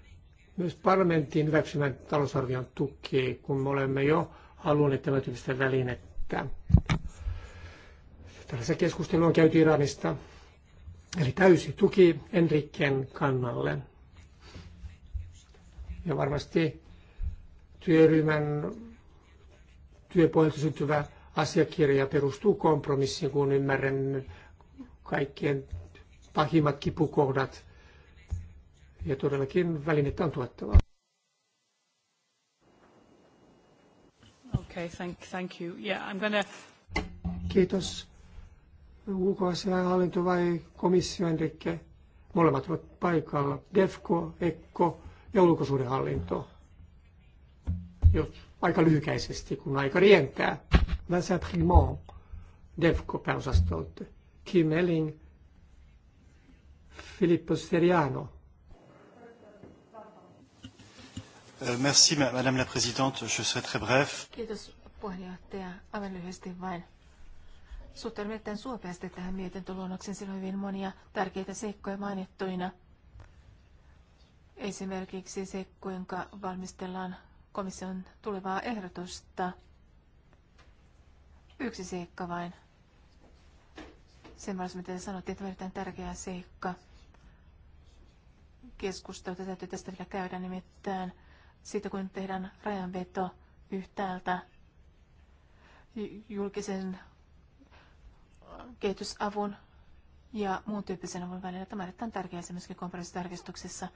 myös parlamentin hyväksymän talousarvion tuki, kun me olemme jo halunneet tämän tyyppistä välinettä. Tällaisen keskustelu on käyty Iranista. Eli täysi tuki Enriken kannalle. Ja varmasti Työryhmän työpohjalta syntyvä asiakirja perustuu kompromissiin, kun ymmärrän kaikkien pahimmat kipukohdat. Ja todellakin välinettä on tuettava. Okay, thank, thank you. Yeah, I'm gonna... Kiitos. Ulkoasian hallinto vai komissio, Enrique? Molemmat ovat paikalla. DEFCO, ECCO ja ulkosuudenhallinto jos aika lyhykäisesti, kun aika rientää. Vincent Rimont, DEVCO pääosastolta, Kim Elling, Filippo Seriano. Euh, merci, Madame la Présidente. Je serai très bref. Kiitos, puheenjohtaja. Aivan lyhyesti vain. Suhtaudun erittäin suopeasti tähän mietintöluonnoksen. Siellä on hyvin monia tärkeitä seikkoja mainittuina. Esimerkiksi se, kuinka valmistellaan komission tulevaa ehdotusta. Yksi seikka vain. Sen varsin, mitä sanottiin, että erittäin tärkeä seikka. Keskustelua täytyy tästä vielä käydä nimittäin siitä, kun tehdään rajanveto yhtäältä julkisen kehitysavun ja muun tyyppisen avun välillä. Tämä on erittäin tärkeää myöskin kompromissitarkistuksessa.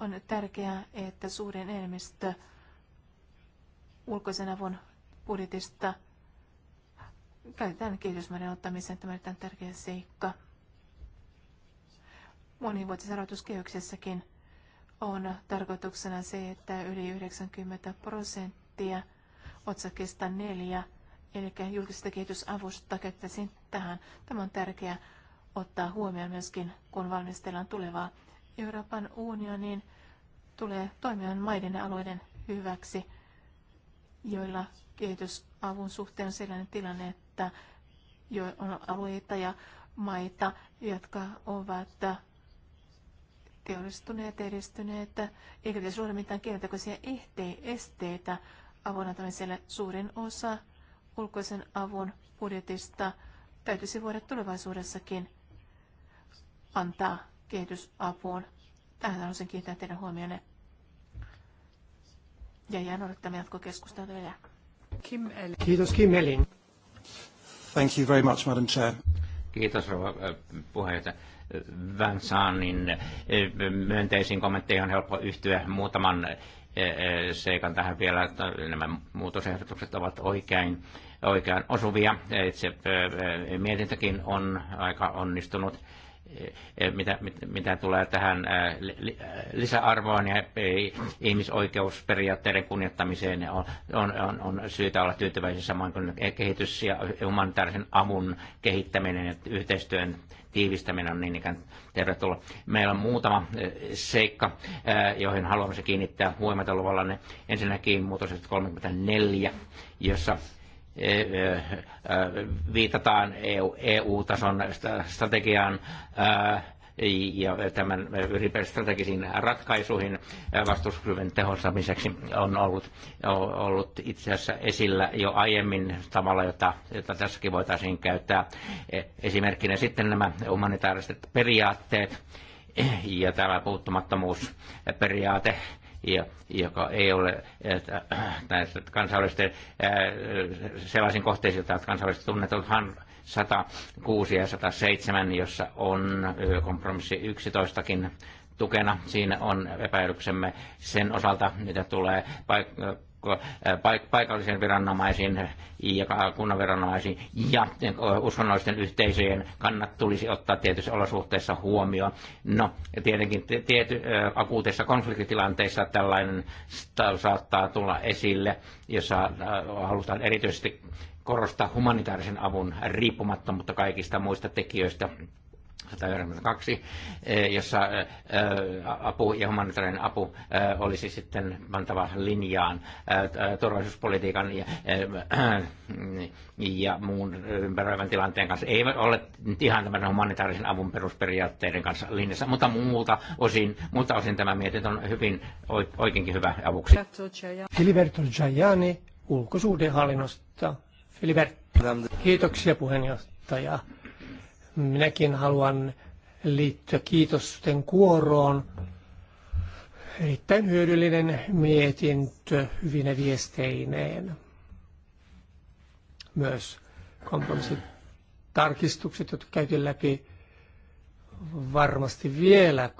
On tärkeää, että suurin enemmistö ulkoisen avun budjetista käytetään kehitysmaiden ottamiseen. Tämä erittäin tärkeä seikka. Monivuotisessa rahoituskehyksessäkin on tarkoituksena se, että yli 90 prosenttia otsakesta neljä, eli julkisesta kehitysavusta, käyttäisiin tähän. Tämä on tärkeää ottaa huomioon myöskin, kun valmistellaan tulevaa Euroopan unionin tulee toimia maiden ja alueiden hyväksi joilla kehitysavun suhteen on sellainen tilanne, että jo on alueita ja maita, jotka ovat teollistuneet, edistyneet, eikä pitäisi luoda mitään keinotekoisia esteitä avun antamiselle. Suurin osa ulkoisen avun budjetista täytyisi voida tulevaisuudessakin antaa kehitysapuun. Tähän haluaisin kiinnittää teidän huomioon. Ja jään odottamaan jatkokeskusteluja. Kim Elin. Kiitos Kim Elin. Thank you very much, Madam Chair. Kiitos rouva puheenjohtaja. Vansaanin myönteisiin kommentteihin on helppo yhtyä muutaman seikan tähän vielä, että nämä muutosehdotukset ovat oikein, oikein osuvia. Itse mietintäkin on aika onnistunut Eh, mitä, mitä, mitä tulee tähän eh, eh, lisäarvoon ja ihmisoikeusperiaatteiden kunnioittamiseen, on, on, on on syytä olla tyytyväisiä samoin kuin kehitys- ja humanitaarisen avun kehittäminen ja yhteistyön tiivistäminen on niin ikään tervetullut. Meillä on muutama seikka, joihin haluamme kiinnittää huomiota luvallanne. Ensinnäkin muutos 34, jossa E, e, e, viitataan EU-tason strategiaan ja tämän strategisiin ratkaisuihin vastuuskyvyn tehostamiseksi on ollut, ollut itse asiassa esillä jo aiemmin tavalla, jota, jota tässäkin voitaisiin käyttää. Esimerkkinä sitten nämä humanitaariset periaatteet ja tämä puuttumattomuusperiaate joka ei ole näistä äh, kansainvälisten äh, sellaisiin kohteisiin, joita kansainväliset tunnetuthan 106 ja 107, jossa on kompromissi 11kin tukena. Siinä on epäilyksemme sen osalta, mitä tulee paik- paikallisen viranomaisen ja kunnan viranomaisen ja e, uskonnollisten yhteisöjen kannat tulisi ottaa tietyissä olosuhteissa huomioon. No, tietenkin tiety, akuuteissa konfliktitilanteissa tällainen saattaa tulla esille, jos halutaan erityisesti korostaa humanitaarisen avun riippumattomuutta kaikista muista tekijöistä 192, e, jossa e, e, apu ja humanitaarinen apu olisi sitten pantava linjaan turvallisuuspolitiikan ja, ja muun ympäröivän tilanteen kanssa. Ei ole ihan tämän humanitaarisen avun perusperiaatteiden kanssa linjassa, mutta muuta osin, muuta osin tämä mietintö on hyvin oikeinkin hyvä avuksi. Filiberto Giajani ulkosuhdehallinnosta. Filiberto. Kiitoksia puheenjohtaja. Minäkin haluan liittyä kiitosten kuoroon. Erittäin hyödyllinen mietintö hyvinä viesteineen. Myös tarkistukset, jotka käytiin läpi, varmasti vielä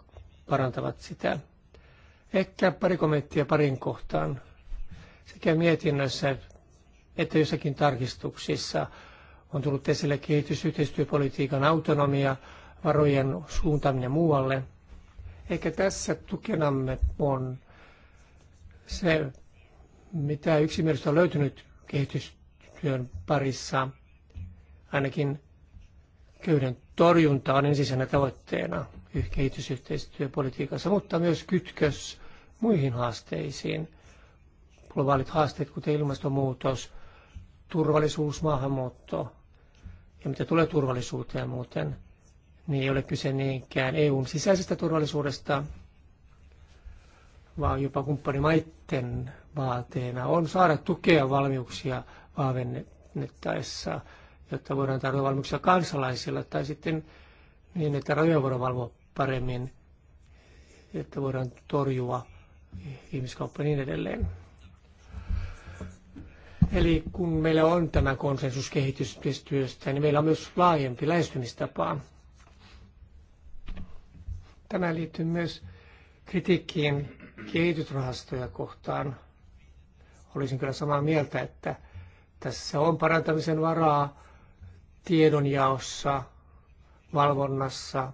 parantavat sitä. Ehkä pari kommenttia parin kohtaan sekä mietinnössä että jossakin tarkistuksissa – on tullut esille kehitysyhteistyöpolitiikan autonomia, varojen suuntaaminen muualle. Eikä tässä tukenamme on se, mitä yksimielistä on löytynyt kehitystyön parissa, ainakin köyden torjunta on ensisijainen tavoitteena kehitysyhteistyöpolitiikassa, mutta myös kytkös muihin haasteisiin. Globaalit haasteet, kuten ilmastonmuutos, turvallisuus, maahanmuutto, ja mitä tulee turvallisuuteen muuten, niin ei ole kyse niinkään EUn sisäisestä turvallisuudesta, vaan jopa kumppanimaiden vaateena on saada tukea valmiuksia vahvennettaessa, jotta voidaan tarjota valmiuksia kansalaisilla tai sitten niin, että rajoja voidaan valvoa paremmin, että voidaan torjua ihmiskauppa ja niin edelleen. Eli kun meillä on tämä konsensus kehitystyöstä, niin meillä on myös laajempi lähestymistapa. Tämä liittyy myös kritiikkiin kehitysrahastoja kohtaan. Olisin kyllä samaa mieltä, että tässä on parantamisen varaa tiedonjaossa, valvonnassa,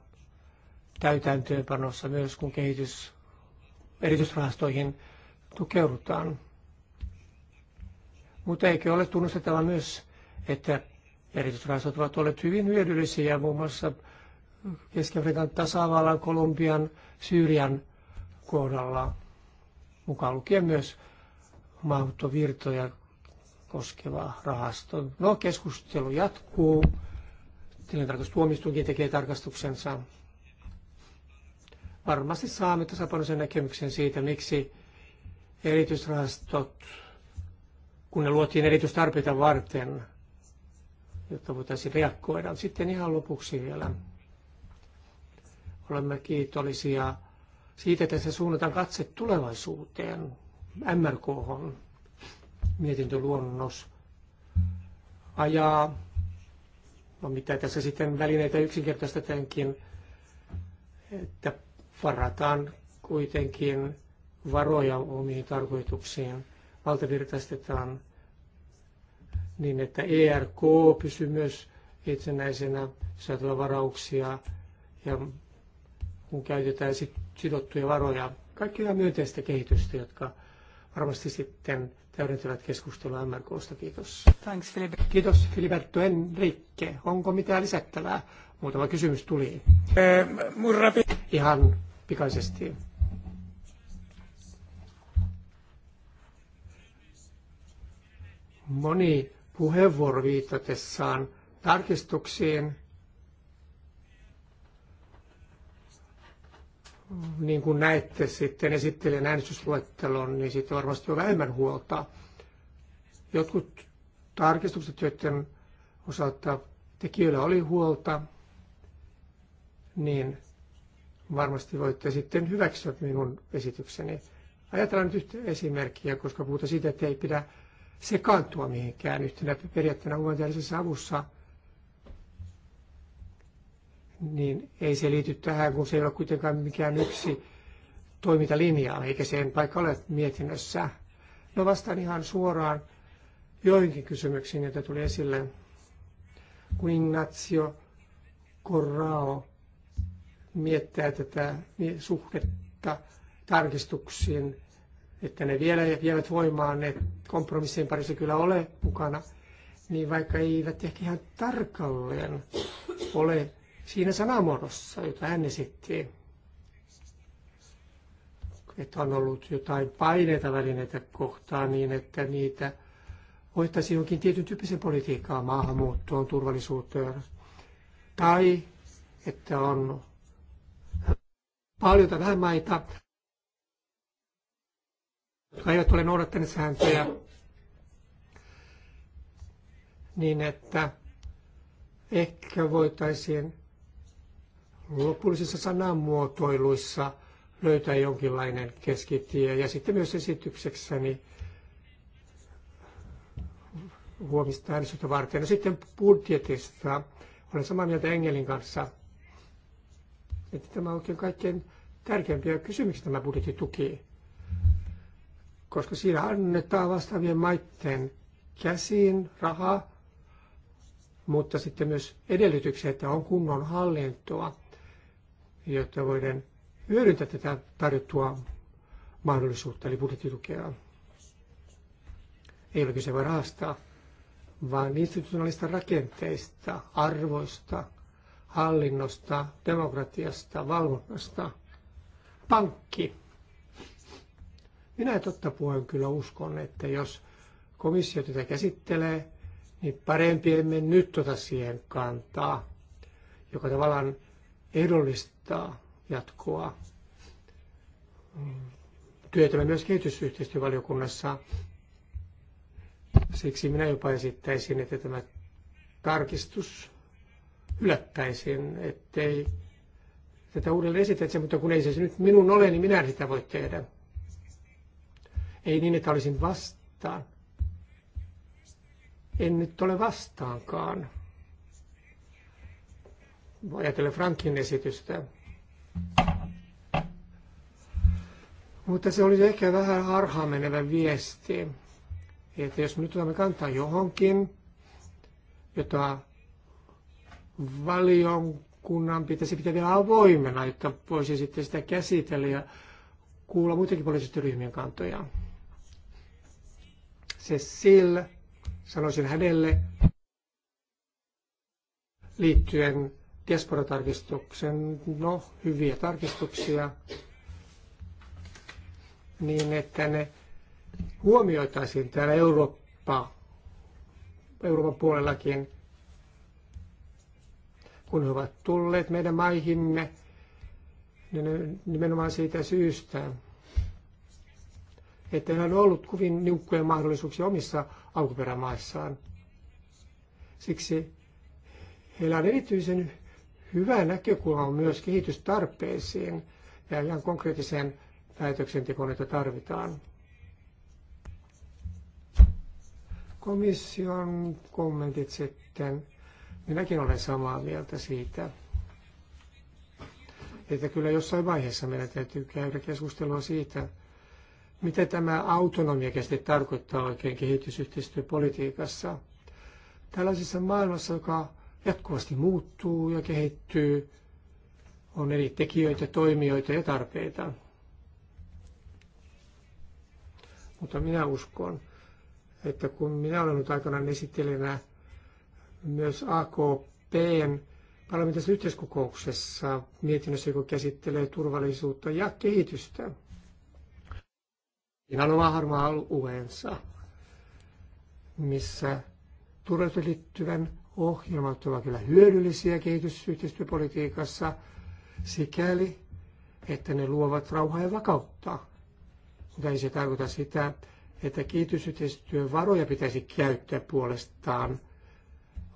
täytäntöönpanossa myös, kun kehitys erityisrahastoihin tukeudutaan. Mutta eikö ole tunnustettava myös, että erityisrahastot ovat olleet hyvin hyödyllisiä muun muassa Keski-Afrikan tasavallan, Kolumbian, Syyrian kohdalla, mukaan lukien myös maahanmuuttovirtoja koskeva rahasto. No, keskustelu jatkuu. Tilintarkastustuomistuinkin tekee tarkastuksensa. Varmasti saamme tasapainoisen näkemyksen siitä, miksi erityisrahastot kun ne luotiin erityistarpeita varten, jotta voitaisiin reagoida. Sitten ihan lopuksi vielä. Olemme kiitollisia siitä, että se suunnataan katse tulevaisuuteen, MRK on mietintöluonnos ajaa, no mitä tässä sitten välineitä yksinkertaistetaankin, että varataan kuitenkin varoja omiin tarkoituksiin valtavirtaistetaan niin, että ERK pysyy myös itsenäisenä, saatava varauksia ja kun käytetään sit sidottuja varoja. on myönteistä kehitystä, jotka varmasti sitten täydentävät keskustelua MRKsta. Kiitos. Thanks, Filip. Kiitos Filiberto Enrique. Onko mitään lisättävää? Muutama kysymys tuli. Eh, Ihan pikaisesti. moni puheenvuoro viitatessaan tarkistuksiin, niin kuin näette sitten esittelen äänestysluettelon, niin siitä varmasti on vähemmän huolta. Jotkut tarkistukset, joiden osalta tekijöillä oli huolta, niin varmasti voitte sitten hyväksyä minun esitykseni. Ajatellaan nyt yhtä esimerkkiä, koska puhutaan siitä, että ei pidä sekaantua mihinkään yhtenä periaatteena humanitaarisessa avussa, niin ei se liity tähän, kun se ei ole kuitenkaan mikään yksi toimintalinja, eikä sen paikka ole mietinnössä. No vastaan ihan suoraan joihinkin kysymyksiin, joita tuli esille. Kun Ignacio Corrao miettää tätä suhdetta tarkistuksiin että ne vielä jäävät voimaan, ne kompromissien parissa kyllä ole mukana, niin vaikka eivät ehkä ihan tarkalleen ole siinä sanamuodossa, jota hän esitti, että on ollut jotain paineita välineitä kohtaan niin, että niitä hoitaisi jonkin tietyn tyyppisen politiikkaa maahanmuuttoon, turvallisuuteen. Tai että on paljon tai vähän maita, jotka eivät ole noudattaneet sääntöjä, niin että ehkä voitaisiin lopullisissa sanamuotoiluissa löytää jonkinlainen keskitie. Ja sitten myös esityksekseni huomista äänestystä varten. No sitten budjetista. Olen samaa mieltä Engelin kanssa, että tämä on oikein kaikkein tärkeimpiä kysymyksiä tämä budjettituki koska siinä annetaan vastaavien maiden käsiin rahaa, mutta sitten myös edellytyksiä, että on kunnon hallintoa, jotta voidaan hyödyntää tätä tarjottua mahdollisuutta, eli budjettitukea. Ei ole kyse vain rahasta, vaan institutionaalista rakenteista, arvoista, hallinnosta, demokratiasta, valvonnasta. Pankki minä totta puhuen kyllä uskon, että jos komissio tätä käsittelee, niin parempi emme nyt ota siihen kantaa, joka tavallaan ehdollistaa jatkoa. Työtämme myös kehitysyhteistyövaliokunnassa. Siksi minä jopa esittäisin, että tämä tarkistus hylättäisiin, ettei tätä uudelleen esitetä, mutta kun ei se nyt minun ole, niin minä sitä voi tehdä. Ei niin, että olisin vastaan. En nyt ole vastaankaan. ajatella Frankin esitystä. Mutta se olisi ehkä vähän harhaan menevä viesti, että jos nyt otamme kantaa johonkin, jota valiokunnan pitäisi pitää vielä avoimena, jotta voisi sitten sitä käsitellä ja kuulla muitakin poliittisten ryhmien kantoja. Cecil, sanoisin hänelle liittyen diasporatarkistuksen, no hyviä tarkistuksia, niin että ne huomioitaisiin täällä Eurooppa, Euroopan puolellakin, kun he ovat tulleet meidän maihimme, niin nimenomaan siitä syystä, että heillä on ollut kovin niukkoja mahdollisuuksia omissa alkuperämaissaan. Siksi heillä on erityisen hyvä näkökulma myös kehitystarpeisiin ja ihan konkreettiseen päätöksentekoon, jota tarvitaan. Komission kommentit sitten. Minäkin olen samaa mieltä siitä, että kyllä jossain vaiheessa meidän täytyy käydä keskustelua siitä, mitä tämä autonomia käsite tarkoittaa oikein kehitysyhteistyöpolitiikassa. Tällaisessa maailmassa, joka jatkuvasti muuttuu ja kehittyy, on eri tekijöitä, toimijoita ja tarpeita. Mutta minä uskon, että kun minä olen nyt aikanaan esittelemä myös AKPn parlamentaisessa yhteiskokouksessa mietinnössä, joka käsittelee turvallisuutta ja kehitystä, ihan oma harmaa alueensa, missä turvallisuuteen liittyvän ohjelmat ovat kyllä hyödyllisiä kehitysyhteistyöpolitiikassa sikäli, että ne luovat rauhaa ja vakautta. Mutta ei se tarkoita sitä, että kehitysyhteistyön varoja pitäisi käyttää puolestaan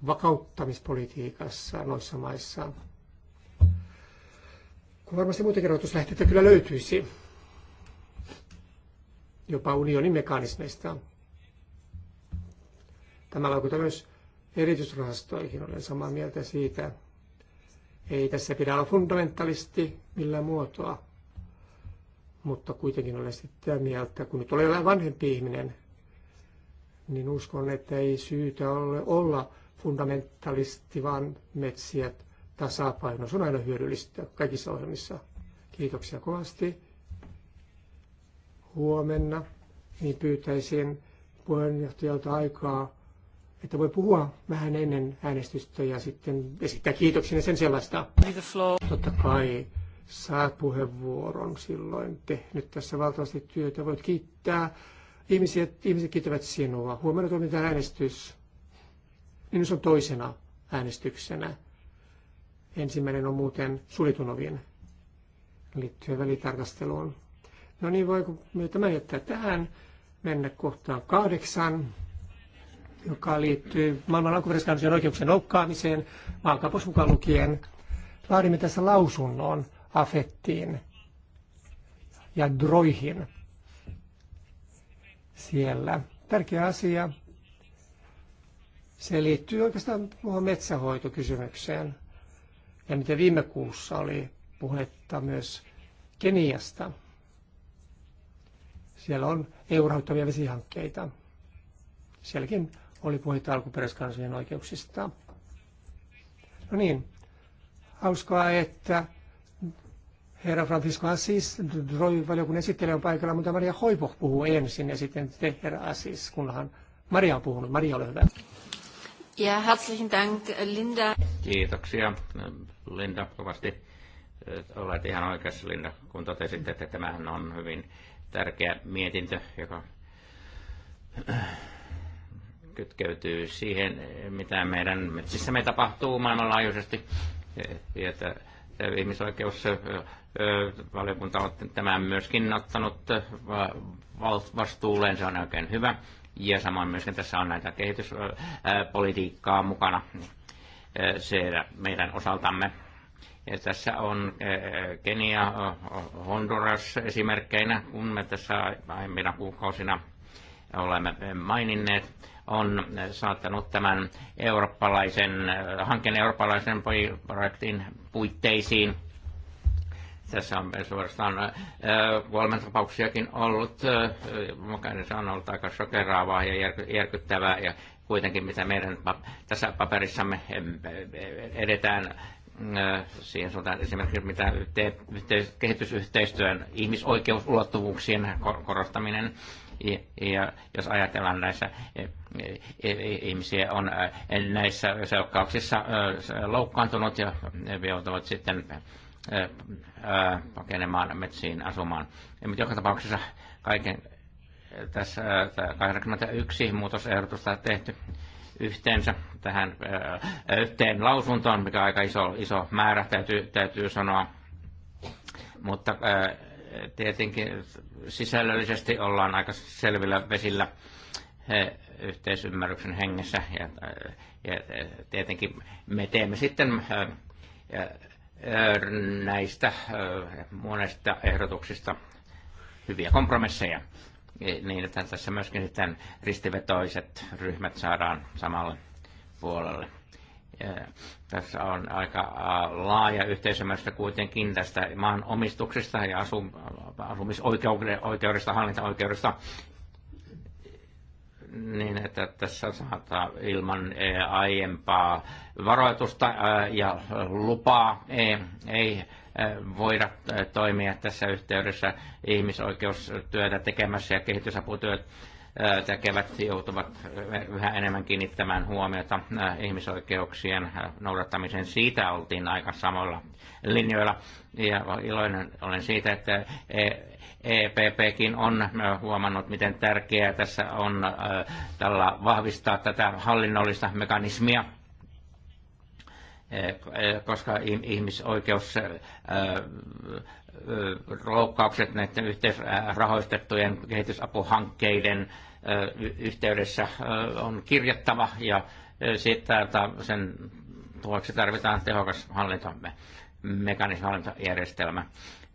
vakauttamispolitiikassa noissa maissa. Kun varmasti muitakin rahoituslähteitä kyllä löytyisi jopa unionin mekanismeista. Tämä vaikuttaa myös erityisrahastoihin, olen samaa mieltä siitä. Ei tässä pidä olla fundamentalisti millään muotoa, mutta kuitenkin olen sitä mieltä, kun nyt olen vanhempi ihminen, niin uskon, että ei syytä ole olla fundamentalisti, vaan metsiä tasapaino. Se on aina hyödyllistä kaikissa ohjelmissa. Kiitoksia kovasti huomenna, niin pyytäisin puheenjohtajalta aikaa, että voi puhua vähän ennen äänestystä ja sitten esittää kiitoksia sen sellaista. Totta kai saat puheenvuoron silloin. Tehnyt tässä valtavasti työtä. Voit kiittää. Ihmiset, ihmiset kiittävät sinua. Huomenna toimitetaan äänestys. Niin se on toisena äänestyksenä. Ensimmäinen on muuten suljetun liittyen välitarkasteluun. No niin, voiko me tämä jättää tähän, mennä kohtaan kahdeksan, joka liittyy maailman alkuperäiskansojen oikeuksien loukkaamiseen, maankapos mukaan lukien. Laadimme tässä lausunnon afettiin ja droihin siellä. Tärkeä asia. Se liittyy oikeastaan tuohon metsähoitokysymykseen. Ja mitä viime kuussa oli puhetta myös Keniasta – siellä on EU-rahoittavia vesihankkeita. Sielläkin oli puhetta alkuperäiskansojen oikeuksista. No niin, hauskaa, että herra Francisco Assis, valiokunnan esittelijä on paikalla, mutta Maria Hoipo puhuu ensin ja sitten te, herra Assis, kunhan Maria on puhunut. Maria, ole hyvä. Ja herzlichen Dank, Linda. Kiitoksia, Linda, kovasti eh, olet ihan oikeassa, Linda, kun totesit, että tämähän on hyvin tärkeä mietintö, joka kytkeytyy siihen, mitä meidän metsissämme tapahtuu maailmanlaajuisesti. Ja että ihmisoikeusvaliokunta on tämän myöskin ottanut vastuulleen, se on oikein hyvä. Ja samoin myöskin tässä on näitä kehityspolitiikkaa mukana se meidän osaltamme ja tässä on eh, eh, Kenia, eh, Honduras esimerkkeinä, kun me tässä aiemmina kuukausina olemme maininneet, on saattanut tämän eurooppalaisen, hankkeen eurooppalaisen projektin puitteisiin. Tässä on suorastaan kolme tapauksiakin ollut, se on ollut aika sokeraavaa ja järkyttävää, ja kuitenkin mitä meidän tässä paperissamme edetään siihen suuntaan esimerkiksi mitä yhte, kehitysyhteistyön ihmisoikeusulottuvuuksien korostaminen, ja jos ajatellaan näissä e, e, e, ihmisiä on näissä selkkauksissa loukkaantunut ja joutuvat sitten pakenemaan metsiin asumaan. Mutta joka tapauksessa kaiken tässä 81 muutosehdotusta tehty yhteensä tähän yhteen lausuntoon, mikä on aika iso, iso määrä, täytyy, täytyy sanoa. Mutta tietenkin sisällöllisesti ollaan aika selvillä vesillä yhteisymmärryksen hengessä. Ja, ja tietenkin me teemme sitten näistä monesta ehdotuksista hyviä kompromisseja niin, että tässä myöskin sitten ristivetoiset ryhmät saadaan samalle puolelle. Ja tässä on aika laaja yhteisymmärrystä kuitenkin tästä maan omistuksesta ja asu, asumisoikeudesta, hallintaoikeudesta, niin että tässä saattaa ilman aiempaa varoitusta ja lupaa ei, ei voida toimia tässä yhteydessä ihmisoikeustyötä tekemässä ja kehitysaputyöt tekevät joutuvat yhä enemmän kiinnittämään huomiota ihmisoikeuksien noudattamiseen. Siitä oltiin aika samalla linjoilla ja iloinen olen siitä, että EPPkin e on huomannut, miten tärkeää tässä on tällä vahvistaa tätä hallinnollista mekanismia Eh, koska ihmisoikeusloukkaukset eh, eh, näiden yhteisrahoistettujen kehitysapuhankkeiden yhteydessä on kirjattava ja siitä, sen tuoksi tarvitaan tehokas hallintamme mekanismi hallintajärjestelmä.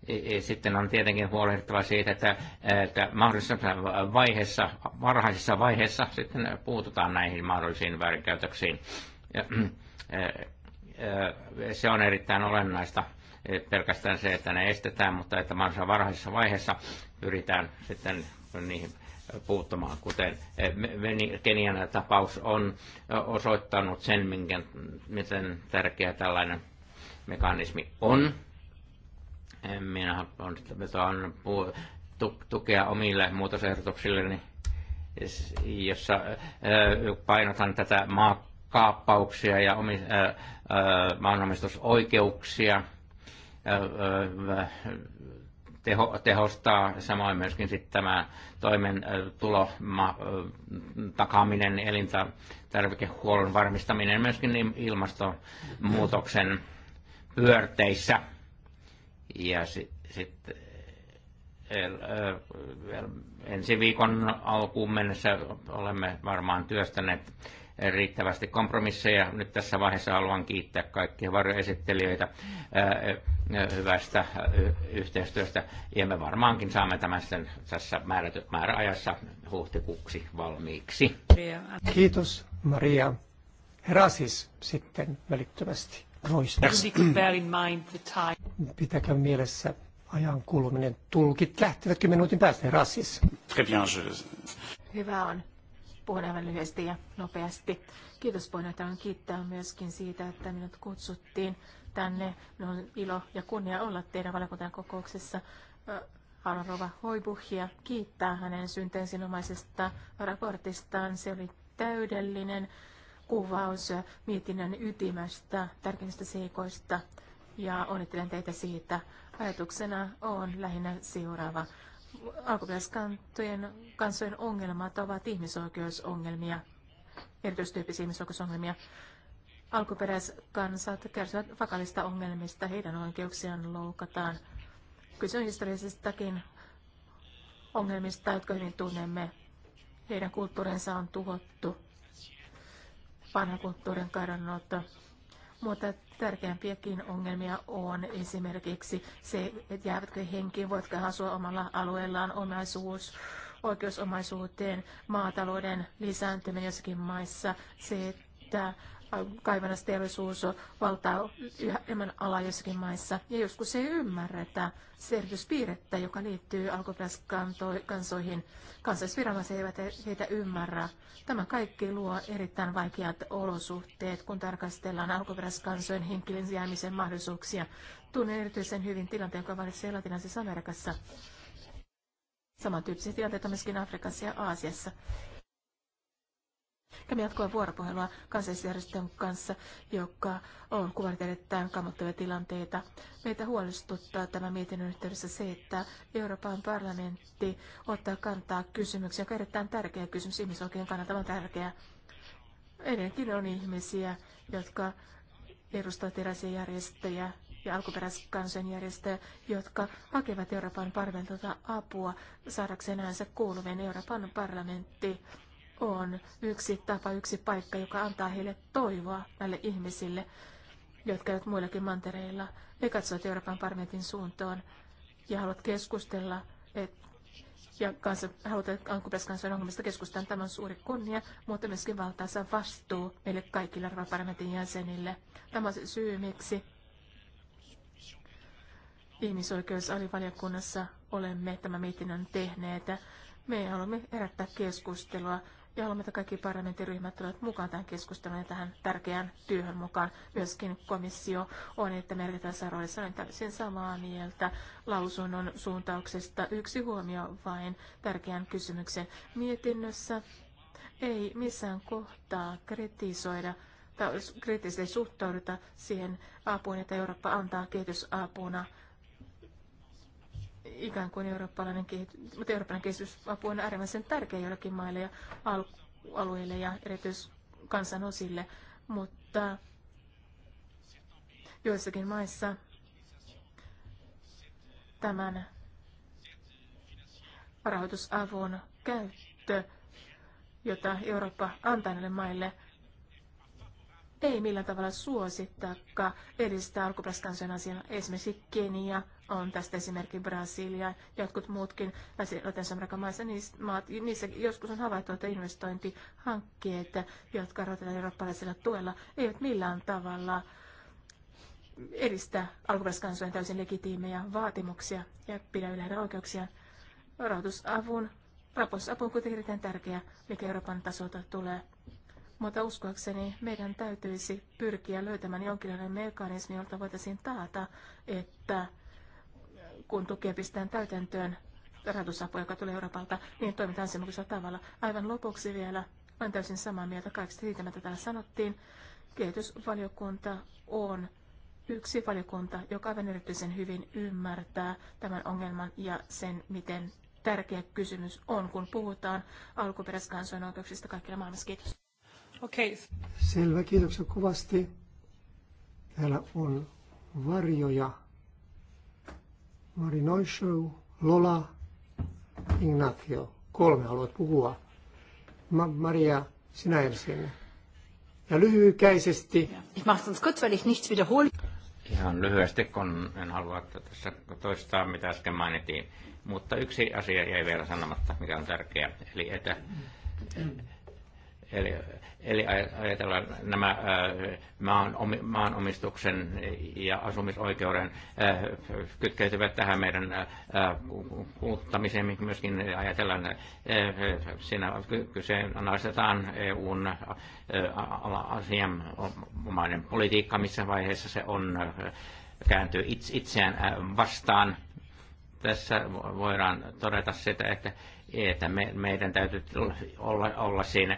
E, e, sitten on tietenkin huolehdittava siitä, että, että mahdollisessa vaiheessa, varhaisessa vaiheessa sitten puututaan näihin mahdollisiin väärinkäytöksiin. Ja, se on erittäin olennaista. Pelkästään se, että ne estetään, mutta että mahdollisimman varhaisessa vaiheessa pyritään sitten niihin puuttumaan, kuten niin Kenian tapaus on osoittanut sen, minkä, miten tärkeä tällainen mekanismi on. Minä on tukea omille muutosehdotuksilleni, jossa painotan tätä maa, kaappauksia ja omi, ää, äh, ää, äh, maanomistusoikeuksia ää, äh, teho, tehostaa, samoin myöskin sitten tämä toimen tulo takaaminen, elintarvikehuollon varmistaminen myöskin niin ilmastonmuutoksen pyörteissä. Ja sitten sit, ensi viikon alkuun mennessä olemme varmaan työstäneet riittävästi kompromisseja. Nyt tässä vaiheessa haluan kiittää kaikkia varjoesittelijöitä hyvästä yhteistyöstä. Ja me varmaankin saamme tämän sitten tässä määräajassa huhtikuuksi valmiiksi. Kiitos Maria. Herasis sitten välittömästi. Pitäkää mielessä ajan kuluminen. Tulkit lähtevätkö minuutin päästä rassissa? Hyvä on. Puhun aivan lyhyesti ja nopeasti. Kiitos puheenjohtajan kiittää myöskin siitä, että minut kutsuttiin tänne. Minun on ilo ja kunnia olla teidän valiokunnan kokouksessa. Haluan Rova Hoibuhia kiittää hänen synteensinomaisesta raportistaan. Se oli täydellinen kuvaus mietinnän ytimästä, tärkeimmistä seikoista ja onnittelen teitä siitä. Ajatuksena on lähinnä seuraava alkuperäiskansojen kansojen ongelmat ovat ihmisoikeusongelmia, erityistyyppisiä ihmisoikeusongelmia. Alkuperäiskansat kärsivät vakavista ongelmista, heidän oikeuksiaan loukataan. Kyse on historiallisistakin ongelmista, jotka hyvin tunnemme. Heidän kulttuurinsa on tuhottu, vanha kulttuurin kadonnut mutta tärkeämpiäkin ongelmia on esimerkiksi se, että jäävätkö henkiin, voitko asua omalla alueellaan omaisuus, oikeusomaisuuteen, maatalouden lisääntyminen jossakin maissa, se, että kaivannasteollisuus valtaa yhä enemmän alaa jossakin maissa. Ja joskus ei ymmärretä se joka liittyy alkuperäiskansoihin. Kansallisviranomaiset eivät heitä ymmärrä. Tämä kaikki luo erittäin vaikeat olosuhteet, kun tarkastellaan alkuperäiskansojen henkilön jäämisen mahdollisuuksia. Tunnen erityisen hyvin tilanteen, joka valitsee Latinalaisessa Amerikassa. Samantyyppisiä tilanteita myöskin Afrikassa ja Aasiassa. Ja me jatkoa vuoropuhelua kansallisjärjestön kanssa, joka on kuvannut erittäin kammottavia tilanteita. Meitä huolestuttaa tämä mietinnön yhteydessä se, että Euroopan parlamentti ottaa kantaa kysymyksiä, joka on erittäin tärkeä kysymys ihmisoikeuden kannalta on tärkeä. Edelleenkin on ihmisiä, jotka edustavat eräisiä järjestöjä ja alkuperäiskansojen järjestöjä, jotka hakevat Euroopan parlamentilta apua saadakseen äänsä kuuluvien Euroopan parlamentti on yksi tapa, yksi paikka, joka antaa heille toivoa näille ihmisille, jotka ovat muillakin mantereilla. He katsovat Euroopan parlamentin suuntaan ja haluat keskustella et, ja kansa, halutaan alkuperäiskansojen ongelmista keskustella. Tämä on suuri kunnia, mutta myöskin valtaansa vastuu meille kaikille Euroopan parlamentin jäsenille. Tämä on se syy, miksi ihmisoikeusalivaliokunnassa olemme tämän mietinnön tehneet. Me haluamme herättää keskustelua ja haluamme, että kaikki parlamenttiryhmät tulevat mukaan tähän keskusteluun ja tähän tärkeään työhön mukaan. Myöskin komissio on, että merkitään roolissa olen täysin samaa mieltä lausunnon suuntauksesta. Yksi huomio vain tärkeän kysymyksen mietinnössä. Ei missään kohtaa kritisoida tai kriittisesti suhtauduta siihen apuun, että Eurooppa antaa kehitysapuna – ikään kuin eurooppalainen kehitys, mutta eurooppalainen kehitysapu on äärimmäisen tärkeä joillekin maille ja alueille ja erityiskansanosille, mutta joissakin maissa tämän rahoitusavun käyttö, jota Eurooppa antaa näille maille, ei millään tavalla suosittaa edistää alkuperäiskansojen asiaa. Esimerkiksi Kenia on tästä esimerkki Brasilia, ja jotkut muutkin Latinsamerikan maissa, niin maat, niissä joskus on havaittu, että investointihankkeet, jotka rahoitetaan eurooppalaisella tuella, eivät millään tavalla edistä alkuperäiskansojen täysin legitiimejä vaatimuksia ja pidä yleensä oikeuksia. Rahoitusavun, raportusapu on kuitenkin erittäin tärkeä, mikä Euroopan tasolta tulee mutta uskoakseni meidän täytyisi pyrkiä löytämään jonkinlainen mekanismi, jolta voitaisiin taata, että kun tukea pistetään täytäntöön rahoitusapu, joka tulee Euroopalta, niin toimitaan semmoisella tavalla. Aivan lopuksi vielä, olen täysin samaa mieltä kaikista siitä, mitä täällä sanottiin. Kehitysvaliokunta on yksi valiokunta, joka aivan erityisen hyvin ymmärtää tämän ongelman ja sen, miten tärkeä kysymys on, kun puhutaan alkuperäiskansojen oikeuksista kaikilla maailmassa. Kiitos. Okay. Selvä, kiitoksia kovasti. Täällä on varjoja. Mari Lola, Ignacio. Kolme haluat puhua. Ma- Maria, sinä ensin. Ja lyhykäisesti. Ich mach's uns kurz, weil ich nichts wiederhole. Ihan lyhyesti, kun en halua tässä toistaa, mitä äsken mainittiin. Mutta yksi asia jäi vielä sanomatta, mikä on tärkeä. Eli että, Eli, eli ajatellaan nämä äh, maan, maanomistuksen ja asumisoikeuden äh, kytkeytyvät tähän meidän äh, kuluttamiseen, myöskin ajatellaan, siinä kyseenalaistetaan EUn asianomainen politiikka, missä vaiheessa se on kääntyy itseään vastaan. Tässä voidaan todeta sitä, että että me, meidän täytyy olla, olla siinä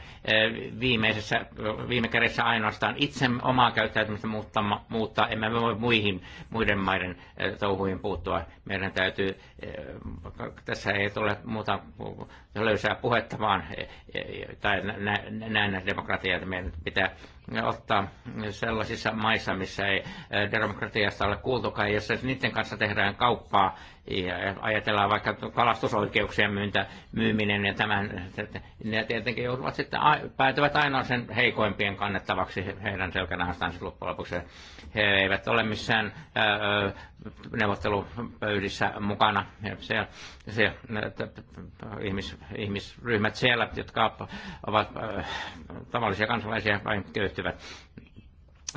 viimeisessä, viime kädessä ainoastaan itse omaa käyttäytymistä muuttaa, muuttaa. emme me voi muihin, muiden maiden touhuihin puuttua. Meidän täytyy, tässä ei tule muuta löysää puhetta vaan, tai demokratiaa, että meidän pitää ottaa sellaisissa maissa, missä ei eh, demokratiasta ole kuultukaan, jos niiden kanssa tehdään kauppaa ja ajatellaan vaikka kalastusoikeuksien myyntä, myyminen ja tämän, ne tietenkin joutuvat sitten, päätyvät aina sen heikoimpien kannettavaksi heidän selkänahastaan loppujen lopuksi. He eivät ole missään eh, eh, neuvottelupöydissä mukana. Ja ne, t, t, ihmis, ihmisryhmät siellä, jotka ovat äh, tavallisia kansalaisia, vain köyhtyvät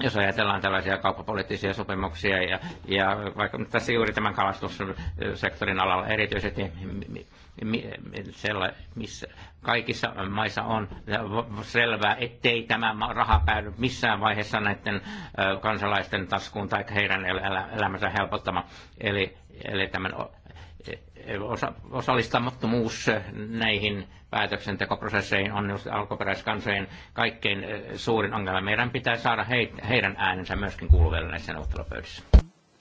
jos ajatellaan tällaisia kauppapoliittisia sopimuksia ja, ja vaikka tässä juuri tämän kalastussektorin alalla erityisesti, sella, missä kaikissa maissa on selvää, ettei tämä raha päädy missään vaiheessa näiden kansalaisten taskuun tai heidän elämänsä helpottamaan. Eli, eli tämän osa, osallistamattomuus näihin päätöksentekoprosesseihin on alkuperäiskansojen kaikkein suurin ongelma. Meidän pitää saada he, heidän äänensä myöskin kuuluvilla näissä neuvottelupöydissä.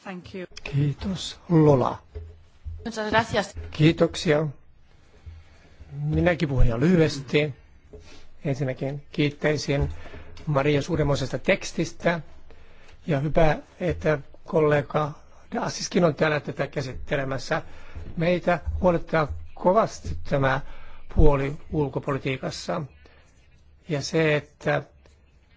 Thank you. Kiitos. Lola. Kiitoksia. Minäkin puhun ihan lyhyesti. Ensinnäkin kiittäisin Maria suuremmoisesta tekstistä. Ja hyvä, että kollega Assiskin on täällä tätä käsittelemässä. Meitä huolettaa kovasti tämä puoli ulkopolitiikassa. Ja se, että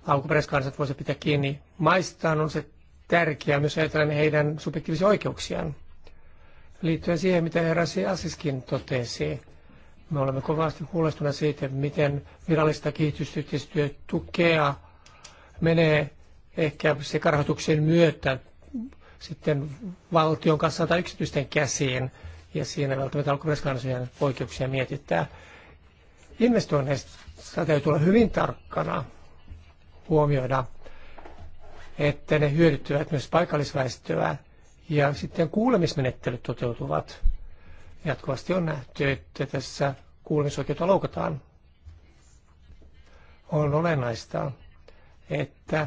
alkuperäiskansat voisivat pitää kiinni maistaan, on se tärkeää myös ajatellen heidän subjektiivisia oikeuksiaan. Liittyen siihen, mitä herra Assiskin totesi, me olemme kovasti huolestuneita siitä, miten virallista kehitysyhteistyötukea menee ehkä sekarahoituksen myötä sitten valtion kanssa tai yksityisten käsiin, ja siinä välttämättä alkuperäiskansojen oikeuksia mietittää. Investoinneista täytyy olla hyvin tarkkana huomioida, että ne hyödyttävät myös paikallisväestöä, ja sitten kuulemismenettelyt toteutuvat Jatkuvasti on nähty, että tässä kuulemisoikeutta loukataan. On olennaista, että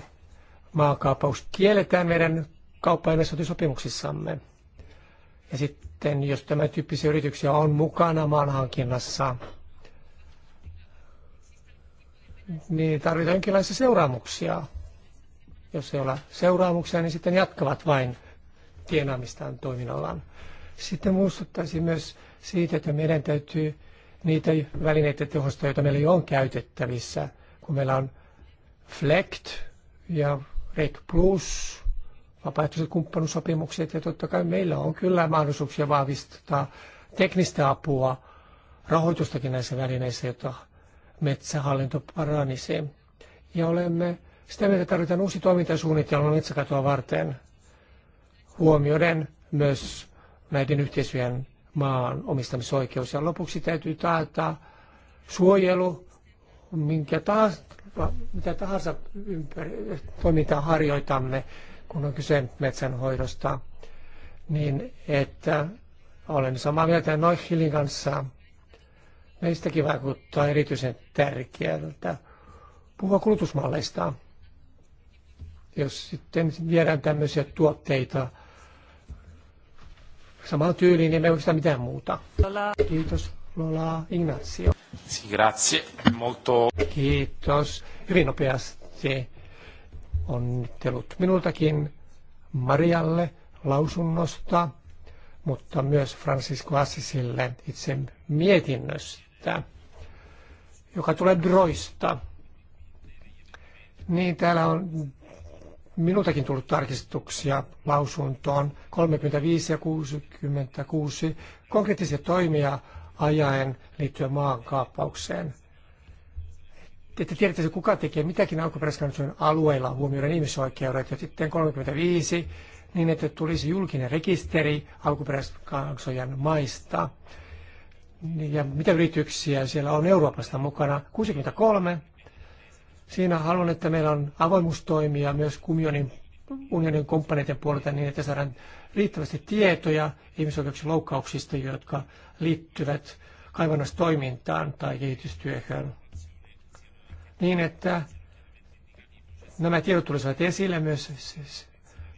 maakaapaus kielletään meidän kauppa- ja Ja sitten, jos tämä tyyppisiä yrityksiä on mukana maanhankinnassa, niin tarvitaan jonkinlaisia seuraamuksia. Jos ei ole seuraamuksia, niin sitten jatkavat vain tienaamistaan toiminnallaan. Sitten muistuttaisin myös siitä, että meidän täytyy niitä välineitä tehostaa, joita meillä on käytettävissä, kun meillä on FLECT ja REC Plus, vapaaehtoiset kumppanusopimukset, ja totta kai meillä on kyllä mahdollisuuksia vahvistaa teknistä apua, rahoitustakin näissä välineissä, jotta metsähallinto paranisi. Ja olemme sitä mieltä, tarvitaan uusi toimintasuunnitelma metsäkatoa varten, huomioiden myös näiden yhteisöjen maan omistamisoikeus. Ja lopuksi täytyy taata suojelu minkä taas, mitä tahansa ympäri, toimintaa harjoitamme, kun on kyse metsänhoidosta, niin että olen samaa mieltä Noichilin kanssa. Meistäkin vaikuttaa erityisen tärkeältä puhua kulutusmalleista. Jos sitten viedään tämmöisiä tuotteita samalla tyyliin, niin emme oikeastaan mitään muuta. Kiitos Lola Ignazio. Grazie, molto. Kiitos. Hyvin nopeasti onnittelut minultakin Marialle lausunnosta, mutta myös Francisco Assisille itse mietinnöstä, joka tulee Broista. Niin, täällä on minultakin tullut tarkistuksia lausuntoon 35 ja 66 konkreettisia toimia ajaen liittyen maankaappaukseen. Että tiedettäisiin, kuka tekee mitäkin alkuperäiskansojen alueilla huomioiden ihmisoikeudet. Ja sitten 35, niin että tulisi julkinen rekisteri alkuperäiskansojen maista. Ja mitä yrityksiä siellä on Euroopasta mukana? 63, Siinä haluan, että meillä on avoimuustoimia myös unionin, unionin kumppaneiden puolelta niin, että saadaan riittävästi tietoja ihmisoikeuksien loukkauksista, jotka liittyvät kaivannustoimintaan tai kehitystyöhön. Niin, että nämä tiedot tulisivat esille myös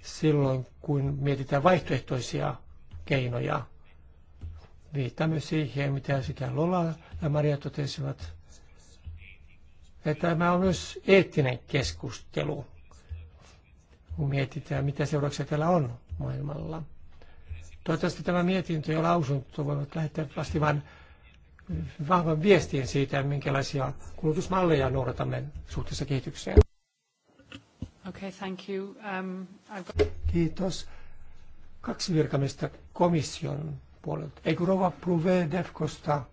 silloin, kun mietitään vaihtoehtoisia keinoja. Viittaa myös siihen, mitä sekä Lola ja Maria totesivat. Ja tämä on myös eettinen keskustelu, kun mietitään, mitä seurauksia täällä on maailmalla. Toivottavasti tämä mietintö ja lausunto voivat lähettää vasti vain vahvan viestin siitä, minkälaisia kulutusmalleja noudatamme suhteessa kehitykseen. Okay, thank you. Um, got... Kiitos. Kaksi virkamista komission puolelta. Eikö rouva Pruve Defkosta?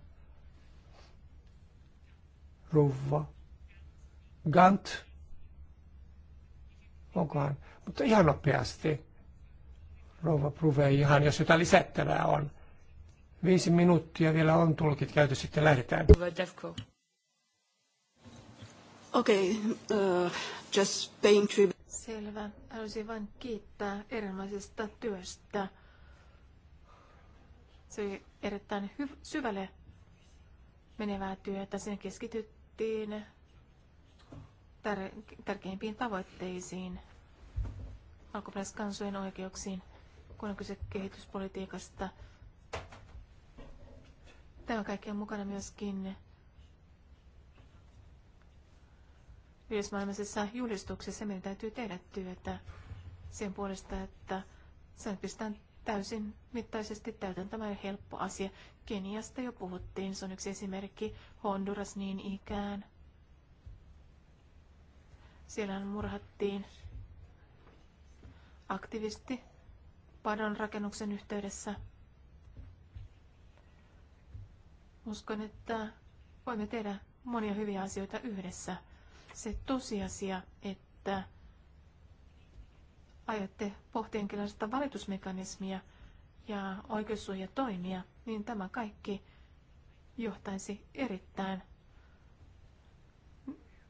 Rouva Gant, onkohan, mutta ihan nopeasti. Rouva Pruve, ihan jos jotain lisättävää on. Viisi minuuttia vielä on tulkit käyty, sitten lähdetään. Okei, okay, uh, äh, just paying tribute. Selvä. Haluaisin vain kiittää erilaisesta työstä. Se oli erittäin syvälle menevää työtä. Sen keskityttiin tär- tärkeimpiin tavoitteisiin, alkuperäiskansojen oikeuksiin, kun on kyse kehityspolitiikasta. Tämä kaikki on mukana myöskin yhdysmaailmaisessa julistuksessa. Meidän täytyy tehdä työtä sen puolesta, että sen pistetään täysin mittaisesti täytäntömään helppo asia. Keniasta jo puhuttiin, se on yksi esimerkki, Honduras niin ikään – Siellähän murhattiin aktivisti padon rakennuksen yhteydessä. Uskon, että voimme tehdä monia hyviä asioita yhdessä. Se tosiasia, että aiotte pohtia jonkinlaista valitusmekanismia ja oikeussuojatoimia, niin tämä kaikki johtaisi erittäin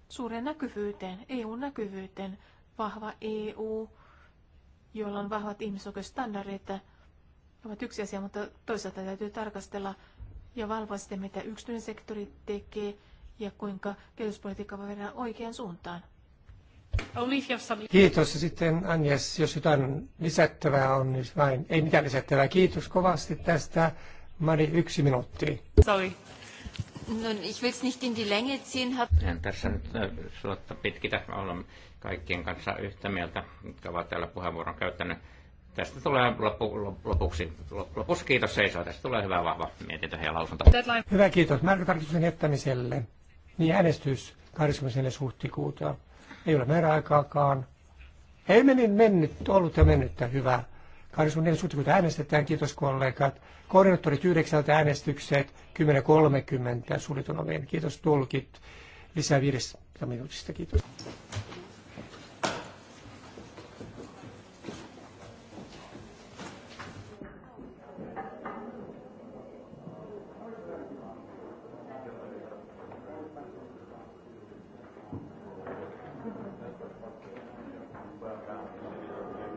suureen näkyvyyteen, EU-näkyvyyteen, vahva EU, jolla on vahvat ihmisoikeusstandardit, ovat yksi asia, mutta toisaalta täytyy tarkastella ja valvoa sitä, mitä yksityinen sektori tekee ja kuinka kehityspolitiikka voi viedä oikeaan suuntaan. Kiitos. Ja sitten Agnes, jos jotain lisättävää on, niin vain ei mitään lisättävää. Kiitos kovasti tästä. Mari, yksi minuutti. Sorry. Nun, ich will's nicht in die Länge ziehen. Hab... En tässä nyt äh, suotta pitkitä. Olen kaikkien kanssa yhtä mieltä, jotka ovat täällä puheenvuoron käyttäneet. Tästä tulee lopu, lopuksi, lopuksi kiitos seisoo. Tästä tulee hyvä vahva mietintö ja lausunto. Deadline. Hyvä kiitos. Määrätarkistuksen jättämiselle. Niin äänestys 24. huhtikuuta. Ei ole määräaikaakaan. Ei mennyt, mennyt, ollut ja mennyttä hyvä. 24. huhtikuuta äänestetään, kiitos kollegat. Koordinaattorit 9. äänestykset 10.30 suljetun oveen. Kiitos tulkit. Lisää viidestä minuutista, kiitos.